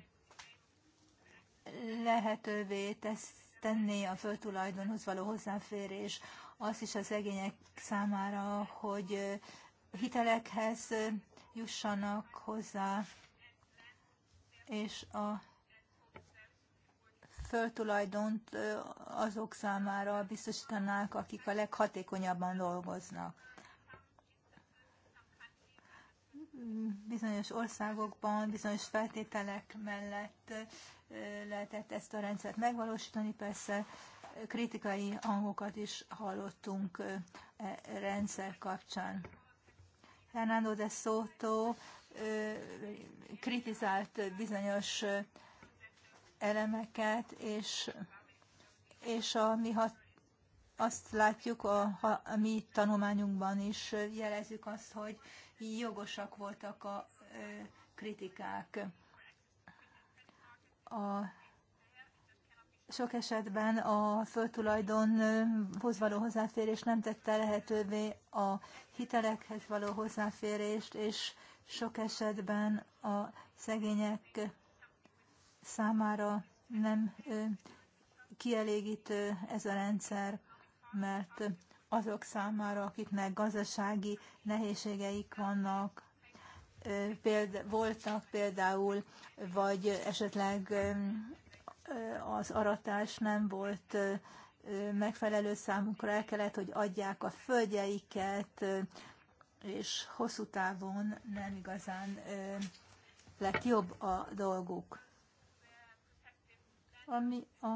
lehetővé tesz, tenni a föltulajdonhoz való hozzáférés azt is a szegények számára, hogy hitelekhez jussanak hozzá, és a föltulajdont azok számára biztosítanák, akik a leghatékonyabban dolgoznak. Bizonyos országokban, bizonyos feltételek mellett lehetett ezt a rendszert megvalósítani, persze kritikai hangokat is hallottunk e, rendszer kapcsán. Hernando de Soto kritizált bizonyos elemeket, és, és a mi hat, azt látjuk a, a mi tanulmányunkban is, jelezzük azt, hogy jogosak voltak a kritikák. A sok esetben a földtulajdonhoz való hozzáférés nem tette lehetővé a hitelekhez való hozzáférést, és sok esetben a szegények számára nem kielégítő ez a rendszer, mert azok számára, akiknek gazdasági nehézségeik vannak, péld, voltak például, vagy esetleg az aratás nem volt megfelelő számukra, el kellett, hogy adják a földjeiket, és hosszú távon nem igazán lett jobb a dolguk. Ami a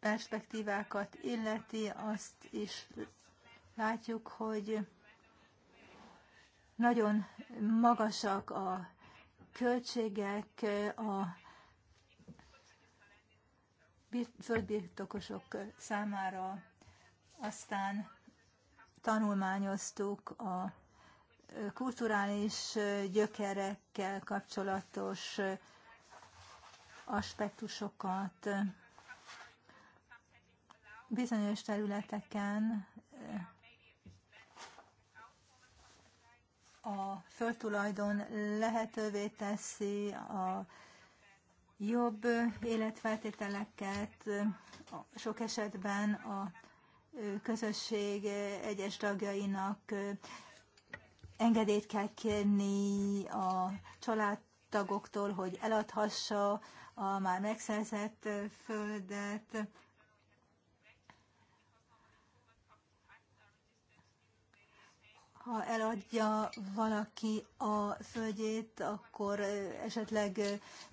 perspektívákat illeti, azt is látjuk, hogy nagyon magasak a költségek, a földbirtokosok számára. Aztán tanulmányoztuk a kulturális gyökerekkel kapcsolatos aspektusokat. Bizonyos területeken a földtulajdon lehetővé teszi a jobb életfeltételeket sok esetben a közösség egyes tagjainak engedélyt kell kérni a családtagoktól, hogy eladhassa a már megszerzett földet. ha eladja valaki a földjét, akkor esetleg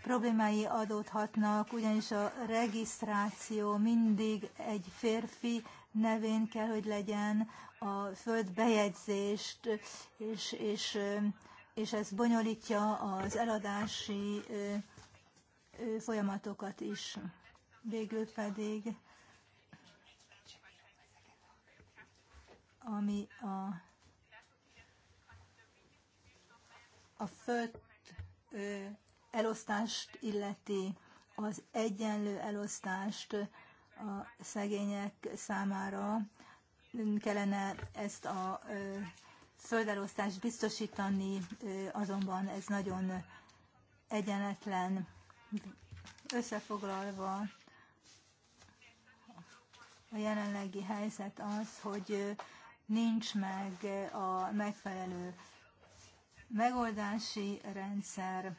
problémái adódhatnak, ugyanis a regisztráció mindig egy férfi nevén kell, hogy legyen a föld bejegyzést, és, és, és ez bonyolítja az eladási folyamatokat is. Végül pedig, ami a a föld elosztást illeti, az egyenlő elosztást a szegények számára kellene ezt a földelosztást biztosítani, azonban ez nagyon egyenetlen. Összefoglalva a jelenlegi helyzet az, hogy nincs meg a megfelelő megoldási rendszer,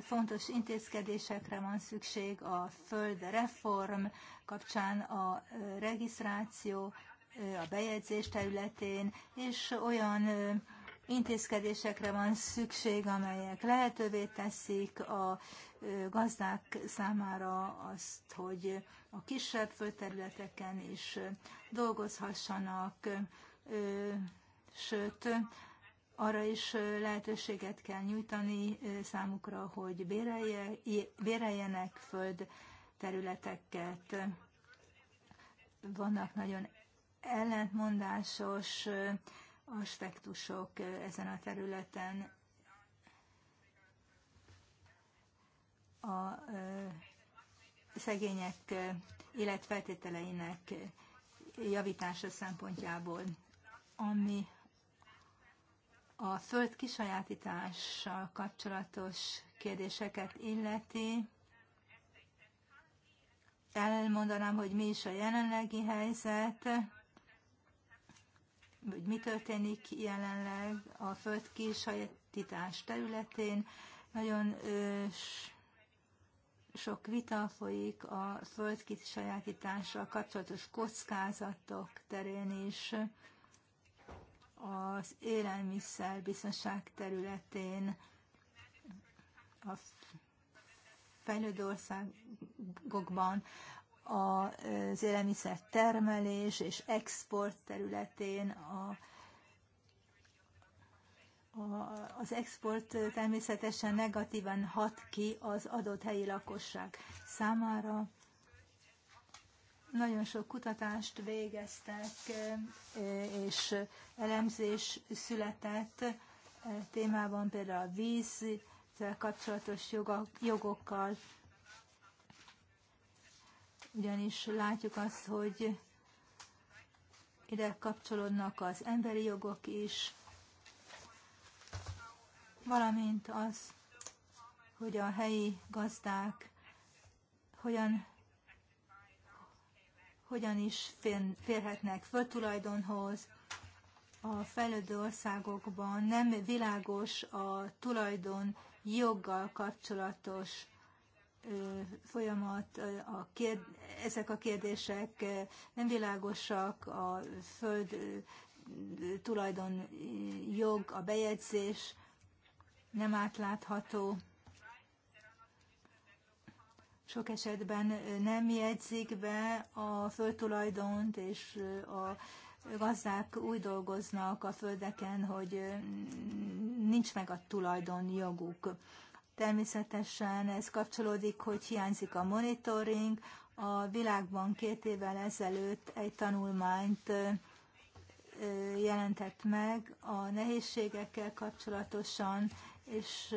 fontos intézkedésekre van szükség a földreform kapcsán a regisztráció, a bejegyzés területén, és olyan intézkedésekre van szükség, amelyek lehetővé teszik a gazdák számára azt, hogy a kisebb földterületeken is dolgozhassanak, sőt, arra is lehetőséget kell nyújtani számukra, hogy béreljenek föld területeket. Vannak nagyon ellentmondásos aspektusok ezen a területen. A szegények életfeltételeinek javítása szempontjából, ami a föld kisajátítással kapcsolatos kérdéseket illeti, elmondanám, hogy mi is a jelenlegi helyzet, hogy mi történik jelenleg a föld kisajátítás területén. Nagyon sok vita folyik a föld kisajátítással kapcsolatos kockázatok terén is az élelmiszer biztonság területén a fejlődő országokban az élelmiszer termelés és export területén a, a, az export természetesen negatívan hat ki az adott helyi lakosság számára. Nagyon sok kutatást végeztek, eh, és elemzés született eh, témában, például a vízzel kapcsolatos jogokkal, ugyanis látjuk azt, hogy ide kapcsolódnak az emberi jogok is, valamint az, hogy a helyi gazdák hogyan hogyan is férhetnek föltulajdonhoz A fejlődő országokban nem világos a tulajdon joggal kapcsolatos folyamat, a kérd, ezek a kérdések nem világosak, a föld tulajdon jog, a bejegyzés nem átlátható sok esetben nem jegyzik be a földtulajdont, és a gazdák úgy dolgoznak a földeken, hogy nincs meg a tulajdonjoguk. Természetesen ez kapcsolódik, hogy hiányzik a monitoring. A világban két évvel ezelőtt egy tanulmányt jelentett meg a nehézségekkel kapcsolatosan, és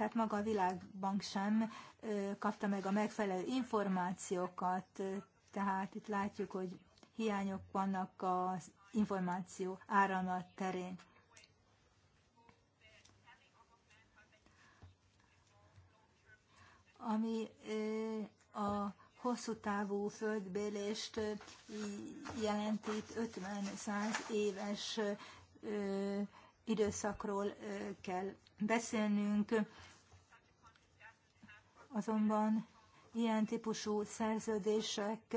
tehát maga a világbank sem kapta meg a megfelelő információkat, tehát itt látjuk, hogy hiányok vannak az információ áramlat terén. Ami a hosszú távú földbélést jelenti 50-100 éves időszakról kell beszélnünk. Azonban ilyen típusú szerződések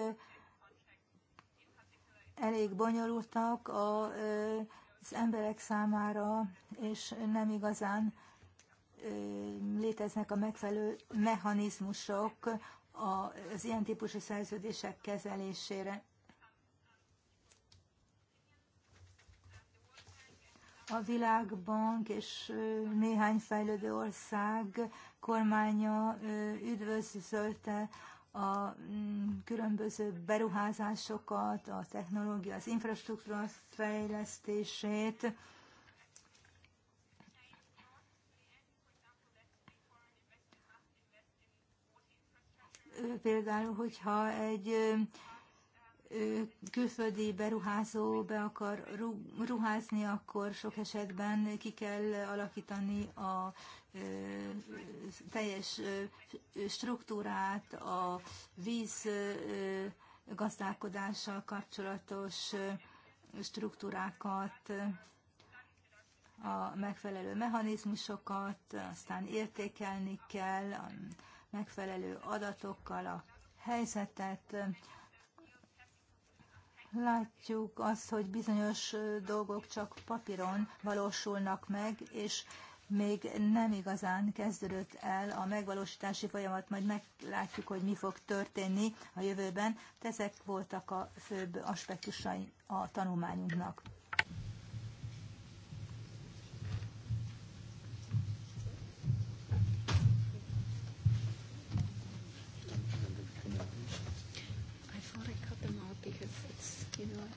elég bonyolultak az emberek számára, és nem igazán léteznek a megfelelő mechanizmusok az ilyen típusú szerződések kezelésére. a világbank és néhány fejlődő ország kormánya üdvözölte a mm, különböző beruházásokat, a technológia, az infrastruktúra fejlesztését. Például, hogyha egy külföldi beruházó be akar ruházni, akkor sok esetben ki kell alakítani a teljes struktúrát, a víz gazdálkodással kapcsolatos struktúrákat, a megfelelő mechanizmusokat, aztán értékelni kell a megfelelő adatokkal a helyzetet, látjuk azt, hogy bizonyos dolgok csak papíron valósulnak meg, és még nem igazán kezdődött el a megvalósítási folyamat, majd meglátjuk, hogy mi fog történni a jövőben. De ezek voltak a főbb aspektusai a tanulmányunknak.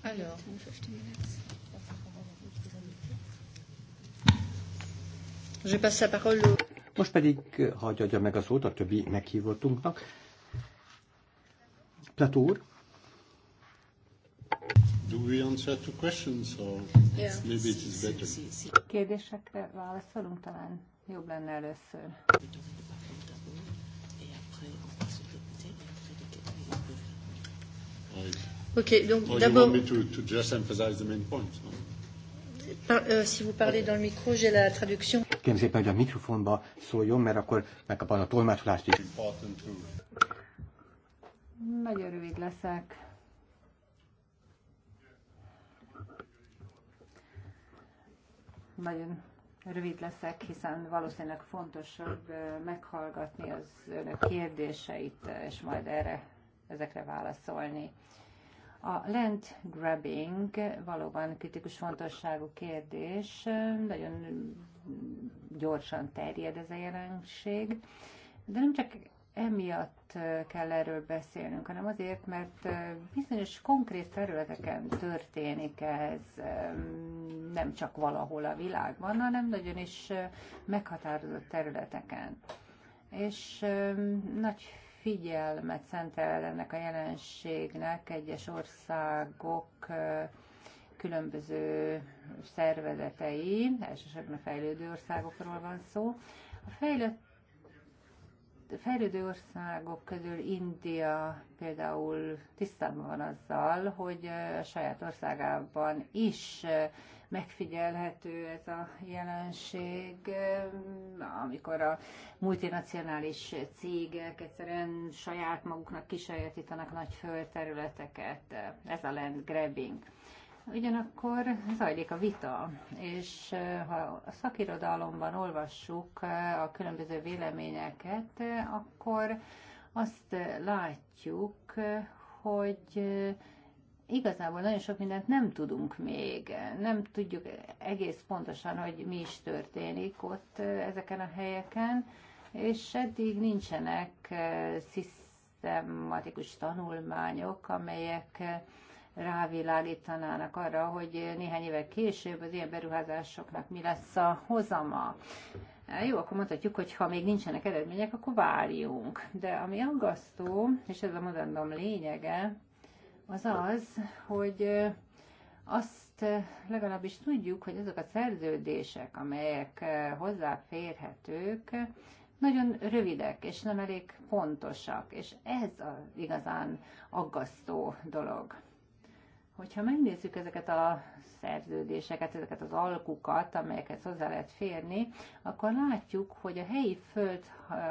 Alors. Je passe la parole au... Most pedig hagyja adja meg a szót a többi meghívottunknak. Plató úr. Do we answer to questions or yeah. maybe it is better? Kérdésekre válaszolunk talán jobb lenne először. Okay, donc d'abord. Euh, si vous parlez dans le micro, j'ai la traduction. Kérem szépen, hogy a mikrofonba szóljon, mert akkor megkapom a tolmácsolást is. Nagyon rövid leszek. Nagyon rövid leszek, hiszen valószínűleg fontosabb meghallgatni az önök kérdéseit, és majd erre, ezekre válaszolni. Uh, a land grabbing valóban kritikus fontosságú kérdés, nagyon gyorsan terjed ez a jelenség, de nem csak emiatt kell erről beszélnünk, hanem azért, mert bizonyos konkrét területeken történik ez nem csak valahol a világban, hanem nagyon is meghatározott területeken. És nagy figyelmet szentel ennek a jelenségnek egyes országok különböző szervezetei, elsősorban a fejlődő országokról van szó. A fejlett fejlődő országok közül India például tisztában van azzal, hogy a saját országában is megfigyelhető ez a jelenség, amikor a multinacionális cégek egyszerűen saját maguknak kisajátítanak nagy földterületeket. Ez a land grabbing. Ugyanakkor zajlik a vita, és eh, ha a szakirodalomban olvassuk eh, a különböző véleményeket, eh, akkor azt látjuk, hogy igazából nagyon sok mindent nem tudunk még. Nem tudjuk egész pontosan, hogy mi is történik ott ezeken a helyeken, és eddig nincsenek szisztematikus tanulmányok, amelyek rávilágítanának arra, hogy néhány évvel később az ilyen beruházásoknak mi lesz a hozama. Jó, akkor mondhatjuk, hogy ha még nincsenek eredmények, akkor várjunk. De ami aggasztó, és ez a mondandom lényege, az az, hogy azt legalábbis tudjuk, hogy azok a szerződések, amelyek hozzáférhetők, nagyon rövidek és nem elég pontosak, és ez az igazán aggasztó dolog. Hogyha megnézzük ezeket a szerződéseket, ezeket az alkukat, amelyeket hozzá lehet férni, akkor látjuk, hogy a helyi föld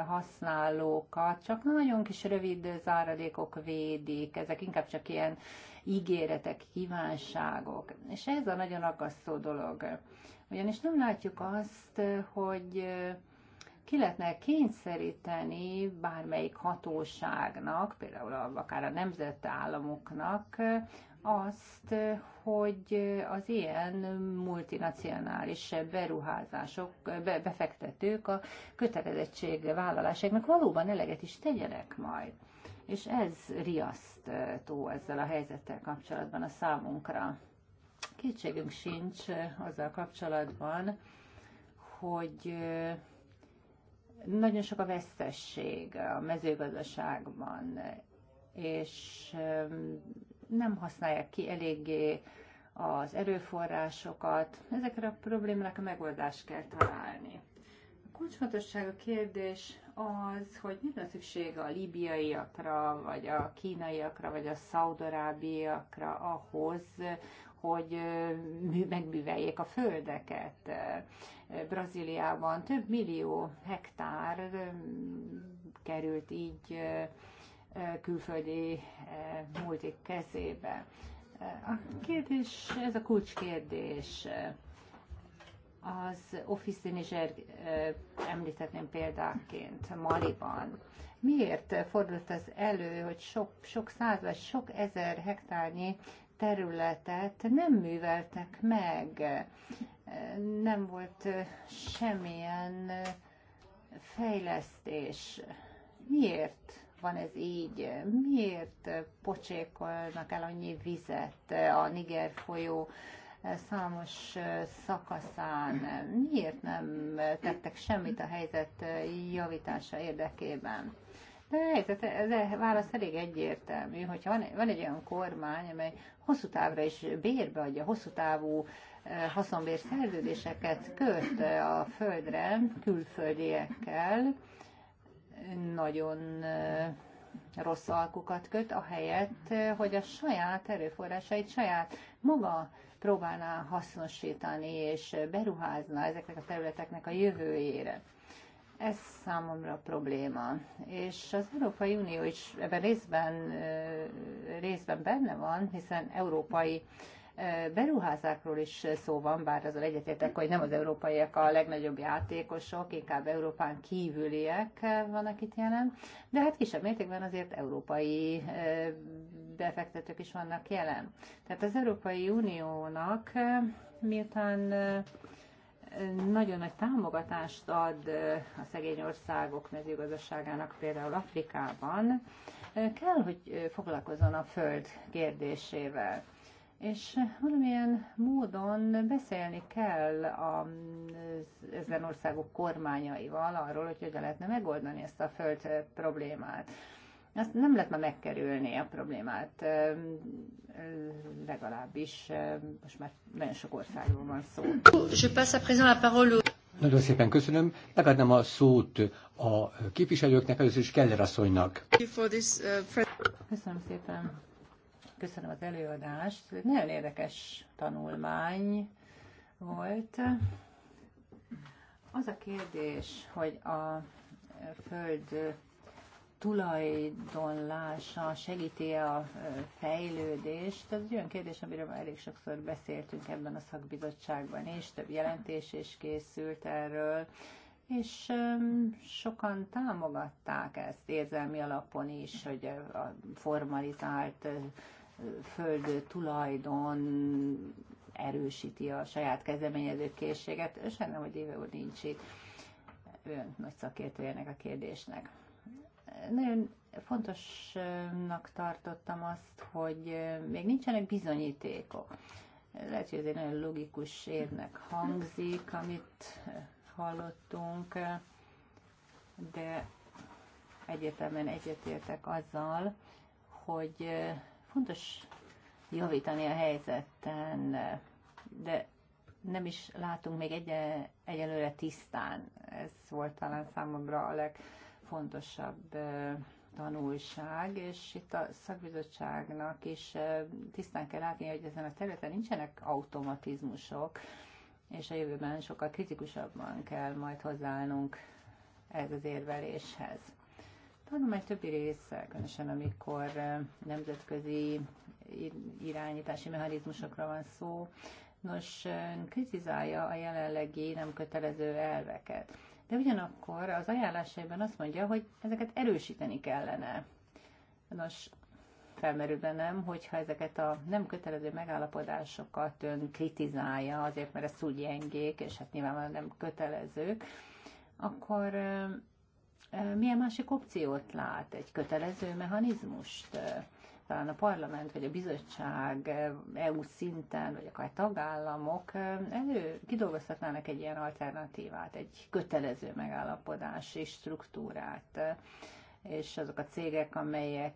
használókat csak nagyon kis rövid záradékok védik, ezek inkább csak ilyen ígéretek, kívánságok. És ez a nagyon aggasztó dolog. Ugyanis nem látjuk azt, hogy ki lehetne kényszeríteni bármelyik hatóságnak, például akár a nemzetállamoknak, azt, hogy az ilyen multinacionális beruházások, befektetők a kötelezettség vállalásáknak valóban eleget is tegyenek majd. És ez riasztó ezzel a helyzettel kapcsolatban a számunkra. Kétségünk sincs azzal kapcsolatban, hogy nagyon sok a vesztesség a mezőgazdaságban, és nem használják ki eléggé az erőforrásokat. Ezekre a a megoldást kell találni. A kulcsfontosságú kérdés az, hogy mi van szüksége a líbiaiakra, vagy a kínaiakra, vagy a szaudarábiakra ahhoz, hogy megműveljék a földeket. Brazíliában több millió hektár került így külföldi multik kezébe. A kérdés, ez a kulcskérdés. Az Office de Niger említetném példáként Maliban. Miért fordult az elő, hogy sok, sok száz vagy sok ezer hektárnyi területet nem műveltek meg? Nem volt semmilyen fejlesztés. Miért? van ez így? Miért pocsékolnak el annyi vizet a Niger folyó eh, számos eh, szakaszán? Miért nem tettek semmit a helyzet eh, javítása érdekében? De a helyzet, ez a e válasz elég egyértelmű, hogyha van, van egy olyan kormány, amely hosszú távra is bérbe adja, hosszú távú haszonbér szerződéseket köt a földre külföldiekkel, nagyon eh, rossz alkukat köt, ahelyett, eh, hogy a saját erőforrásait saját maga próbálná hasznosítani és beruházna ezeknek a területeknek a jövőjére. Ez számomra probléma. És az Európai Unió is ebben részben, eh, részben benne van, hiszen európai beruházákról is szó van, bár azon egyetértek, hogy nem az európaiak a legnagyobb játékosok, inkább Európán kívüliek vannak itt jelen, de hát kisebb mértékben azért európai befektetők is vannak jelen. Tehát az Európai Uniónak miután nagyon nagy támogatást ad a szegény országok mezőgazdaságának, például Afrikában, kell, hogy foglalkozzon a föld kérdésével és valamilyen módon beszélni kell a, ezen országok kormányaival arról, hogy hogyan lehetne megoldani ezt a föld problémát. Azt nem lehet már megkerülni a problémát, legalábbis most már nagyon sok országról van szó. nagyon szépen köszönöm. Megadnám a szót a képviselőknek, először is Keller asszonynak. Uh, köszönöm szépen köszönöm az előadást. Ez egy nagyon érdekes tanulmány volt. Az a kérdés, hogy a föld tulajdonlása segíti -e a fejlődést? Ez egy olyan kérdés, amiről már elég sokszor beszéltünk ebben a szakbizottságban is, több jelentés is készült erről, és sokan támogatták ezt érzelmi alapon is, hogy a formalizált föld tulajdon erősíti a saját kezdeményező készséget. Sajnálom, hogy Éve úr nincs itt. Ő nagy ennek a kérdésnek. Nagyon fontosnak tartottam azt, hogy még nincsenek bizonyítékok. Lehet, hogy ez egy nagyon logikus érnek hangzik, amit hallottunk, de egyértelműen egyetértek azzal, hogy Fontos javítani a helyzeten, de nem is látunk még egy egyelőre tisztán. Ez volt talán számomra a legfontosabb tanulság, és itt a szakbizottságnak is tisztán kell látni, hogy ezen a területen nincsenek automatizmusok, és a jövőben sokkal kritikusabban kell majd hozzáállnunk ez az érveléshez tanulmány többi része, különösen amikor nemzetközi irányítási mechanizmusokra van szó, nos, kritizálja a jelenlegi nem kötelező elveket. De ugyanakkor az ajánlásaiban azt mondja, hogy ezeket erősíteni kellene. Nos, felmerül bennem, hogyha ezeket a nem kötelező megállapodásokat ön kritizálja, azért mert ez úgy gyengék, és hát nyilvánvalóan nem kötelezők, akkor milyen másik opciót lát, egy kötelező mechanizmust? Talán a parlament vagy a bizottság EU szinten, vagy akár tagállamok elő kidolgozhatnának egy ilyen alternatívát, egy kötelező megállapodási struktúrát és azok a cégek, amelyek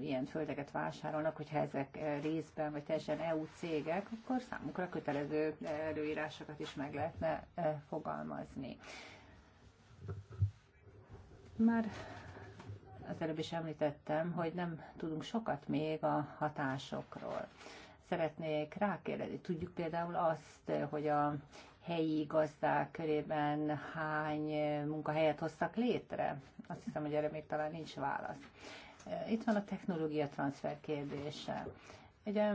ilyen földeket vásárolnak, hogyha ezek részben vagy teljesen EU cégek, akkor számukra kötelező előírásokat is meg lehetne fogalmazni. Már az előbb is említettem, hogy nem tudunk sokat még a hatásokról. Szeretnék rákérdezni, tudjuk például azt, hogy a helyi gazdák körében hány munkahelyet hoztak létre? Azt hiszem, hogy erre még talán nincs válasz. Itt van a technológia transfer kérdése. Ugye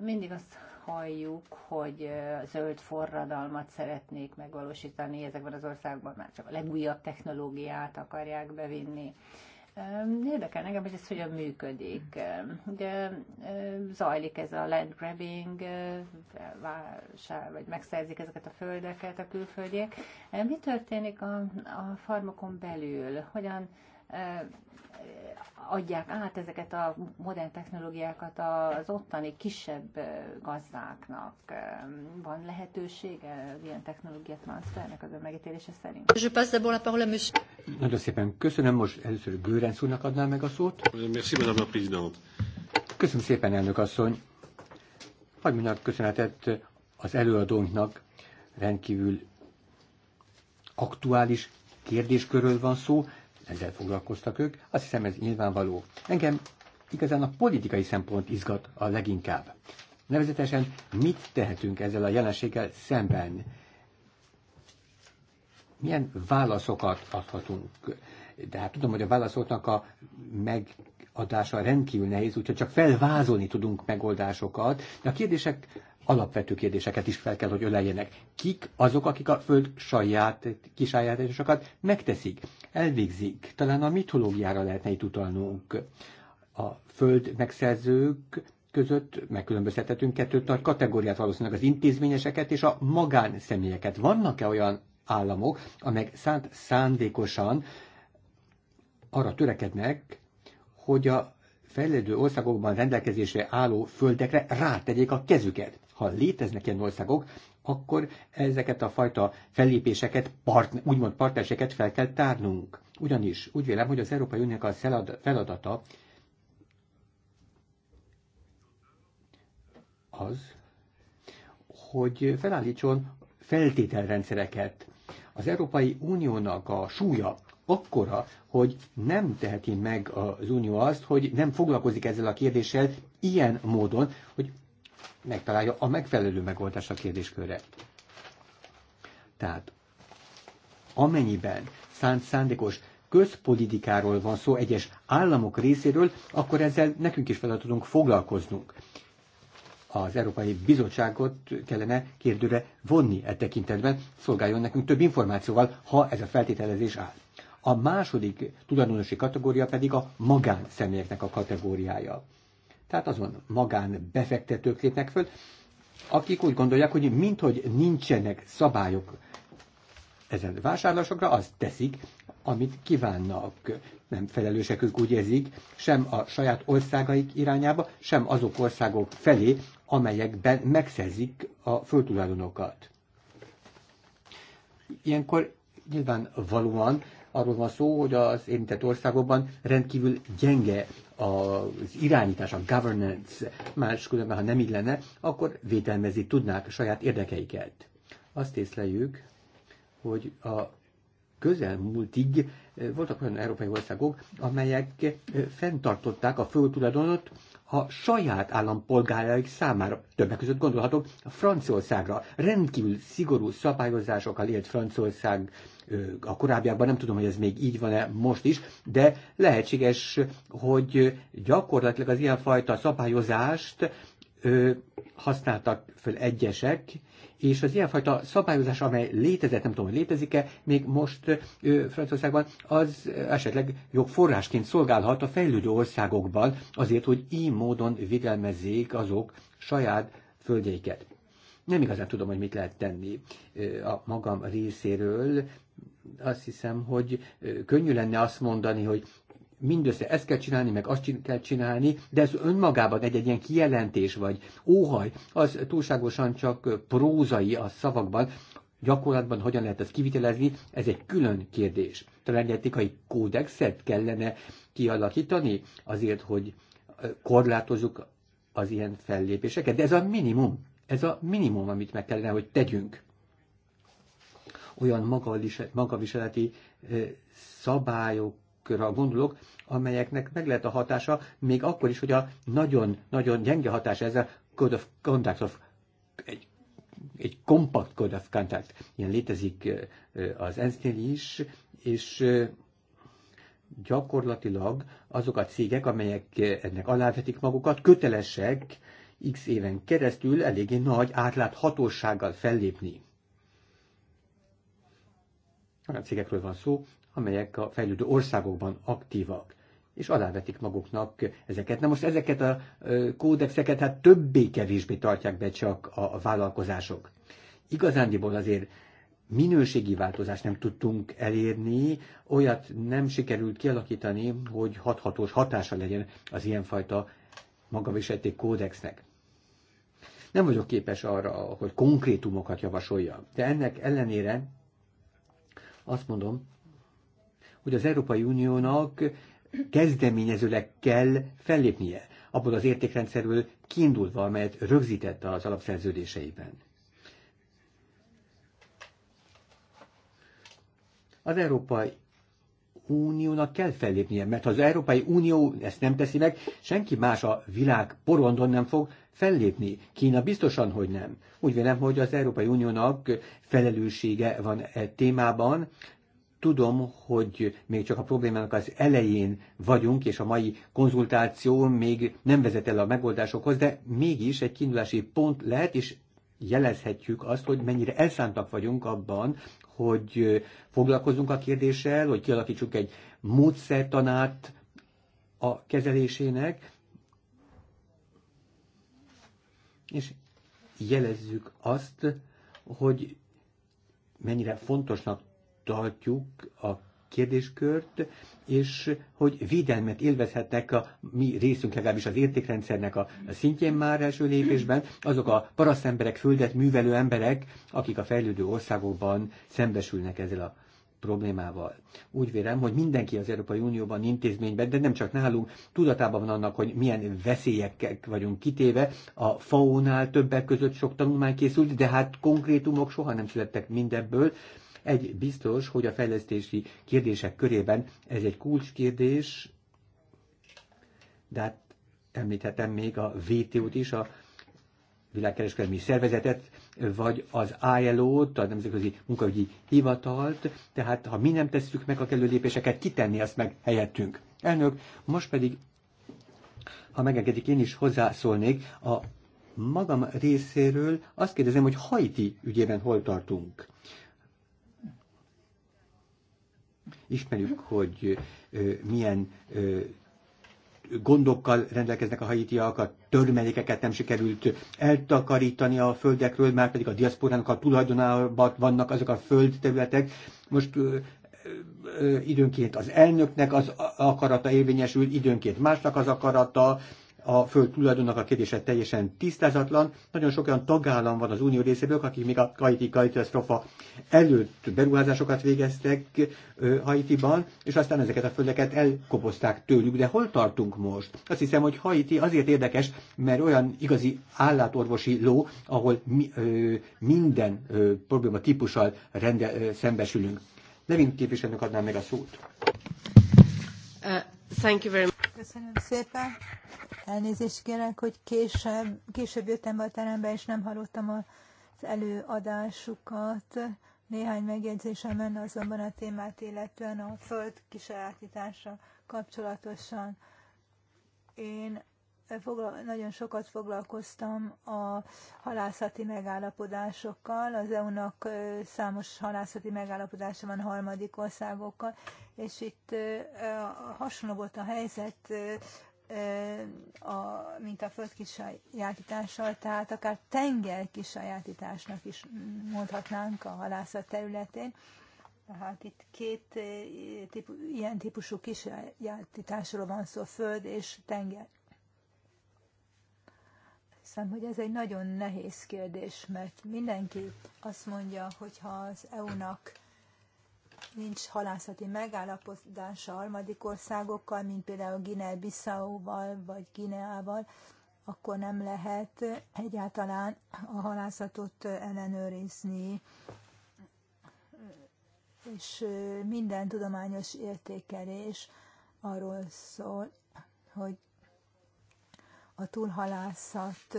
mindig azt halljuk, hogy zöld forradalmat szeretnék megvalósítani ezekben az országban, már csak a legújabb technológiát akarják bevinni. Érdekel nekem, hogy ez hogyan működik. Ugye zajlik ez a land grabbing, vagy megszerzik ezeket a földeket a külföldiek. Mi történik a, a farmokon belül? Hogyan adják át ezeket a modern technológiákat az ottani kisebb gazdáknak? Van lehetősége ilyen technológia transfernek az ön megítélése szerint? Je passe d'abord la parole à monsieur. Nagyon szépen köszönöm, most először Gőrenc úrnak adnám meg a szót. Merci, madame la présidente. Köszönöm szépen, elnök asszony. Hagyj mondjak köszönetet az előadónknak, rendkívül aktuális kérdéskörről van szó, ezzel foglalkoztak ők. Azt hiszem ez nyilvánvaló. Engem igazán a politikai szempont izgat a leginkább. Nevezetesen mit tehetünk ezzel a jelenséggel szemben? Milyen válaszokat adhatunk? De hát tudom, hogy a válaszoknak a megadása rendkívül nehéz, úgyhogy csak felvázolni tudunk megoldásokat. De a kérdések alapvető kérdéseket is fel kell, hogy öleljenek. Kik azok, akik a föld saját kisájátásokat megteszik, elvégzik? Talán a mitológiára lehetne itt utalnunk. A föld megszerzők között megkülönböztetünk kettőt nagy kategóriát valószínűleg az intézményeseket és a magánszemélyeket. Vannak-e olyan államok, amelyek szánt szándékosan arra törekednek, hogy a fejlődő országokban rendelkezésre álló földekre rátegyék a kezüket ha léteznek ilyen országok, akkor ezeket a fajta fellépéseket, part, úgymond partnerseket fel kell tárnunk. Ugyanis úgy vélem, hogy az Európai Uniónak a feladata az, hogy felállítson feltételrendszereket. Az Európai Uniónak a súlya akkora, hogy nem teheti meg az Unió azt, hogy nem foglalkozik ezzel a kérdéssel ilyen módon, hogy megtalálja a megfelelő megoldást a kérdéskörre. Tehát amennyiben szánt szándékos közpolitikáról van szó egyes államok részéről, akkor ezzel nekünk is feladatunk tudunk foglalkoznunk. Az Európai Bizottságot kellene kérdőre vonni e tekintetben, szolgáljon nekünk több információval, ha ez a feltételezés áll. A második tulajdonosi kategória pedig a magánszemélyeknek a kategóriája tehát azon magán befektetők lépnek föl, akik úgy gondolják, hogy minthogy nincsenek szabályok ezen vásárlásokra, azt teszik, amit kívánnak. Nem felelősek ők úgy érzik, sem a saját országaik irányába, sem azok országok felé, amelyekben megszerzik a föltulajdonokat. Ilyenkor nyilván valóan arról van szó, hogy az érintett országokban rendkívül gyenge az irányítás, a governance, máskülönben, ha nem így lenne, akkor védelmezni tudnák a saját érdekeiket. Azt észleljük, hogy a közelmúltig eh, voltak olyan európai országok, amelyek eh, fenntartották a földtulajdonot a saját állampolgáraik számára. Többek között gondolhatok Franciaországra. Rendkívül szigorú szabályozásokkal élt Franciaország a korábbiakban, nem tudom, hogy ez még így van-e most is, de lehetséges, hogy gyakorlatilag az ilyenfajta szabályozást használtak föl egyesek, és az ilyenfajta szabályozás, amely létezett, nem tudom, hogy létezik-e, még most ö, Franciaországban, az esetleg jogforrásként szolgálhat a fejlődő országokban, azért, hogy így módon védelmezzék azok saját földjeiket. Nem igazán tudom, hogy mit lehet tenni a magam részéről, azt hiszem, hogy könnyű lenne azt mondani, hogy mindössze ezt kell csinálni, meg azt kell csinálni, de ez önmagában egy-egy ilyen kijelentés vagy óhaj, az túlságosan csak prózai a szavakban, gyakorlatban hogyan lehet ezt kivitelezni, ez egy külön kérdés. Talán etikai kódexet kellene kialakítani azért, hogy korlátozzuk az ilyen fellépéseket, de ez a minimum, ez a minimum, amit meg kellene, hogy tegyünk olyan magaviseleti szabályokra gondolok, amelyeknek meg lehet a hatása, még akkor is, hogy a nagyon-nagyon gyenge hatása ezzel code of contact, of egy egy kompakt code of contact, ilyen létezik az ensz is, és gyakorlatilag azok a cégek, amelyek ennek alávetik magukat, kötelesek x éven keresztül eléggé nagy átláthatósággal fellépni olyan cégekről van szó, amelyek a fejlődő országokban aktívak és alávetik maguknak ezeket. Na most ezeket a kódexeket hát többé-kevésbé tartják be csak a vállalkozások. Igazándiból azért minőségi változást nem tudtunk elérni, olyat nem sikerült kialakítani, hogy hathatós hatása legyen az ilyenfajta magaviseleti kódexnek. Nem vagyok képes arra, hogy konkrétumokat javasoljam, de ennek ellenére azt mondom, hogy az Európai Uniónak kezdeményezőleg kell fellépnie, abból az értékrendszerből kiindulva, amelyet rögzített az alapszerződéseiben. Az Európai Uniónak kell fellépnie, mert ha az Európai Unió ezt nem teszi meg, senki más a világ porondon nem fog fellépni. Kína biztosan, hogy nem. Úgy vélem, hogy az Európai Uniónak felelőssége van e témában, tudom, hogy még csak a problémának az elején vagyunk, és a mai konzultáció még nem vezet el a megoldásokhoz, de mégis egy kiindulási pont lehet, és jelezhetjük azt, hogy mennyire elszántak vagyunk abban, hogy foglalkozunk a kérdéssel, hogy kialakítsuk egy módszertanát a kezelésének, és jelezzük azt, hogy mennyire fontosnak tartjuk a kérdéskört, és hogy védelmet élvezhetnek a mi részünk, legalábbis az értékrendszernek a szintjén már első lépésben, azok a paraszt emberek, földet művelő emberek, akik a fejlődő országokban szembesülnek ezzel a problémával. Úgy vélem, hogy mindenki az Európai Unióban intézményben, de nem csak nálunk, tudatában van annak, hogy milyen veszélyekkel vagyunk kitéve. A FAO-nál többek között sok tanulmány készült, de hát konkrétumok soha nem születtek mindebből. Egy biztos, hogy a fejlesztési kérdések körében ez egy kulcskérdés, de hát említhetem még a WTO-t is, a világkereskedelmi szervezetet, vagy az ILO-t, a Nemzetközi Munkaügyi Hivatalt, tehát ha mi nem tesszük meg a kellő lépéseket, kitenni azt meg helyettünk. Elnök, most pedig, ha megengedik, én is hozzászólnék a magam részéről azt kérdezem, hogy Haiti ügyében hol tartunk. Ismerjük, hogy ö, milyen ö, gondokkal rendelkeznek a haitiak, a törmelékeket nem sikerült eltakarítani a földekről, már pedig a diaszporának a tulajdonában vannak azok a földterületek. Most időnként az elnöknek az akarata érvényesül, időnként másnak az akarata, a föld tulajdonnak a kérdése teljesen tisztázatlan. Nagyon sok olyan tagállam van az unió részéből, akik még a Haiti katasztrofa előtt beruházásokat végeztek Haitiban, és aztán ezeket a földeket elkobozták tőlük. De hol tartunk most? Azt hiszem, hogy Haiti azért érdekes, mert olyan igazi állatorvosi ló, ahol mi, ö, minden ö, probléma típussal rende, ö, szembesülünk. Levin képviselőnek adnám meg a szót. Uh, thank you very much. Köszönöm szépen. Elnézést kérek, hogy később, később jöttem be a terembe, és nem hallottam az előadásukat. Néhány megjegyzésem lenne azonban a témát, illetően a föld kisajátítása kapcsolatosan. Én nagyon sokat foglalkoztam a halászati megállapodásokkal, az EU-nak számos halászati megállapodása van harmadik országokkal, és itt hasonló volt a helyzet a, mint a föld kisajátítással, tehát akár tenger kisajátításnak is mondhatnánk a halászat területén. Tehát itt két eh, típu, ilyen típusú kisajátításról van szó, föld és tenger. Hiszem, hogy ez egy nagyon nehéz kérdés, mert mindenki azt mondja, hogy ha az EU-nak nincs halászati megállapodása harmadik országokkal, mint például Guinea-Bissau-val vagy Guineával, akkor nem lehet egyáltalán a halászatot ellenőrizni, és minden tudományos értékelés arról szól, hogy a túlhalászat,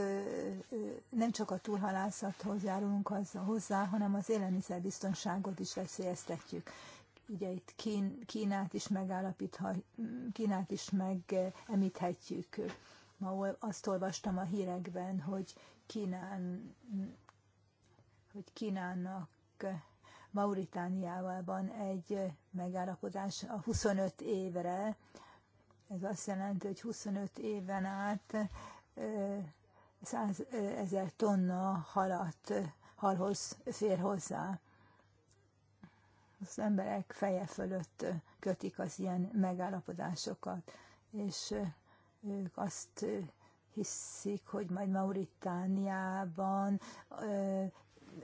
nem csak a túlhalászathoz járulunk hozzá, hanem az élelmiszerbiztonságot is veszélyeztetjük. Ugye itt Kín, Kínát is megállapíthat, Kínát is megemíthetjük. Ma azt olvastam a hírekben, hogy Kínán, hogy Kínának Mauritániával van egy megállapodás a 25 évre ez azt jelenti, hogy 25 éven át 100 ezer tonna halat, halhoz fér hozzá. Az emberek feje fölött kötik az ilyen megállapodásokat, és ők azt hiszik, hogy majd Mauritániában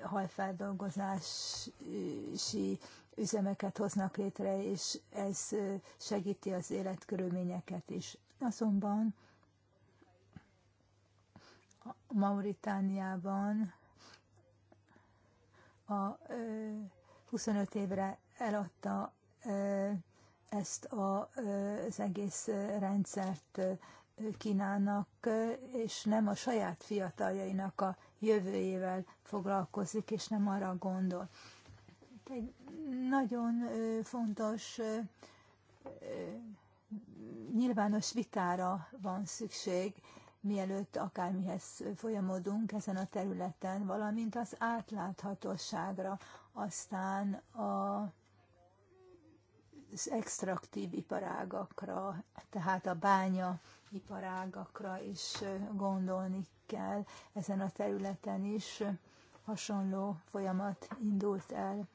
halfeldolgozási üzemeket hoznak létre, és ez segíti az életkörülményeket is. Azonban Mauritániában a 25 évre eladta ezt a, az egész rendszert Kínának, és nem a saját fiataljainak a jövőjével foglalkozik, és nem arra gondol egy nagyon fontos nyilvános vitára van szükség, mielőtt akármihez folyamodunk ezen a területen, valamint az átláthatóságra, aztán a, az extraktív iparágakra, tehát a bánya iparágakra is gondolni kell ezen a területen is. Hasonló folyamat indult el.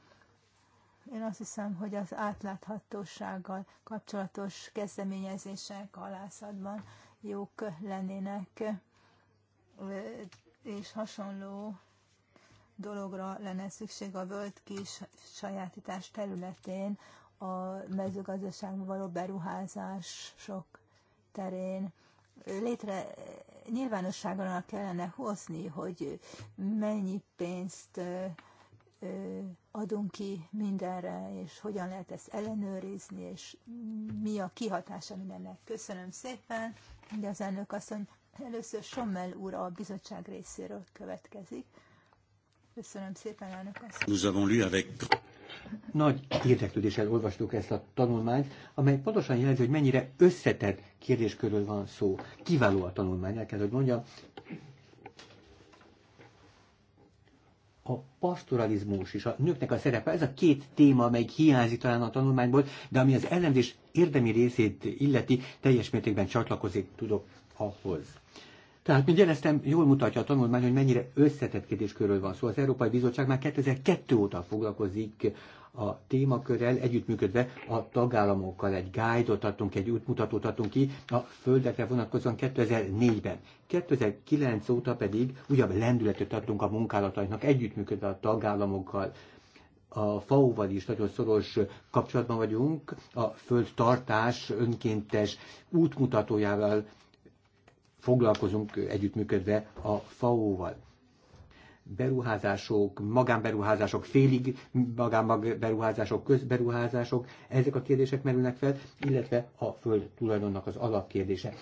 Én azt hiszem, hogy az átláthatósággal kapcsolatos kezdeményezések halászatban jók lennének, és hasonló dologra lenne szükség a völd kis sajátítás területén, a mezőgazdaságban való beruházások terén. Létre nyilvánosságra kellene hozni, hogy mennyi pénzt adunk ki mindenre, és hogyan lehet ezt ellenőrizni, és mi a kihatása mindennek. Köszönöm szépen, de az elnök asszony először Sommel úr a bizottság részéről következik. Köszönöm szépen, elnök asszony. Nagy érdeklődéssel olvastuk ezt a tanulmányt, amely pontosan jelzi, hogy mennyire összetett kérdéskörről van szó. Kiváló a tanulmány, el kell, hogy mondjam, a pastoralizmus és a nőknek a szerepe, ez a két téma, amely hiányzik talán a tanulmányból, de ami az ellenzés érdemi részét illeti, teljes mértékben csatlakozik tudok ahhoz. Tehát, mint jeleztem, jól mutatja a tanulmány, hogy mennyire összetett kérdéskörről van szó. Szóval az Európai Bizottság már 2002 óta foglalkozik a témakörrel együttműködve a tagállamokkal egy guide-ot adtunk, egy útmutatót adtunk ki a földekre vonatkozóan 2004-ben. 2009 óta pedig újabb lendületet adtunk a munkálatainak együttműködve a tagállamokkal a FAO-val is nagyon szoros kapcsolatban vagyunk, a földtartás önkéntes útmutatójával foglalkozunk együttműködve a FAO-val beruházások, magánberuházások, félig magánberuházások, közberuházások, ezek a kérdések merülnek fel, illetve a föld tulajdonnak az alapkérdése.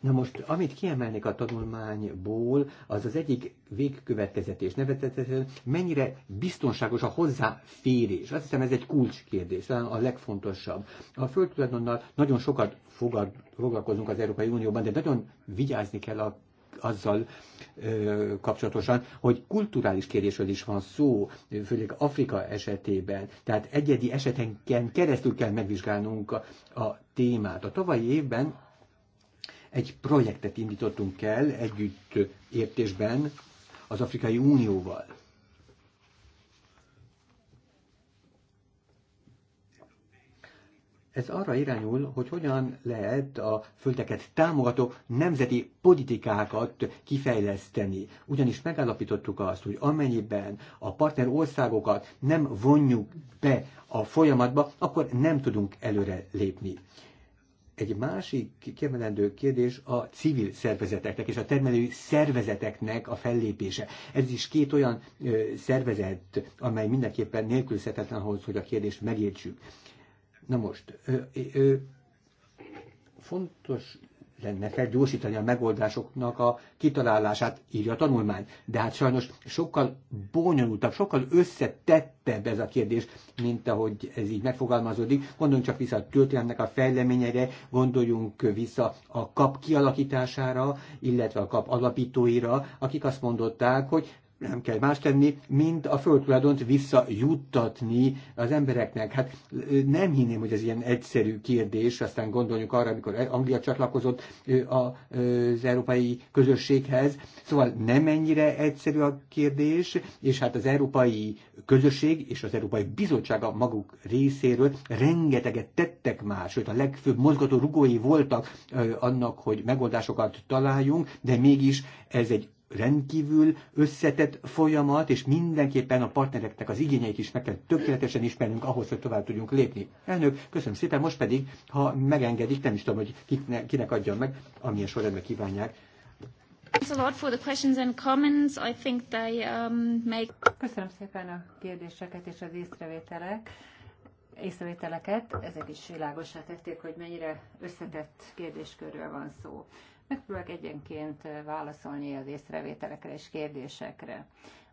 Na most, amit kiemelnék a tanulmányból, az az egyik végkövetkezetés, nevetetesen, mennyire biztonságos a hozzáférés. Azt hiszem ez egy kulcskérdés, talán a legfontosabb. A földtulajdonnal nagyon sokat fogad, foglalkozunk az Európai Unióban, de nagyon vigyázni kell a azzal kapcsolatosan, hogy kulturális kérdésről is van szó, főleg Afrika esetében, tehát egyedi esetenken keresztül kell megvizsgálnunk a, a témát. A tavalyi évben egy projektet indítottunk el együtt értésben az Afrikai Unióval Ez arra irányul, hogy hogyan lehet a földeket támogató nemzeti politikákat kifejleszteni. Ugyanis megállapítottuk azt, hogy amennyiben a partner országokat nem vonjuk be a folyamatba, akkor nem tudunk előre lépni. Egy másik kiemelendő kérdés a civil szervezeteknek és a termelői szervezeteknek a fellépése. Ez is két olyan ö, szervezet, amely mindenképpen nélkülözhetetlen ahhoz, hogy a kérdést megértsük. Na most, ö, ö, fontos lenne felgyorsítani a megoldásoknak a kitalálását, írja a tanulmány. De hát sajnos sokkal bonyolultabb, sokkal összetettebb ez a kérdés, mint ahogy ez így megfogalmazódik. Gondoljunk csak vissza a történelmnek a fejleményeire, gondoljunk vissza a kap kialakítására, illetve a kap alapítóira, akik azt mondották, hogy nem kell más tenni, mint a földtulajdont visszajuttatni az embereknek. Hát nem hinném, hogy ez ilyen egyszerű kérdés, aztán gondoljunk arra, amikor e- Anglia csatlakozott az európai közösséghez. Szóval nem ennyire egyszerű a kérdés, és hát az európai közösség és az európai bizottsága maguk részéről rengeteget tettek már, sőt a legfőbb mozgató rugói voltak annak, hogy megoldásokat találjunk, de mégis ez egy rendkívül összetett folyamat, és mindenképpen a partnereknek az igényeit is meg kell tökéletesen ismernünk ahhoz, hogy tovább tudjunk lépni. Elnök, köszönöm szépen, most pedig, ha megengedik, nem is tudom, hogy kikne, kinek adjam meg, amilyen sorrendben kívánják. Köszönöm szépen a kérdéseket és az észrevételek észrevételeket, ezek is világosá tették, hogy mennyire összetett kérdéskörről van szó. Megpróbálok egyenként válaszolni az észrevételekre és kérdésekre.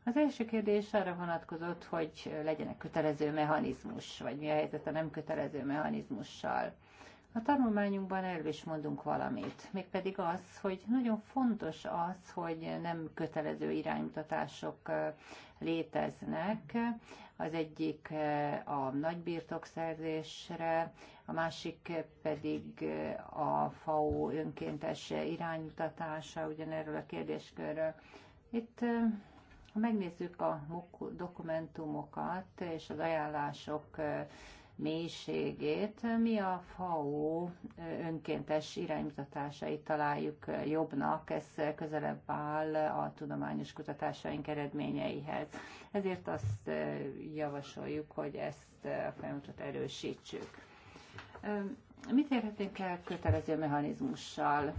Az első kérdés arra vonatkozott, hogy legyenek kötelező mechanizmus, vagy mi a helyzet a nem kötelező mechanizmussal. A tanulmányunkban erről is mondunk valamit, mégpedig az, hogy nagyon fontos az, hogy nem kötelező iránymutatások léteznek. Az egyik a nagybirtokszerzésre, a másik pedig eh, a FAO önkéntes iránymutatása ugyanerről a kérdéskörről. Itt eh, ha megnézzük a dokumentumokat és az ajánlások eh, mélységét, mi a FAO önkéntes iránymutatásait találjuk jobbnak, ez közelebb áll a tudományos kutatásaink eredményeihez. Ezért azt javasoljuk, hogy ezt a folyamatot erősítsük. Mit érhetünk el kötelező mechanizmussal?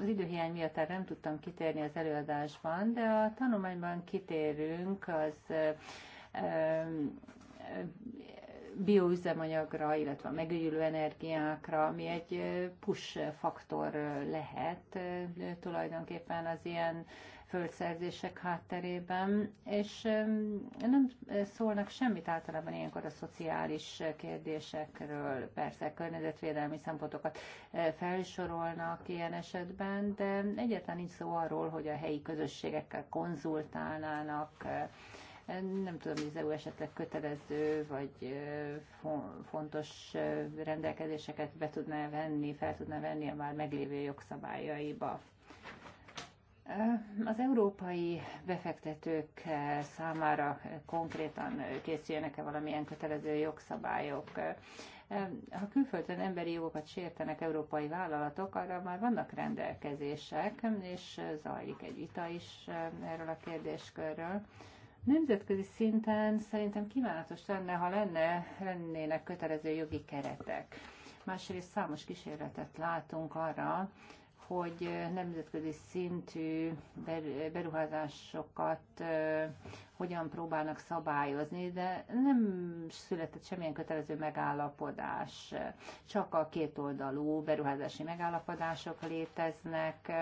Az időhiány miatt nem tudtam kitérni az előadásban, de a tanulmányban kitérünk az bioüzemanyagra, illetve a megőjülő energiákra, ami egy push faktor lehet tulajdonképpen az ilyen földszerzések hátterében, és nem szólnak semmit általában ilyenkor a szociális kérdésekről, persze környezetvédelmi szempontokat e, felsorolnak ilyen esetben, de egyáltalán nincs szó arról, hogy a helyi közösségekkel konzultálnának, e, nem tudom, hogy az EU esetleg kötelező vagy e, fontos rendelkezéseket be tudná venni, fel tudná venni a már meglévő jogszabályaiba. Az európai befektetők számára konkrétan készüljenek-e valamilyen kötelező jogszabályok? Ha külföldön emberi jogokat sértenek európai vállalatok, arra már vannak rendelkezések, és zajlik egy vita is erről a kérdéskörről. Nemzetközi szinten szerintem kívánatos lenne, ha lenne, lennének kötelező jogi keretek. Másrészt számos kísérletet látunk arra, hogy nemzetközi szintű beruházásokat hogyan próbálnak szabályozni, de nem született semmilyen kötelező megállapodás. Csak a kétoldalú beruházási megállapodások léteznek,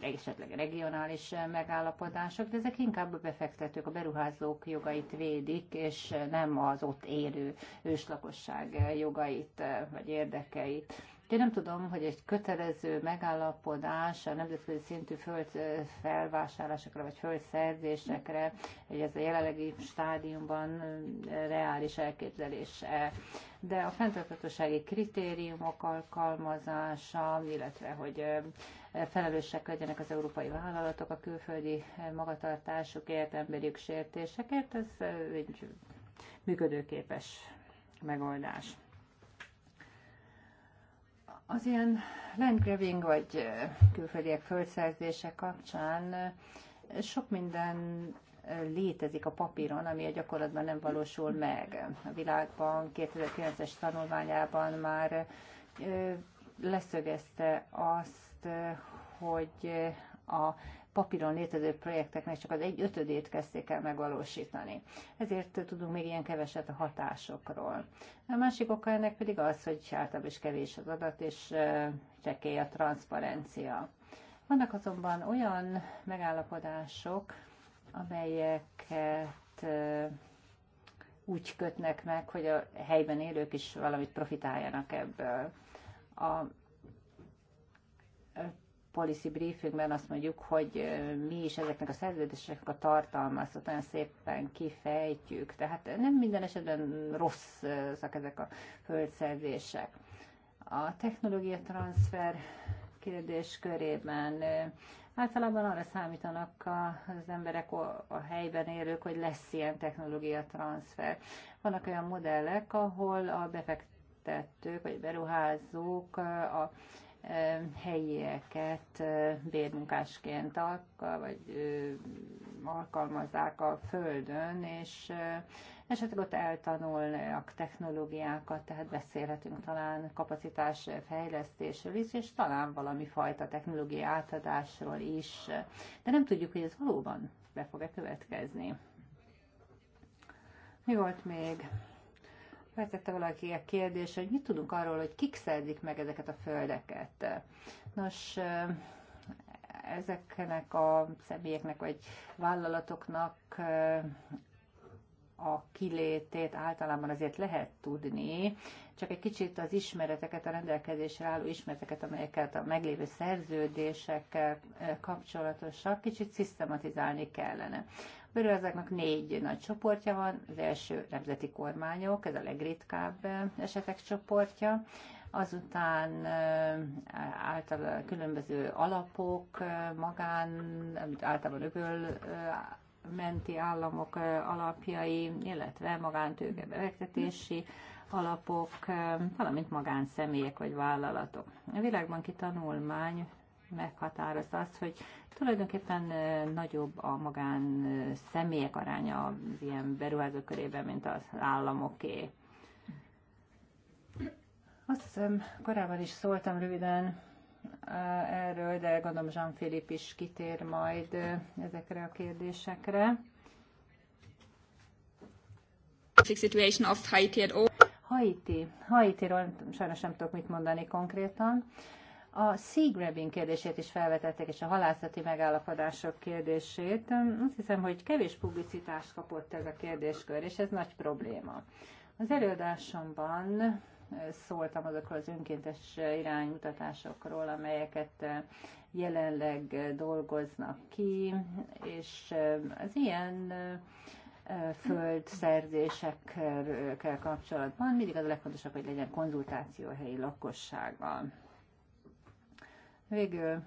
esetleg regionális megállapodások, de ezek inkább a befektetők, a beruházók jogait védik, és nem az ott élő őslakosság jogait vagy érdekeit. Én nem tudom, hogy egy kötelező megállapodás a nemzetközi szintű föld vagy földszerzésekre, hogy ez a jelenlegi stádiumban reális elképzelés De a fenntarthatósági kritériumok alkalmazása, illetve hogy felelősek legyenek az európai vállalatok a külföldi magatartásukért, emberi sértésekért, ez egy működőképes megoldás. Az ilyen landgraving vagy külföldiek földszerzése kapcsán sok minden létezik a papíron, ami a gyakorlatban nem valósul meg. A világban 2009-es tanulmányában már leszögezte azt, hogy a papíron létező projekteknek csak az egy ötödét kezdték el megvalósítani. Ezért tudunk még ilyen keveset a hatásokról. A másik oka ennek pedig az, hogy általában is kevés az adat, és csekély a transzparencia. Vannak azonban olyan megállapodások, amelyeket úgy kötnek meg, hogy a helyben élők is valamit profitáljanak ebből. A policy briefingben azt mondjuk, hogy mi is ezeknek a szerződéseknek a tartalma, azt olyan szépen kifejtjük. Tehát nem minden esetben rosszak ezek a földszerzések. A technológia transfer kérdés körében általában arra számítanak az emberek, a helyben élők, hogy lesz ilyen technológia transfer. Vannak olyan modellek, ahol a befektetők vagy beruházók a helyieket bérmunkásként vagy alkalmazzák a földön, és esetleg ott eltanulnak technológiákat, tehát beszélhetünk talán kapacitás fejlesztésről is, és talán valami fajta technológiai átadásról is, de nem tudjuk, hogy ez valóban be fog-e következni. Mi volt még? feltette valaki a kérdés, hogy mit tudunk arról, hogy kik szerzik meg ezeket a földeket. Nos, ezeknek a személyeknek vagy vállalatoknak a kilétét általában azért lehet tudni, csak egy kicsit az ismereteket, a rendelkezésre álló ismereteket, amelyeket a meglévő szerződésekkel kapcsolatosak, kicsit szisztematizálni kellene. Magyarországnak négy nagy csoportja van, az első nemzeti kormányok, ez a legritkább eh, esetek csoportja, azután eh, által különböző alapok, eh, magán, amit általában öböl menti államok alapjai, illetve magántőke befektetési alapok, valamint magánszemélyek vagy vállalatok. A Világbanki tanulmány meghatározta azt, hogy tulajdonképpen nagyobb a magán személyek aránya az ilyen beruházók körében, mint az államoké. Azt hiszem, korábban is szóltam röviden erről, de gondolom Jean-Philippe is kitér majd ezekre a kérdésekre. Situation of Haiti Haiti. Haitiról sajnos nem tudok mit mondani konkrétan. A sea grabbing kérdését is felvetették, és a halászati megállapodások kérdését. Azt hiszem, hogy kevés publicitást kapott ez a kérdéskör, és ez nagy probléma. Az előadásomban eh, szóltam azokról az önkéntes iránymutatásokról, amelyeket eh, jelenleg eh, dolgoznak ki, és az ilyen földszerzésekkel kapcsolatban mindig az a legfontosabb, hogy legyen konzultáció a helyi lakossággal. Végül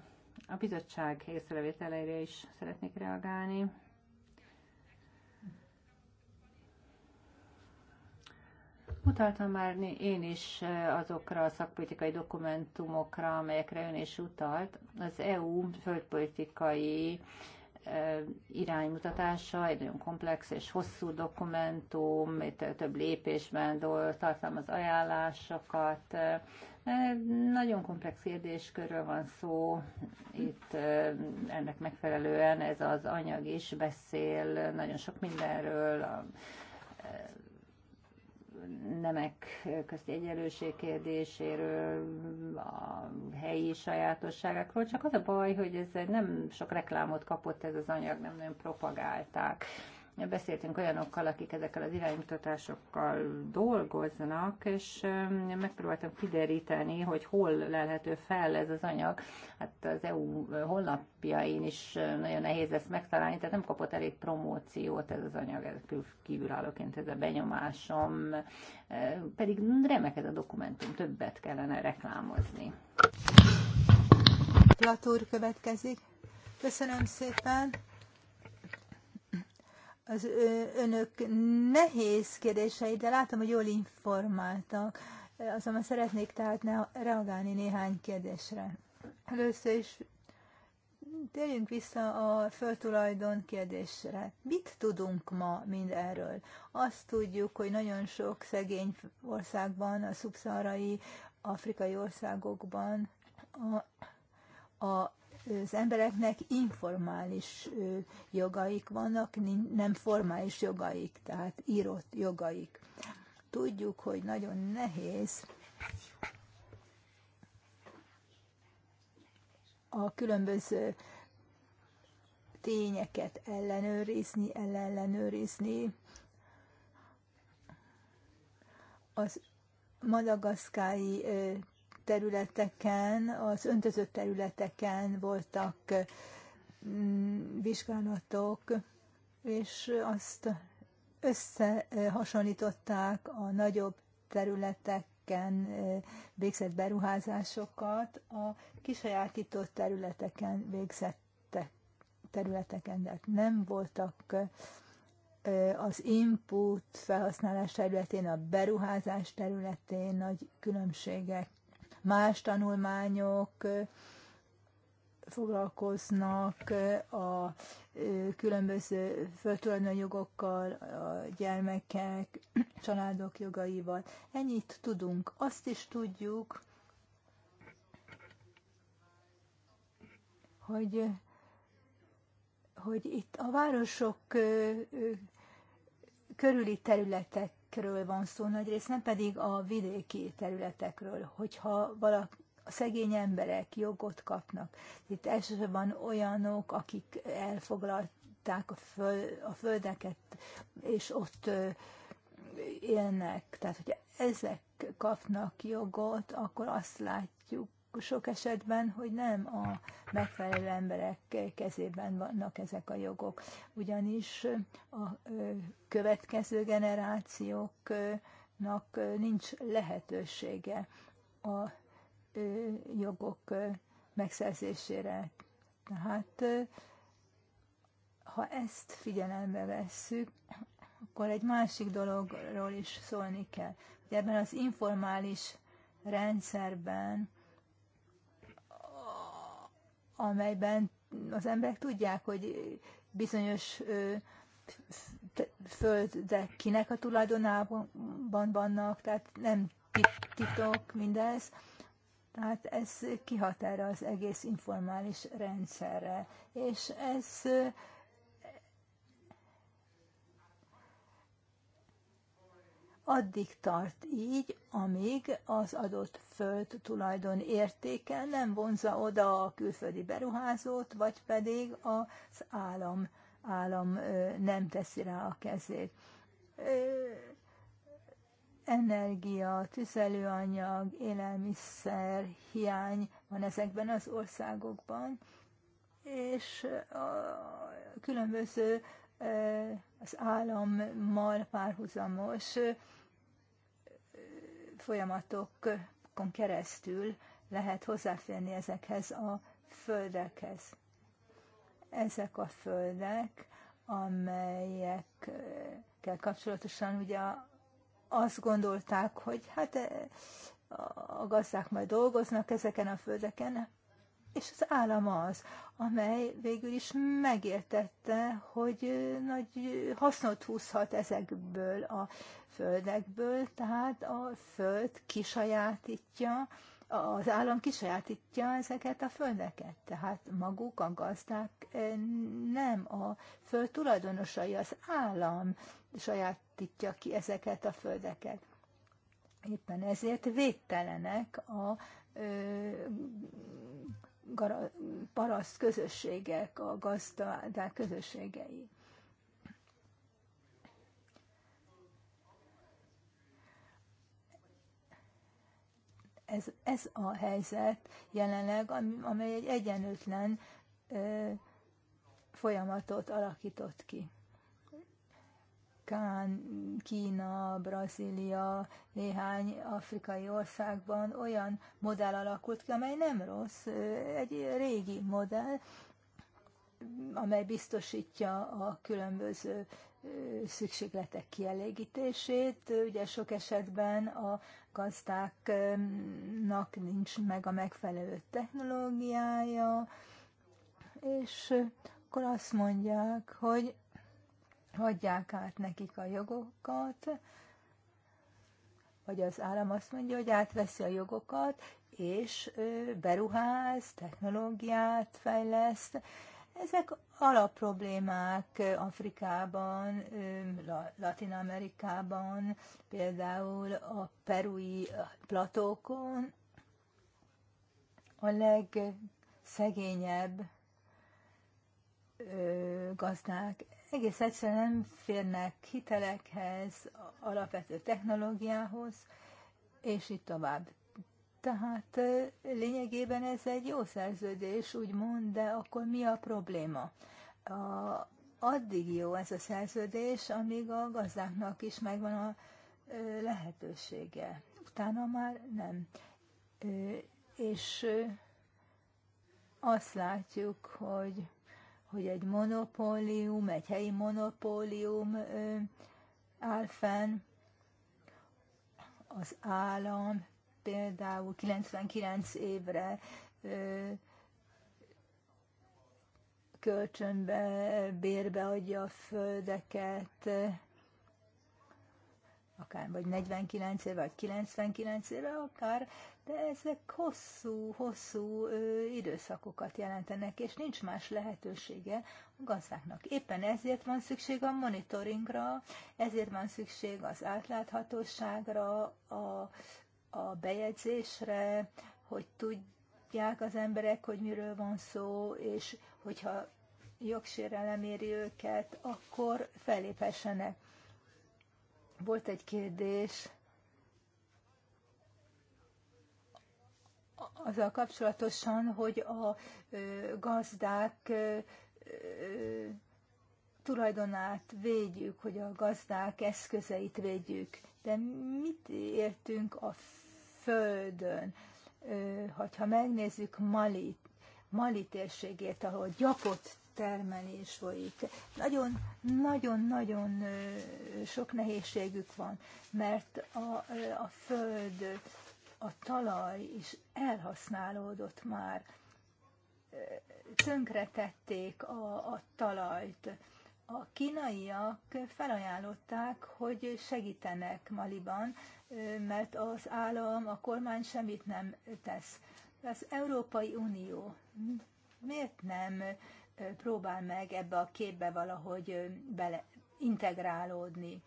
a bizottság észrevételeire is szeretnék reagálni. Utaltam már én is azokra a szakpolitikai dokumentumokra, amelyekre ön is utalt. Az EU földpolitikai iránymutatása, egy nagyon komplex és hosszú dokumentum, itt több lépésben tartalmaz ajánlásokat. Nagyon komplex kérdéskörről van szó, itt ennek megfelelően ez az anyag is beszél nagyon sok mindenről, a nemek közti egyenlőség kérdéséről, a helyi sajátosságokról, csak az a baj, hogy ez nem sok reklámot kapott ez az anyag, nem nagyon propagálták beszéltünk olyanokkal, akik ezekkel az iránymutatásokkal dolgoznak, és um, megpróbáltam kideríteni, hogy hol lelhető fel ez az anyag. Hát az EU honlapjain is um, nagyon nehéz ezt megtalálni, tehát nem kapott elég promóciót ez az anyag, ez kívülállóként ez a benyomásom, uh, pedig remek ez a dokumentum, többet kellene reklámozni. Platúr következik. Köszönöm szépen! az önök nehéz kérdései, de látom, hogy jól informáltak. Azonban szeretnék tehát ne reagálni néhány kérdésre. Először is térjünk vissza a föltulajdon kérdésre. Mit tudunk ma mind erről? Azt tudjuk, hogy nagyon sok szegény országban, a szubszarai afrikai országokban a, a az embereknek informális jogaik vannak, nem formális jogaik, tehát írott jogaik. Tudjuk, hogy nagyon nehéz a különböző tényeket ellenőrizni, ellenőrizni. Az madagaszkái területeken, az öntözött területeken voltak mm, vizsgálatok, és azt összehasonlították a nagyobb területeken végzett beruházásokat a kisajátított területeken végzett területeken, de hát nem voltak az input felhasználás területén, a beruházás területén nagy különbségek más tanulmányok foglalkoznak a különböző földtulajdonjogokkal, a gyermekek, családok jogaival. Ennyit tudunk. Azt is tudjuk, hogy, hogy itt a városok körüli területek vidékről van szó nagy rész nem pedig a vidéki területekről, hogyha valaki a szegény emberek jogot kapnak. Itt elsősorban olyanok, akik elfoglalták a, föl, a földeket, és ott ö, élnek. Tehát, hogyha ezek kapnak jogot, akkor azt lát, sok esetben, hogy nem a megfelelő emberek kezében vannak ezek a jogok. Ugyanis a következő generációknak nincs lehetősége a jogok megszerzésére. Tehát ha ezt figyelembe vesszük, akkor egy másik dologról is szólni kell. Hogy ebben az informális rendszerben amelyben az emberek tudják, hogy bizonyos földek kinek a tulajdonában vannak, tehát nem titok mindez. Tehát ez kihat erre az egész informális rendszerre, és ez addig tart így, amíg az adott föld tulajdon értéke nem vonza oda a külföldi beruházót, vagy pedig az állam, állam nem teszi rá a kezét. Energia, tüzelőanyag, élelmiszer, hiány van ezekben az országokban, és a különböző az állammal párhuzamos folyamatokon keresztül lehet hozzáférni ezekhez a földekhez. Ezek a földek, amelyekkel kapcsolatosan ugye azt gondolták, hogy hát a gazdák majd dolgoznak ezeken a földeken, és az állam az, amely végül is megértette, hogy nagy hasznot húzhat ezekből a földekből, tehát a föld kisajátítja, az állam kisajátítja ezeket a földeket. Tehát maguk a gazdák nem a föld tulajdonosai, az állam sajátítja ki ezeket a földeket. Éppen ezért védtelenek a ö, paraszt közösségek, a gazdák közösségei. Ez, ez a helyzet jelenleg, amely egy egyenlőtlen ö, folyamatot alakított ki. Kán, Kína, Brazília, néhány afrikai országban olyan modell alakult ki, amely nem rossz, egy régi modell, amely biztosítja a különböző szükségletek kielégítését. Ugye sok esetben a gazdáknak nincs meg a megfelelő technológiája, és akkor azt mondják, hogy hagyják át nekik a jogokat, vagy az állam azt mondja, hogy átveszi a jogokat, és beruház, technológiát fejleszt. Ezek alapproblémák Afrikában, Latin Amerikában, például a perui platókon a legszegényebb gazdák egész egyszerűen nem férnek hitelekhez, alapvető technológiához, és így tovább. Tehát lényegében ez egy jó szerződés, úgymond, de akkor mi a probléma? A, addig jó ez a szerződés, amíg a gazdáknak is megvan a lehetősége. Utána már nem. és azt látjuk, hogy hogy egy monopólium, egy helyi monopólium áll fenn, az állam például 99 évre ö, kölcsönbe, bérbe adja a földeket, akár vagy 49 éve, vagy 99 éve, akár de ezek hosszú-hosszú időszakokat jelentenek, és nincs más lehetősége a gazdáknak. Éppen ezért van szükség a monitoringra, ezért van szükség az átláthatóságra, a, a bejegyzésre, hogy tudják az emberek, hogy miről van szó, és hogyha jogsérelem éri őket, akkor feléphessenek. Volt egy kérdés azzal kapcsolatosan, hogy a gazdák tulajdonát védjük, hogy a gazdák eszközeit védjük. De mit értünk a földön? Ha megnézzük Mali, Mali térségét, ahol gyapott termelés folyik. Nagyon-nagyon-nagyon sok nehézségük van, mert a, a föld a talaj is elhasználódott már, tönkretették a, a talajt. A kínaiak felajánlották, hogy segítenek Maliban, mert az állam, a kormány semmit nem tesz. Az Európai Unió miért nem próbál meg ebbe a képbe valahogy bele integrálódni?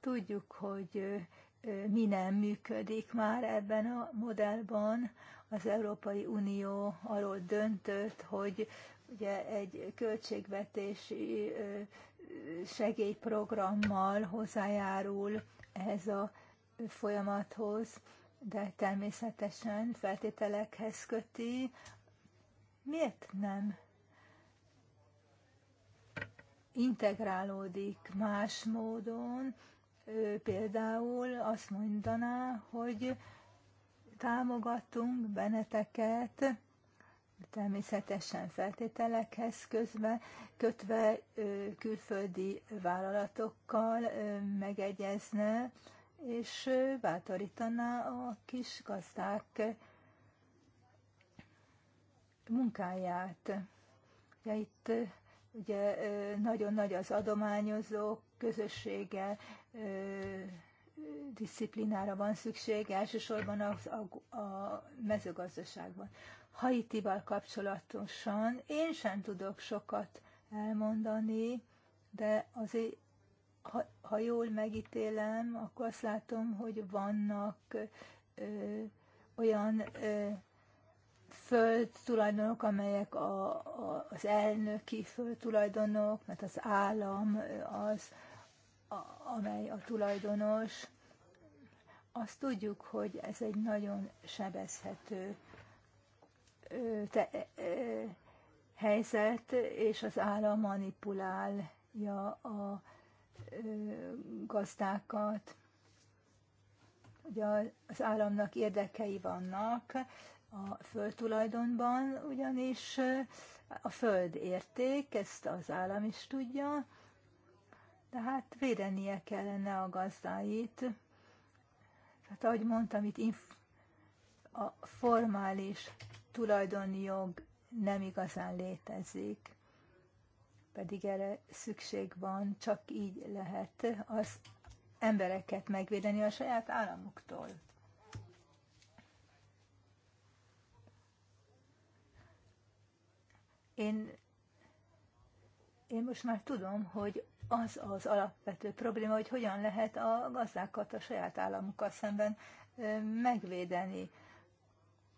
Tudjuk, hogy mi nem működik már ebben a modellban. Az Európai Unió arról döntött, hogy ugye egy költségvetési segélyprogrammal hozzájárul ehhez a folyamathoz, de természetesen feltételekhez köti. Miért nem integrálódik más módon ő például azt mondaná, hogy támogatunk benneteket, természetesen feltételekhez közben, kötve külföldi vállalatokkal megegyezne, és bátorítaná a kis gazdák munkáját. Ugye itt ugye nagyon nagy az adományozók közössége disziplinára van szükség, elsősorban az, a, a mezőgazdaságban. Haitival kapcsolatosan én sem tudok sokat elmondani, de azért, ha, ha jól megítélem, akkor azt látom, hogy vannak ö, olyan ö, földtulajdonok, amelyek a, a, az elnöki földtulajdonok, mert az állam az, amely a tulajdonos, azt tudjuk, hogy ez egy nagyon sebezhető helyzet, és az állam manipulálja a gazdákat. Ugye az államnak érdekei vannak a földtulajdonban, ugyanis a föld érték, ezt az állam is tudja, hát védenie kellene a gazdáit. Tehát ahogy mondtam, itt inf- a formális tulajdoni jog nem igazán létezik, pedig erre szükség van, csak így lehet az embereket megvédeni a saját államuktól. Én én most már tudom, hogy az az alapvető probléma, hogy hogyan lehet a gazdákat a saját államukkal szemben megvédeni.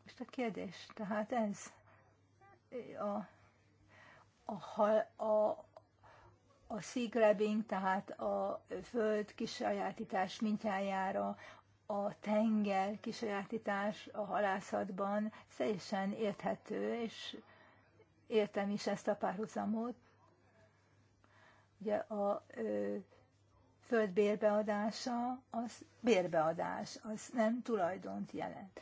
Most a kérdés, tehát ez a, a, a, a, a sea grabbing, tehát a föld kisajátítás mintjájára, a tenger kisajátítás a halászatban teljesen érthető, és értem is ezt a párhuzamot. Ugye a ö, föld bérbeadása, az bérbeadás, az nem tulajdont jelent.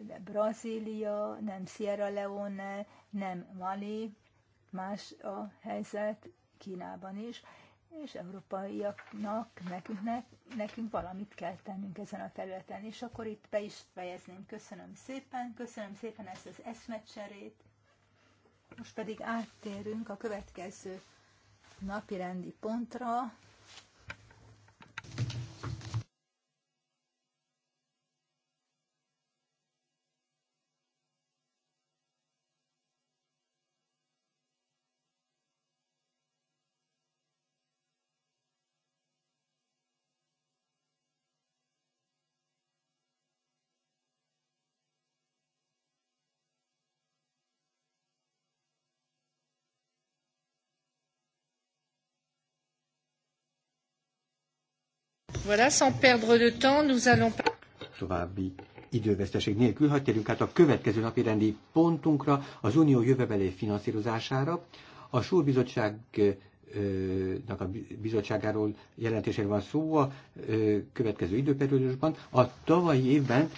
De Brazília, nem Sierra Leone, nem Mali, más a helyzet Kínában is, és európaiaknak, nekünk, nekünk valamit kell tennünk ezen a területen. És akkor itt be is fejezném. Köszönöm szépen, köszönöm szépen ezt az eszmecserét. Most pedig áttérünk a következő napirendi pontra, Voilà, sans perdre de temps, nous allons... További időveszteség nélkül hagyterünk át a következő napi rendi pontunkra, az unió jövőbeli finanszírozására. A Súrbizottságnak a bizottságáról jelentésére van szó a következő időperiódusban. A tavalyi évben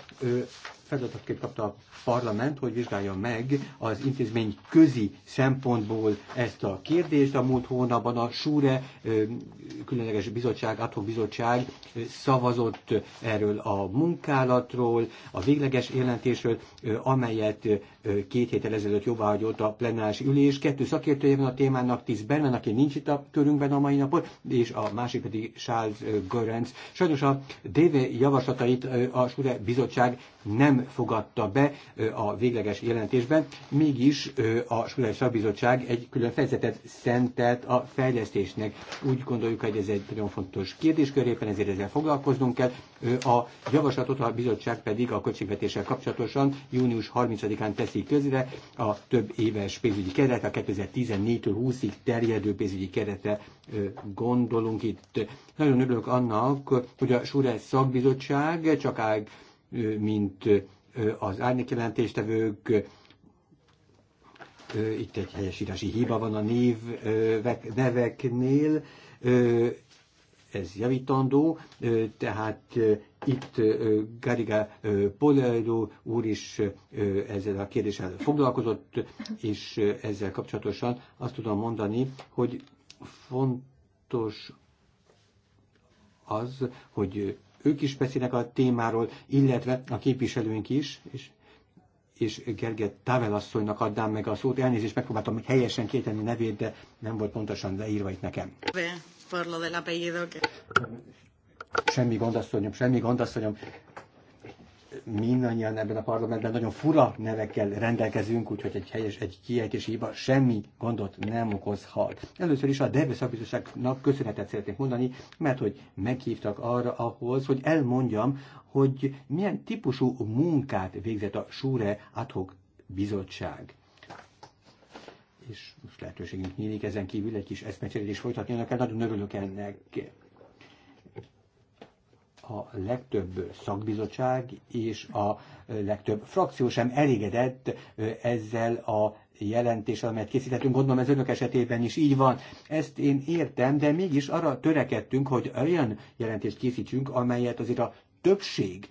feladatként kapta a parlament, hogy vizsgálja meg az intézmény közi szempontból ezt a kérdést. A múlt hónapban a súre különleges bizottság, adhok bizottság szavazott erről a munkálatról, a végleges jelentésről, amelyet két héttel ezelőtt hagyott a plenáris ülés. Kettő szakértője van a témának, tíz benne, aki nincs itt a körünkben a mai napot, és a másik pedig Charles Görenc. Sajnos a DV javaslatait a súre bizottság nem nem fogadta be a végleges jelentésben, mégis a Sulai Szabbizottság egy külön fejezetet szentelt a fejlesztésnek. Úgy gondoljuk, hogy ez egy nagyon fontos kérdéskör, éppen ezért ezzel foglalkoznunk kell. A javaslatot a bizottság pedig a költségvetéssel kapcsolatosan június 30-án teszi közre a több éves pénzügyi keret, a 2014-től 20-ig terjedő pénzügyi kerete gondolunk itt. Nagyon örülök annak, hogy a Sure Szakbizottság csak mint az árnyékjelentéstevők. Itt egy helyesírási hiba van a név, neveknél, ez javítandó, tehát itt Gariga Polero úr is ezzel a kérdéssel foglalkozott, és ezzel kapcsolatosan azt tudom mondani, hogy fontos az, hogy ők is beszélnek a témáról, illetve a képviselőink is, és és Gerget Tável adnám meg a szót. Elnézést, megpróbáltam helyesen kéteni nevét, de nem volt pontosan leírva itt nekem. Semmi gond, asszonyom, semmi gond, asszonyom mindannyian ebben a parlamentben nagyon fura nevekkel rendelkezünk, úgyhogy egy helyes, egy kiejtési hiba semmi gondot nem okozhat. Először is a DEVE szakbizottságnak köszönetet szeretnék mondani, mert hogy meghívtak arra ahhoz, hogy elmondjam, hogy milyen típusú munkát végzett a Súre adhok bizottság és most lehetőségünk nyílik ezen kívül egy kis eszmecserélés is folytatni önökkel. Nagyon örülök ennek a legtöbb szakbizottság és a legtöbb frakció sem elégedett ezzel a jelentés, amelyet készítettünk, gondolom ez önök esetében is így van. Ezt én értem, de mégis arra törekedtünk, hogy olyan jelentést készítsünk, amelyet azért a többség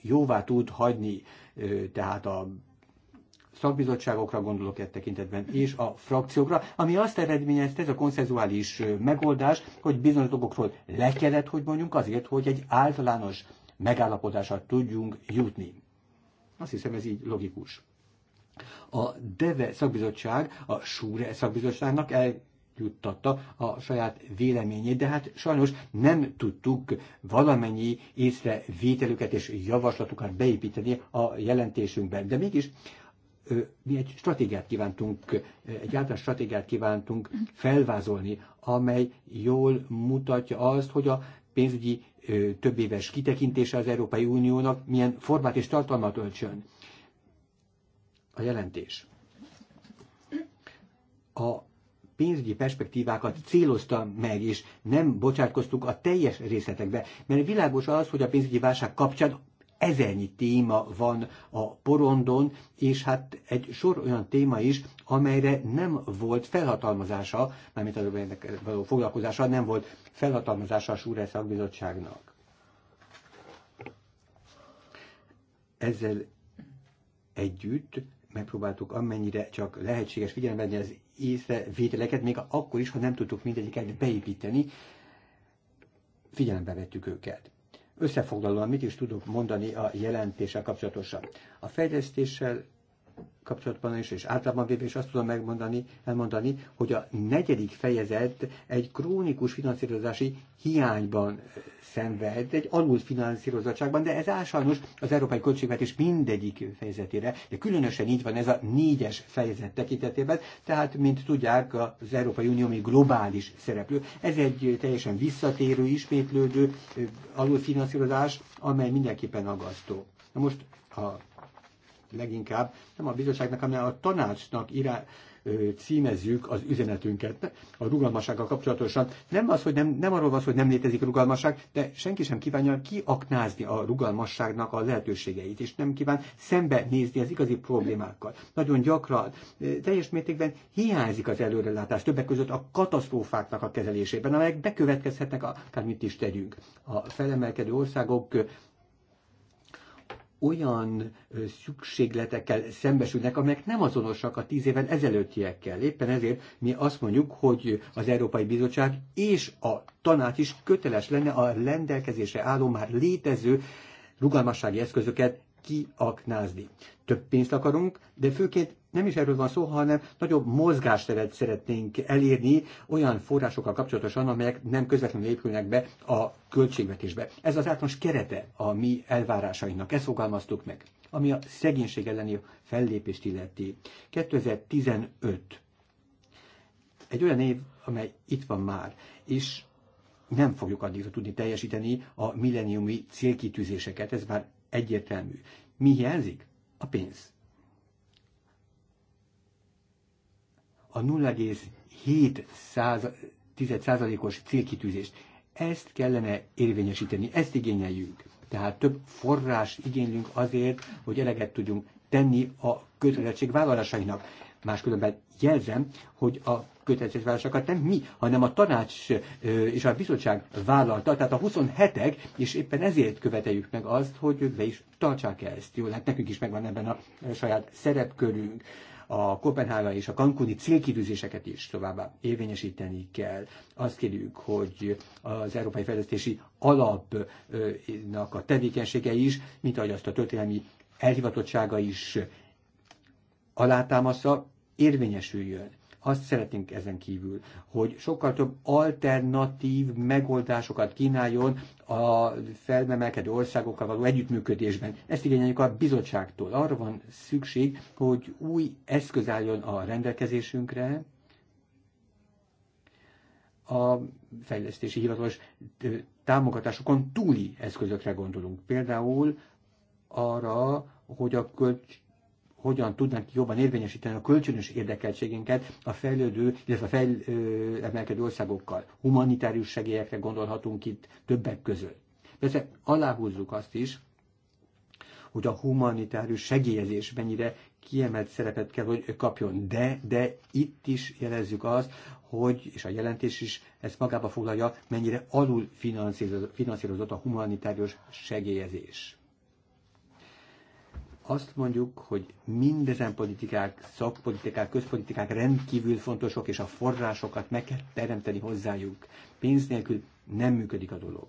jóvá tud hagyni, tehát a szakbizottságokra gondolok egy tekintetben, és a frakciókra, ami azt eredményezte, ez a konszenzuális megoldás, hogy bizonyos dolgokról le kellett, hogy mondjunk, azért, hogy egy általános megállapodásra tudjunk jutni. Azt hiszem, ez így logikus. A DEVE szakbizottság a SURE szakbizottságnak el juttatta a saját véleményét, de hát sajnos nem tudtuk valamennyi észrevételüket és javaslatukat beépíteni a jelentésünkben. De mégis mi egy stratégiát kívántunk, egy általános stratégiát kívántunk felvázolni, amely jól mutatja azt, hogy a pénzügyi többéves kitekintése az Európai Uniónak milyen formát és tartalmat öltsön. A jelentés. A pénzügyi perspektívákat célozta meg, és nem bocsátkoztunk a teljes részletekbe, mert világos az, hogy a pénzügyi válság kapcsán ezernyi téma van a porondon, és hát egy sor olyan téma is, amelyre nem volt felhatalmazása, mármint az való foglalkozása, nem volt felhatalmazása a Súre szakbizottságnak. Ezzel együtt megpróbáltuk amennyire csak lehetséges figyelembe az észrevételeket, még akkor is, ha nem tudtuk mindegyiket beépíteni, figyelembe vettük őket. Összefoglalóan mit is tudok mondani a jelentése kapcsolatosan? A fejlesztéssel kapcsolatban is, és általában véve is azt tudom megmondani, elmondani, hogy a negyedik fejezet egy krónikus finanszírozási hiányban szenved, egy alulfinanszírozottságban, de ez áll sajnos az európai költségvetés mindegyik fejezetére, de különösen így van ez a négyes fejezet tekintetében, tehát, mint tudják, az Európai Unió még globális szereplő. Ez egy teljesen visszatérő, ismétlődő alulfinanszírozás, amely mindenképpen aggasztó. Na most, ha leginkább nem a bizottságnak, hanem a tanácsnak irá, címezzük az üzenetünket a rugalmassággal kapcsolatosan. Nem, az, hogy nem, nem arról van hogy nem létezik rugalmasság, de senki sem kívánja kiaknázni a rugalmasságnak a lehetőségeit, és nem kíván szembe nézni az igazi problémákkal. Nagyon gyakran, teljes mértékben hiányzik az előrelátás, többek között a katasztrófáknak a kezelésében, amelyek bekövetkezhetnek, akármit is tegyünk. A felemelkedő országok olyan szükségletekkel szembesülnek, amelyek nem azonosak a tíz éven ezelőttiekkel. Éppen ezért mi azt mondjuk, hogy az Európai Bizottság és a tanács is köteles lenne a rendelkezésre álló már létező rugalmassági eszközöket kiaknázni. Több pénzt akarunk, de főként nem is erről van szó, hanem nagyobb mozgásteret szeretnénk elérni olyan forrásokkal kapcsolatosan, amelyek nem közvetlenül épülnek be a költségvetésbe. Ez az általános kerete a mi elvárásainknak, ezt fogalmaztuk meg, ami a szegénység elleni fellépést illeti. 2015 egy olyan év, amely itt van már, és nem fogjuk addigra tudni teljesíteni a milleniumi célkitűzéseket, ez már egyértelmű. Mi hiányzik? A pénz. a 0,7 os célkitűzést. Ezt kellene érvényesíteni, ezt igényeljük. Tehát több forrás igénylünk azért, hogy eleget tudjunk tenni a kötelezettség vállalásainak. Máskülönben jelzem, hogy a kötelezettségvállalásokat nem mi, hanem a tanács és a bizottság vállalta, tehát a 27-ek, és éppen ezért követeljük meg azt, hogy ők be is tartsák ezt. Jó, hát nekünk is megvan ebben a saját szerepkörünk a Kopenhága és a Cancuni célkitűzéseket is továbbá érvényesíteni kell. Azt kérjük, hogy az Európai Fejlesztési Alapnak a tevékenysége is, mint ahogy azt a történelmi elhivatottsága is alátámasza, érvényesüljön. Azt szeretnénk ezen kívül, hogy sokkal több alternatív megoldásokat kínáljon a felmemelkedő országokkal való együttműködésben. Ezt igényeljük a bizottságtól. Arra van szükség, hogy új eszköz álljon a rendelkezésünkre, a fejlesztési hivatalos támogatásokon túli eszközökre gondolunk. Például arra, hogy a kölcs hogyan tudnánk jobban érvényesíteni a kölcsönös érdekeltségünket a fejlődő, illetve a fejlemelkedő országokkal. Humanitárius segélyekre gondolhatunk itt többek között. Persze aláhúzzuk azt is, hogy a humanitárius segélyezés mennyire kiemelt szerepet kell, hogy kapjon. De, de itt is jelezzük azt, hogy, és a jelentés is ezt magába foglalja, mennyire alul finanszírozott a humanitárius segélyezés azt mondjuk, hogy mindezen politikák, szakpolitikák, közpolitikák rendkívül fontosak, és a forrásokat meg kell teremteni hozzájuk. Pénz nélkül nem működik a dolog.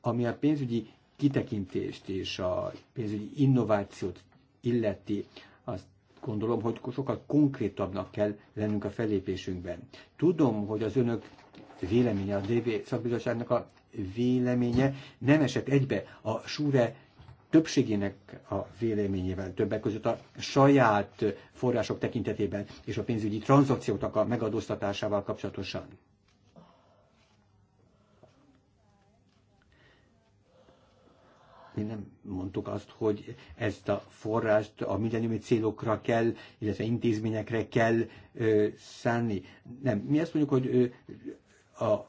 Ami a pénzügyi kitekintést és a pénzügyi innovációt illeti, azt gondolom, hogy sokkal konkrétabbnak kell lennünk a fellépésünkben. Tudom, hogy az önök véleménye, a DV szakbizottságnak a véleménye nem esett egybe a súre többségének a véleményével, többek között a saját források tekintetében és a pénzügyi tranzakcióknak a megadóztatásával kapcsolatosan. mi nem mondtuk azt, hogy ezt a forrást a milleniumi célokra kell, illetve intézményekre kell ö, szánni. Nem, mi azt mondjuk, hogy ö, a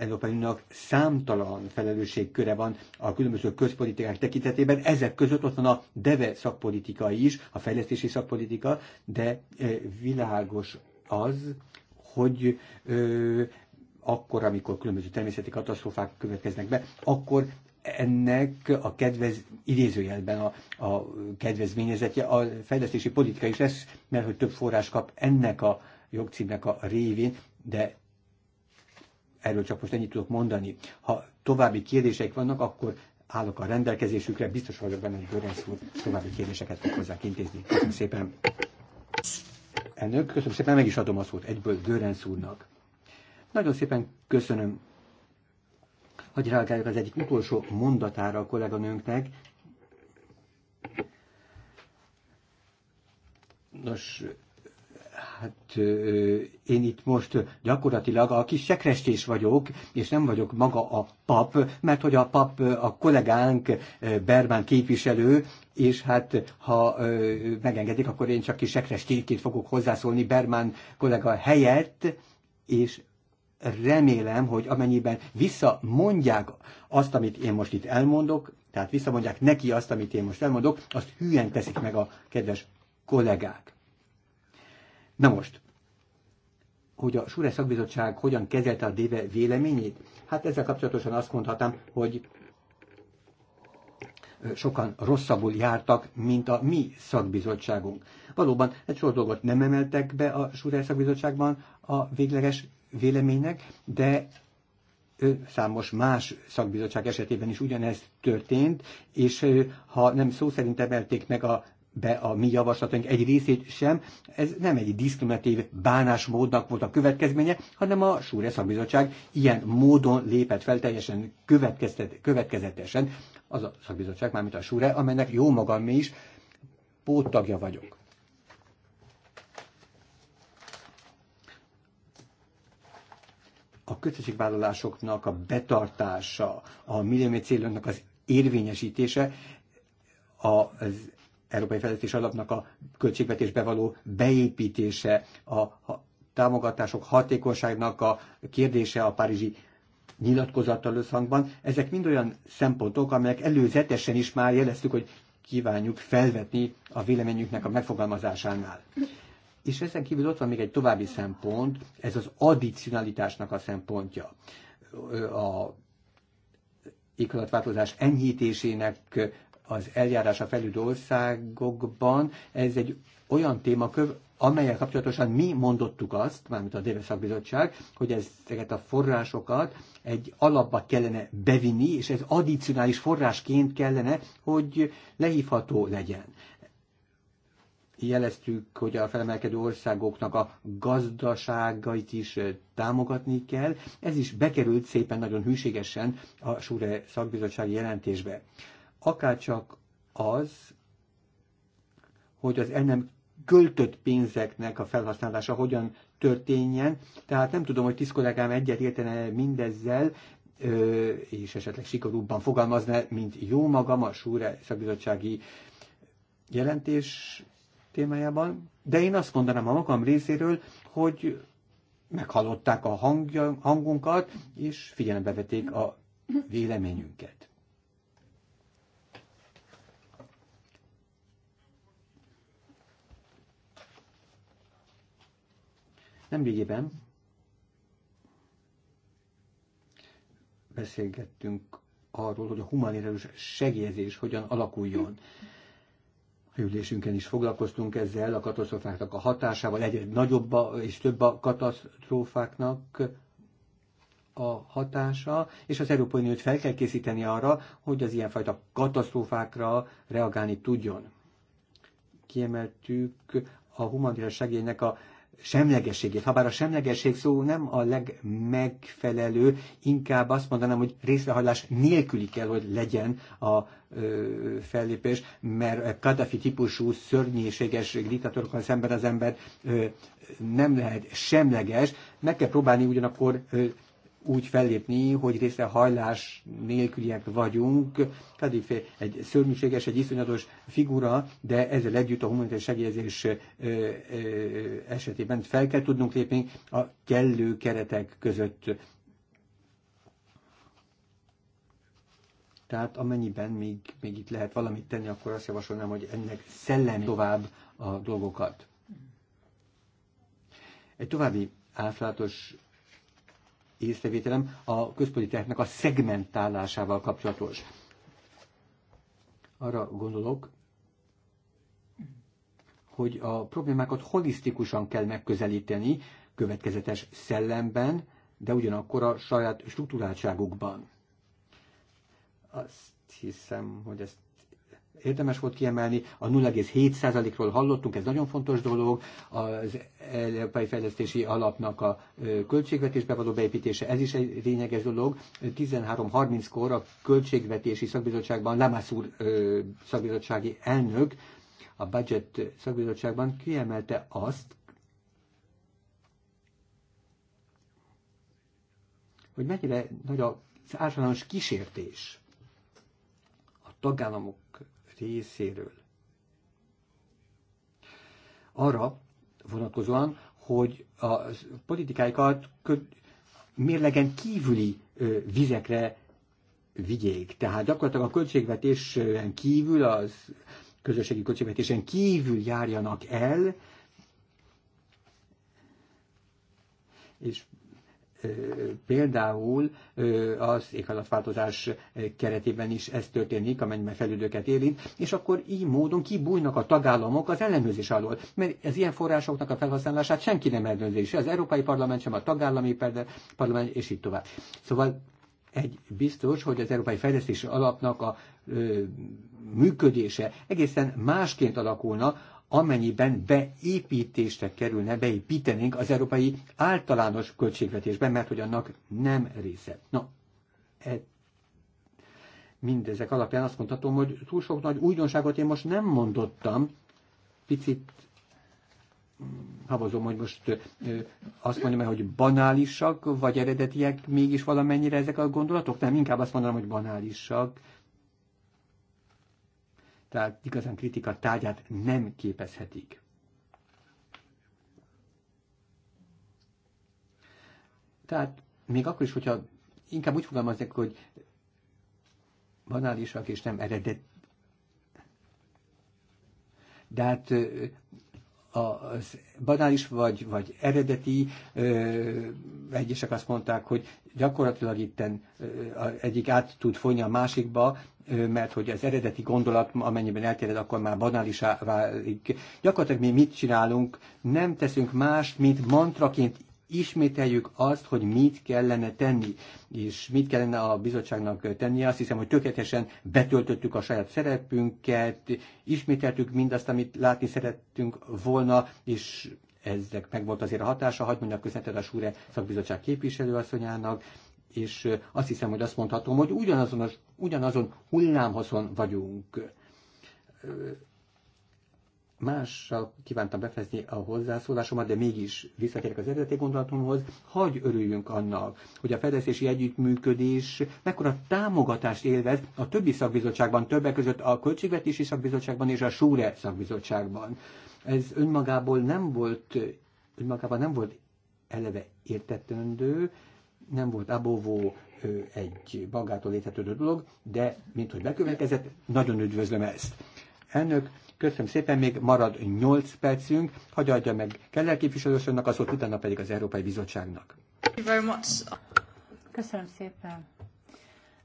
Európai Uniónak számtalan felelősségköre van a különböző közpolitikák tekintetében. Ezek között ott van a DEVE szakpolitika is, a fejlesztési szakpolitika, de világos az, hogy ö, akkor, amikor különböző természeti katasztrófák következnek be, akkor ennek a kedvez, idézőjelben a, a kedvezményezetje a fejlesztési politika is lesz, mert hogy több forrás kap ennek a jogcímnek a révén, de Erről csak most ennyit tudok mondani. Ha további kérdések vannak, akkor állok a rendelkezésükre, biztos vagyok benne, hogy Görensz úr további kérdéseket fog hozzánk intézni. Köszönöm szépen. Elnök, köszönöm szépen, meg is adom a szót egyből Görensz úrnak. Nagyon szépen köszönöm, hogy reagáljak az egyik utolsó mondatára a kolléganőnknek. Nos, Hát én itt most gyakorlatilag a kis sekrestés vagyok, és nem vagyok maga a pap, mert hogy a pap a kollégánk, Bermán képviselő, és hát ha ö, megengedik, akkor én csak kis sekrestéként fogok hozzászólni Bermán kollega helyett, és remélem, hogy amennyiben visszamondják azt, amit én most itt elmondok, tehát visszamondják neki azt, amit én most elmondok, azt hülyen teszik meg a kedves kollégák. Na most, hogy a Sure szakbizottság hogyan kezelte a déve véleményét, hát ezzel kapcsolatosan azt mondhatnám, hogy sokan rosszabbul jártak, mint a mi szakbizottságunk. Valóban egy sor dolgot nem emeltek be a Súrás szakbizottságban a végleges véleménynek, de számos más szakbizottság esetében is ugyanez történt, és ha nem szó szerint emelték meg a be a mi javaslatunk egy részét sem, ez nem egy diszkriminatív bánásmódnak volt a következménye, hanem a Súrja Szakbizottság ilyen módon lépett fel teljesen következetesen, az a szakbizottság, mármint a Súre, amelynek jó magam is póttagja vagyok. A kötelezettségvállalásoknak a betartása, a millimé céloknak az érvényesítése az Európai Fejlesztés Alapnak a költségvetésbe való beépítése, a támogatások hatékonyságnak a kérdése a Párizsi nyilatkozattal összhangban. Ezek mind olyan szempontok, amelyek előzetesen is már jeleztük, hogy kívánjuk felvetni a véleményünknek a megfogalmazásánál. És ezen kívül ott van még egy további szempont, ez az addicionalitásnak a szempontja. A éghajlatváltozás enyhítésének az eljárása felüldő országokban, ez egy olyan témakör, amelyel kapcsolatosan mi mondottuk azt, mármint a Déves Szakbizottság, hogy ezeket a forrásokat egy alapba kellene bevinni, és ez addicionális forrásként kellene, hogy lehívható legyen. Jeleztük, hogy a felemelkedő országoknak a gazdaságait is támogatni kell. Ez is bekerült szépen nagyon hűségesen a Súre szakbizottsági jelentésbe akárcsak az, hogy az ennem költött pénzeknek a felhasználása hogyan történjen. Tehát nem tudom, hogy tíz kollégám egyet értene mindezzel, és esetleg sikorúbban fogalmazna, mint jó magam a Súre szakbizottsági jelentés témájában. De én azt mondanám a magam részéről, hogy meghallották a hangja, hangunkat, és figyelembe vették a véleményünket. Nem Nemrégiben beszélgettünk arról, hogy a humanitárius segélyezés hogyan alakuljon. A ülésünkön is foglalkoztunk ezzel, a katasztrófáknak a hatásával, egyre nagyobb és több a katasztrófáknak a hatása, és az Európai Uniót fel kell készíteni arra, hogy az ilyenfajta katasztrófákra reagálni tudjon. Kiemeltük a humanitárius segélynek a semlegességét. Habár a semlegesség szó nem a legmegfelelő, inkább azt mondanám, hogy részrehajlás nélküli kell, hogy legyen a ö, fellépés, mert Kadafi típusú szörnyűséges diktatorokkal szemben az ember ö, nem lehet semleges, meg kell próbálni ugyanakkor ö, úgy fellépni, hogy részre hajlás nélküliek vagyunk. Kadif egy szörnyűséges, egy iszonyatos figura, de ezzel együtt a humanitás segélyezés esetében fel kell tudnunk lépni a kellő keretek között. Tehát amennyiben még, még itt lehet valamit tenni, akkor azt javasolnám, hogy ennek szellem tovább a dolgokat. Egy további áflátos észrevételem a központi közpolitikáknak a szegmentálásával kapcsolatos. Arra gondolok, hogy a problémákat holisztikusan kell megközelíteni, következetes szellemben, de ugyanakkor a saját struktúráltságukban. Azt hiszem, hogy ezt érdemes volt kiemelni, a 0,7%-ról hallottunk, ez nagyon fontos dolog, az Európai Fejlesztési Alapnak a költségvetésbe való beépítése, ez is egy lényeges dolog. 13.30-kor a Költségvetési Szakbizottságban Lamász úr szakbizottsági elnök a budget szakbizottságban kiemelte azt, hogy mennyire nagy az általános kísértés a tagállamok részéről. Arra vonatkozóan, hogy a politikáikat mérlegen kívüli vizekre vigyék. Tehát gyakorlatilag a költségvetésen kívül, az közösségi költségvetésen kívül járjanak el, és Például az éghajlatváltozás keretében is ez történik, amennyiben felüldőket érint, és akkor így módon kibújnak a tagállamok az ellenőrzés alól, mert az ilyen forrásoknak a felhasználását senki nem ellenőrzi, se az Európai Parlament, sem a tagállami parlament, és így tovább. Szóval egy biztos, hogy az Európai Fejlesztési Alapnak a működése egészen másként alakulna, amennyiben beépítésre kerülne, beépítenénk az európai általános költségvetésben, mert hogy annak nem része. Na, e, mindezek alapján azt mondhatom, hogy túl sok nagy újdonságot én most nem mondottam, picit mm, havazom, hogy most ö, azt mondjam, hogy banálisak, vagy eredetiek mégis valamennyire ezek a gondolatok? Nem, inkább azt mondanám, hogy banálisak, tehát igazán kritika tárgyát nem képezhetik. Tehát még akkor is, hogyha inkább úgy fogalmaznak, hogy banálisak és nem eredet. De hát az banális vagy, vagy eredeti, ö, egyesek azt mondták, hogy gyakorlatilag itten ö, egyik át tud folyni a másikba, mert hogy az eredeti gondolat, amennyiben eltéred, akkor már banálisá válik. Gyakorlatilag mi mit csinálunk? Nem teszünk más, mint mantraként ismételjük azt, hogy mit kellene tenni, és mit kellene a bizottságnak tennie. Azt hiszem, hogy tökéletesen betöltöttük a saját szerepünket, ismételtük mindazt, amit látni szerettünk volna, és ezek meg volt azért a hatása, hagyd mondjak köszönetet a Súre szakbizottság képviselőasszonyának, és azt hiszem, hogy azt mondhatom, hogy ugyanazon, az ugyanazon hullámhozon vagyunk. Mással kívántam befejezni a hozzászólásomat, de mégis visszatérek az eredeti gondolatomhoz. Hagy örüljünk annak, hogy a fedezési együttműködés mekkora támogatást élvez a többi szakbizottságban, többek között a Költségvetési Szakbizottságban és a Súre Szakbizottságban. Ez önmagából nem volt, önmagában nem volt eleve értetendő, nem volt abóvó egy magától érthetődő dolog, de mint hogy bekövetkezett, nagyon üdvözlöm ezt. Elnök, köszönöm szépen, még marad 8 percünk, hagyj adja meg Keller képviselősönnek, az ott utána pedig az Európai Bizottságnak. Köszönöm szépen.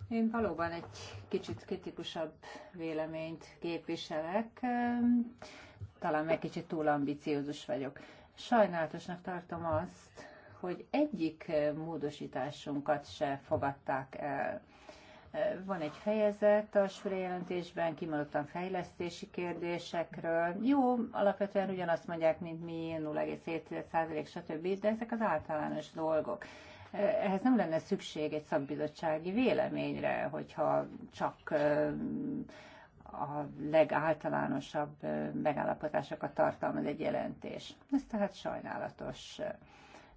Én valóban egy kicsit kritikusabb véleményt képviselek, talán meg kicsit túl ambiciózus vagyok. Sajnálatosnak tartom azt, hogy egyik eh, módosításunkat se fogadták el. Eh, van egy fejezet a Sure jelentésben, kimondottan fejlesztési kérdésekről. Jó, alapvetően ugyanazt mondják, mint mi, 0,7% stb., de ezek az általános dolgok. Eh, ehhez nem lenne szükség egy szakbizottsági véleményre, hogyha csak a legáltalánosabb megállapotásokat tartalmaz egy jelentés. Ez tehát sajnálatos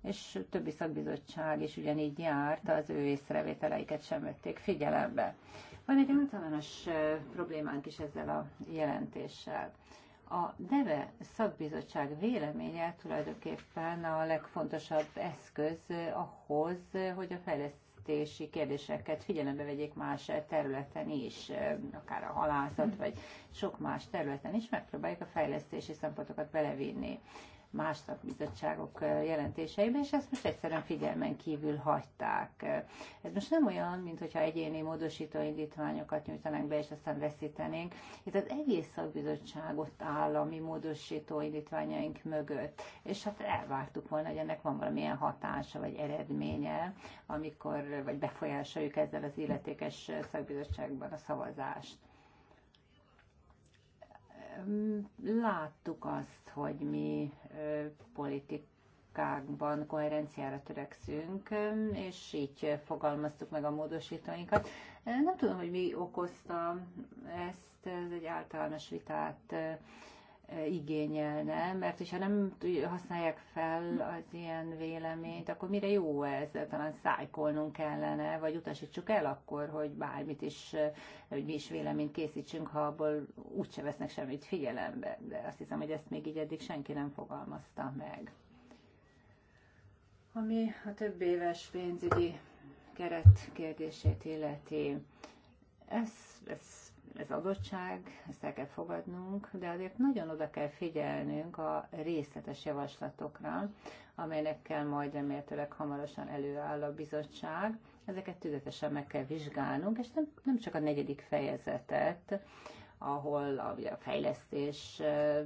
és többi szakbizottság is ugyanígy járt, az ő észrevételeiket sem vették figyelembe. Van egy általános problémánk is ezzel a jelentéssel. A DEVE szakbizottság véleménye tulajdonképpen a legfontosabb eszköz ahhoz, hogy a fejlesztési kérdéseket figyelembe vegyék más területen is, akár a halászat, vagy sok más területen is, megpróbáljuk a fejlesztési szempontokat belevinni más szakbizottságok jelentéseiben, és ezt most egyszerűen figyelmen kívül hagyták. Ez most nem olyan, mint hogyha egyéni módosító indítványokat nyújtanánk be, és aztán veszítenénk. Itt az egész szakbizottság ott áll a mi módosító indítványaink mögött, és hát elvártuk volna, hogy ennek van valamilyen hatása vagy eredménye, amikor, vagy befolyásoljuk ezzel az illetékes szakbizottságban a szavazást láttuk azt, hogy mi politikákban koherenciára törekszünk, és így fogalmaztuk meg a módosítóinkat. Nem tudom, hogy mi okozta ezt, ez egy általános vitát igényelne, mert hogyha nem használják fel az ilyen véleményt, akkor mire jó ez? Talán szájkolnunk kellene, vagy utasítsuk el akkor, hogy bármit is, hogy mi is véleményt készítsünk, ha abból úgyse vesznek semmit figyelembe. De azt hiszem, hogy ezt még így eddig senki nem fogalmazta meg. Ami a több éves pénzügyi keret kérdését illeti, ez, ez ez adottság, ezt el kell fogadnunk, de azért nagyon oda kell figyelnünk a részletes javaslatokra, amelyekkel majd remélhetőleg hamarosan előáll a bizottság. Ezeket tüzetesen meg kell vizsgálnunk, és nem, nem csak a negyedik fejezetet, ahol a, ugye, a fejlesztés eh,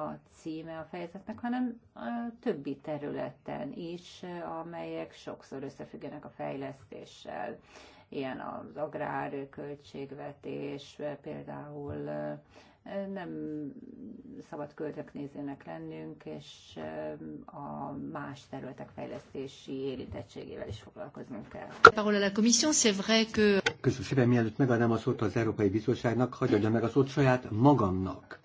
a címe a fejezetnek, hanem a többi területen is, eh, amelyek sokszor összefüggenek a fejlesztéssel ilyen az költségvetés, például nem szabad költöknézőnek lennünk, és a más területek fejlesztési érintettségével is foglalkoznunk kell. Köszönöm szépen, mielőtt megadnám a szót az Európai Bizottságnak, hagyja meg a szót saját magamnak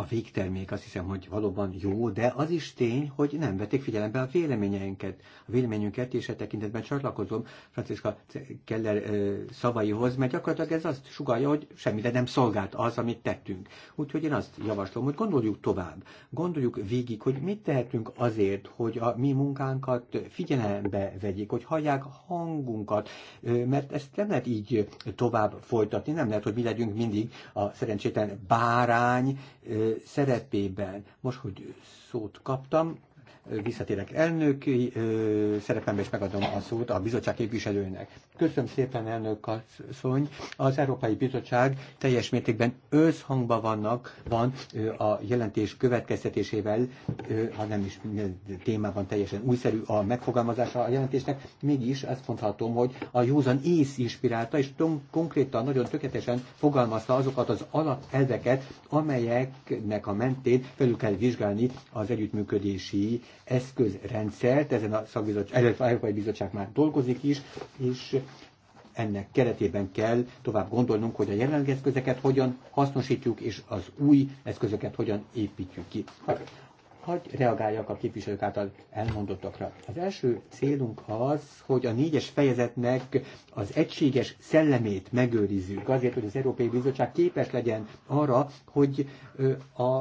a végtermék azt hiszem, hogy valóban jó, de az is tény, hogy nem vették figyelembe a véleményeinket, a véleményünket, és a e tekintetben csatlakozom Franciszka Keller szavaihoz, mert gyakorlatilag ez azt sugalja, hogy semmire nem szolgált az, amit tettünk. Úgyhogy én azt javaslom, hogy gondoljuk tovább, gondoljuk végig, hogy mit tehetünk azért, hogy a mi munkánkat figyelembe vegyék, hogy hallják hangunkat, mert ezt nem lehet így tovább folytatni, nem lehet, hogy mi legyünk mindig a szerencsétlen bárány, szerepében. Most, hogy szót kaptam, visszatérek elnöki szerepembe, és megadom a szót a bizottság képviselőnek. Köszönöm szépen, elnök asszony. Az Európai Bizottság teljes mértékben összhangban vannak, van a jelentés következtetésével, ha nem is témában teljesen újszerű a megfogalmazása a jelentésnek, mégis azt mondhatom, hogy a józan ész inspirálta, és konkrétan nagyon tökéletesen fogalmazta azokat az alapelveket, amelyeknek a mentén felül kell vizsgálni az együttműködési eszközrendszert. Ezen a szakbizottság, Európai Bizottság már dolgozik is, és ennek keretében kell tovább gondolnunk, hogy a jelenleg eszközeket hogyan hasznosítjuk, és az új eszközöket hogyan építjük ki. Hogy reagáljak a képviselők által elmondottakra? Az első célunk az, hogy a négyes fejezetnek az egységes szellemét megőrizzük, azért, hogy az Európai Bizottság képes legyen arra, hogy a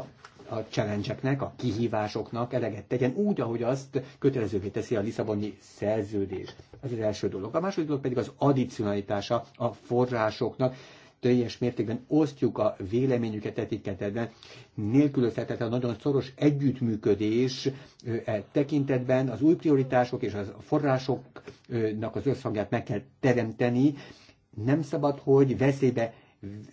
a challenge a kihívásoknak eleget tegyen, úgy, ahogy azt kötelezővé teszi a Lisszaboni szerződés. Ez az első dolog. A második dolog pedig az addicionalitása a forrásoknak teljes mértékben osztjuk a véleményüket e tekintetben. Nélkülözhetetlen nagyon szoros együttműködés e tekintetben az új prioritások és a forrásoknak az összhangját meg kell teremteni. Nem szabad, hogy veszélybe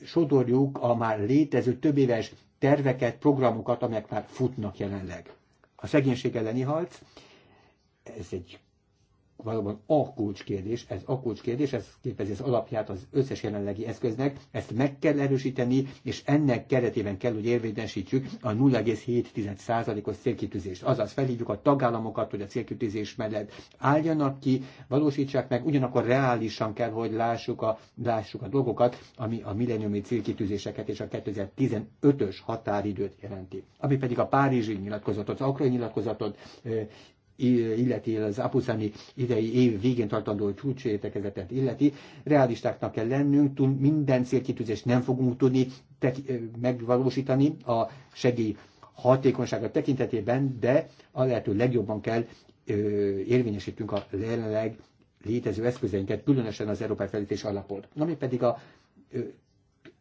sodorjuk a már létező több éves terveket, programokat, amelyek már futnak jelenleg. A szegénység elleni harc, ez egy valóban a kulcskérdés, ez a kulcskérdés, ez képezi az alapját az összes jelenlegi eszköznek, ezt meg kell erősíteni, és ennek keretében kell, hogy érvényesítsük a 0,7%-os célkitűzést. Azaz felhívjuk a tagállamokat, hogy a célkitűzés mellett álljanak ki, valósítsák meg, ugyanakkor reálisan kell, hogy lássuk a, lássuk a dolgokat, ami a milleniumi célkitűzéseket és a 2015-ös határidőt jelenti. Ami pedig a Párizsi nyilatkozatot, az Akrai nyilatkozatot illeti, az apuszáni idei év végén tartandó csúcsértekezetet illeti, realistáknak kell lennünk, minden célkitűzést nem fogunk tudni megvalósítani a segély hatékonysága tekintetében, de a lehető legjobban kell ö, érvényesítünk a jelenleg létező eszközeinket, különösen az európai felítés alapon. Ami pedig a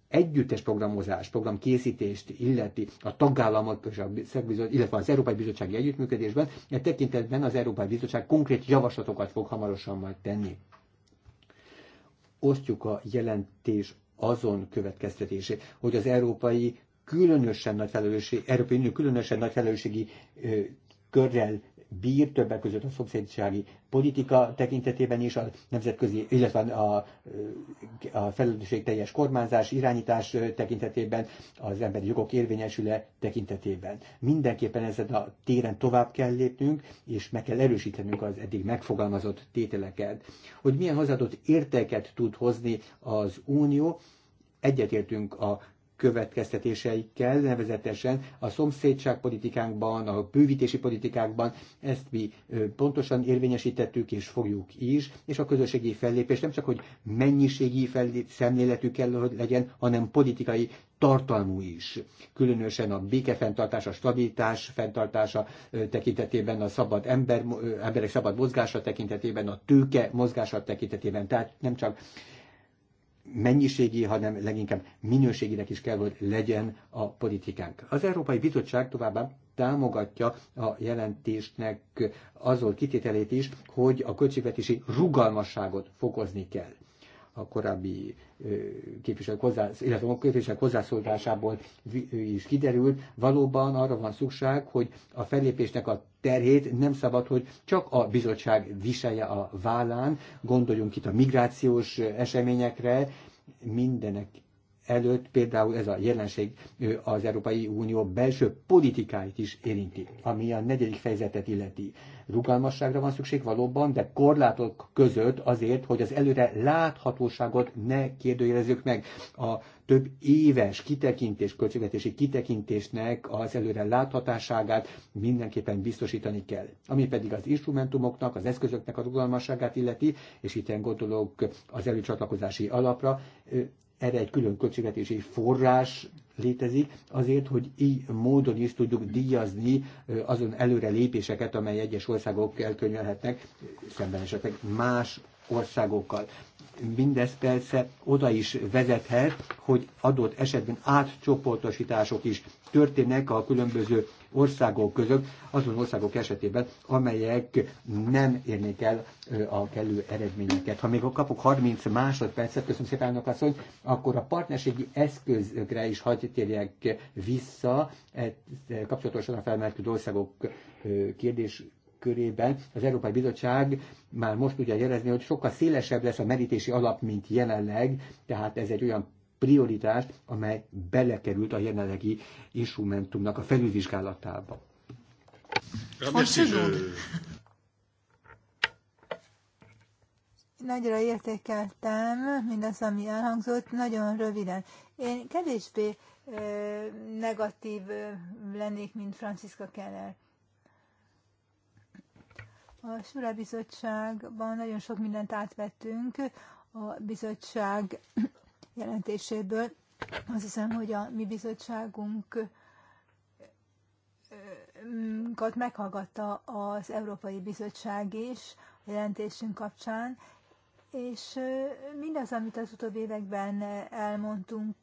együttes programozás, programkészítést illeti a tagállamok és a bizottság, illetve az Európai Bizottsági Együttműködésben, e tekintetben az Európai Bizottság konkrét javaslatokat fog hamarosan majd tenni. Osztjuk a jelentés azon következtetését, hogy az európai különösen nagy felelősségi, Európai Unió különösen nagy felelősségi ö, körrel bír, többek között a szomszédsági politika tekintetében is, a nemzetközi, illetve a, a teljes kormányzás, irányítás tekintetében, az emberi jogok érvényesüle tekintetében. Mindenképpen ezen a téren tovább kell lépnünk, és meg kell erősítenünk az eddig megfogalmazott tételeket. Hogy milyen hozzáadott érteket tud hozni az Unió, egyetértünk a következtetéseikkel, nevezetesen a szomszédságpolitikánkban, a bővítési politikákban, ezt mi pontosan érvényesítettük és fogjuk is, és a közösségi fellépés nem csak, hogy mennyiségi fellép, szemléletű kell, hogy legyen, hanem politikai tartalmú is. Különösen a békefenntartás, a stabilitás fenntartása tekintetében, a szabad ember, emberek szabad mozgása tekintetében, a tőke mozgása tekintetében. Tehát nem csak mennyiségi, hanem leginkább minőségének is kell, hogy legyen a politikánk. Az Európai Bizottság továbbá támogatja a jelentésnek azon kitételét is, hogy a költségvetési rugalmasságot fokozni kell a korábbi képviselők, hozzász, illetve a képviselők hozzászólásából is kiderült, valóban arra van szükség, hogy a fellépésnek a terhét nem szabad, hogy csak a bizottság viselje a vállán, gondoljunk itt a migrációs eseményekre, mindenek előtt például ez a jelenség az Európai Unió belső politikáit is érinti, ami a negyedik fejezetet illeti. Rugalmasságra van szükség valóban, de korlátok között azért, hogy az előre láthatóságot ne kérdőjelezzük meg. A több éves kitekintés, költségvetési kitekintésnek az előre láthatáságát mindenképpen biztosítani kell. Ami pedig az instrumentumoknak, az eszközöknek a rugalmasságát illeti, és itt gondolok az előcsatlakozási alapra, erre egy külön költségvetési forrás létezik, azért, hogy így módon is tudjuk díjazni azon előre lépéseket, amely egyes országok elkönyvelhetnek, szemben esetleg más országokkal. Mindez persze oda is vezethet, hogy adott esetben átcsoportosítások is történnek a különböző országok között, azon országok esetében, amelyek nem érnék el a kellő eredményeket. Ha még kapok 30 másodpercet, köszönöm szépen, elnök asszony, akkor a partnerségi eszközökre is hagyj térjek vissza, e, e, kapcsolatosan a felmerült országok kérdés körében az Európai Bizottság már most tudja jelezni, hogy sokkal szélesebb lesz a merítési alap, mint jelenleg, tehát ez egy olyan prioritást, amely belekerült a jelenlegi instrumentumnak a felülvizsgálatába. Nagyra értékeltem mindaz, ami elhangzott, nagyon röviden. Én kevésbé ö, negatív ö, lennék, mint Franciska Keller. A Sura Bizottságban nagyon sok mindent átvettünk. A bizottság jelentéséből. Azt hiszem, hogy a mi bizottságunk meghallgatta az Európai Bizottság is a jelentésünk kapcsán, és mindaz, amit az utóbbi években elmondtunk,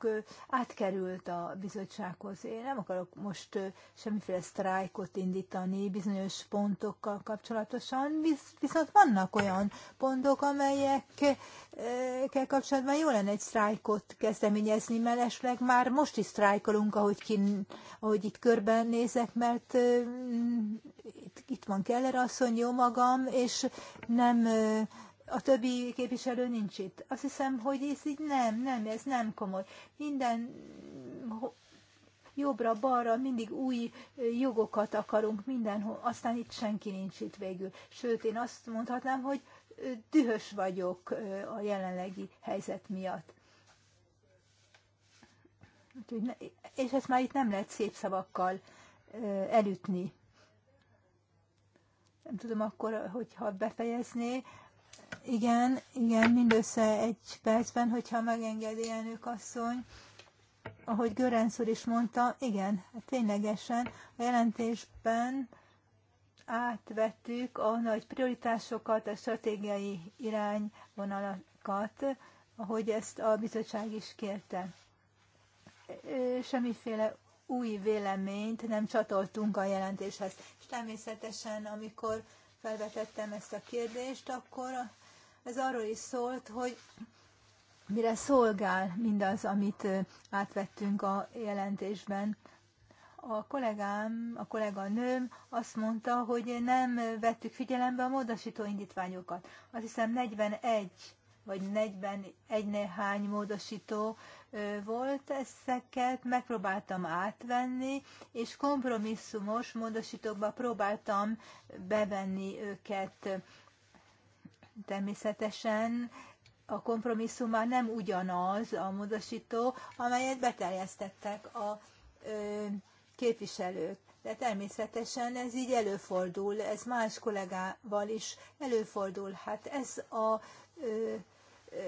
átkerült a bizottsághoz. Én nem akarok most semmiféle sztrájkot indítani bizonyos pontokkal kapcsolatosan, viszont vannak olyan pontok, amelyekkel kapcsolatban jó lenne egy sztrájkot kezdeményezni, esetleg már most is sztrájkolunk, ahogy, kin, ahogy itt körben nézek, mert itt, itt van Keller asszony, jó magam, és nem a többi képviselő nincs itt. Azt hiszem, hogy ez így nem, nem, ez nem komoly. Minden jobbra-balra mindig új jogokat akarunk mindenhol, aztán itt senki nincs itt végül. Sőt, én azt mondhatnám, hogy dühös vagyok a jelenlegi helyzet miatt. És ezt már itt nem lehet szép szavakkal elütni. Nem tudom akkor, hogyha befejezné, igen, igen, mindössze egy percben, hogyha megengedi elnök asszony. Ahogy Görenc úr is mondta, igen, hát ténylegesen a jelentésben átvettük a nagy prioritásokat, a stratégiai irányvonalakat, ahogy ezt a bizottság is kérte. Semmiféle új véleményt nem csatoltunk a jelentéshez. És természetesen, amikor felvetettem ezt a kérdést, akkor ez arról is szólt, hogy mire szolgál mindaz, amit átvettünk a jelentésben. A kollégám, a kolléganőm azt mondta, hogy nem vettük figyelembe a módosító indítványokat. Azt hiszem 41 vagy 41 néhány módosító volt, ezeket megpróbáltam átvenni, és kompromisszumos módosítókba próbáltam bevenni őket. Természetesen a kompromisszum már nem ugyanaz a módosító, amelyet beterjesztettek a ö, képviselők. De természetesen ez így előfordul, ez más kollégával is előfordul. Hát ez a ö, ö,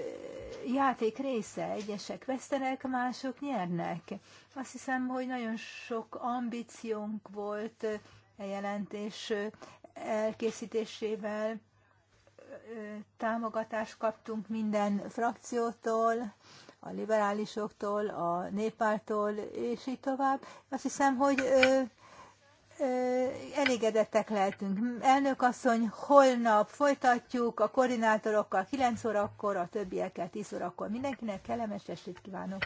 játék része, egyesek vesztenek, mások nyernek. Azt hiszem, hogy nagyon sok ambíciónk volt a jelentés elkészítésével, támogatást kaptunk minden frakciótól, a liberálisoktól, a néppártól, és így tovább. Azt hiszem, hogy elégedettek lehetünk. Elnök asszony, holnap folytatjuk a koordinátorokkal 9 órakor, a többiekkel 10 órakor. Mindenkinek kellemes estét kívánok!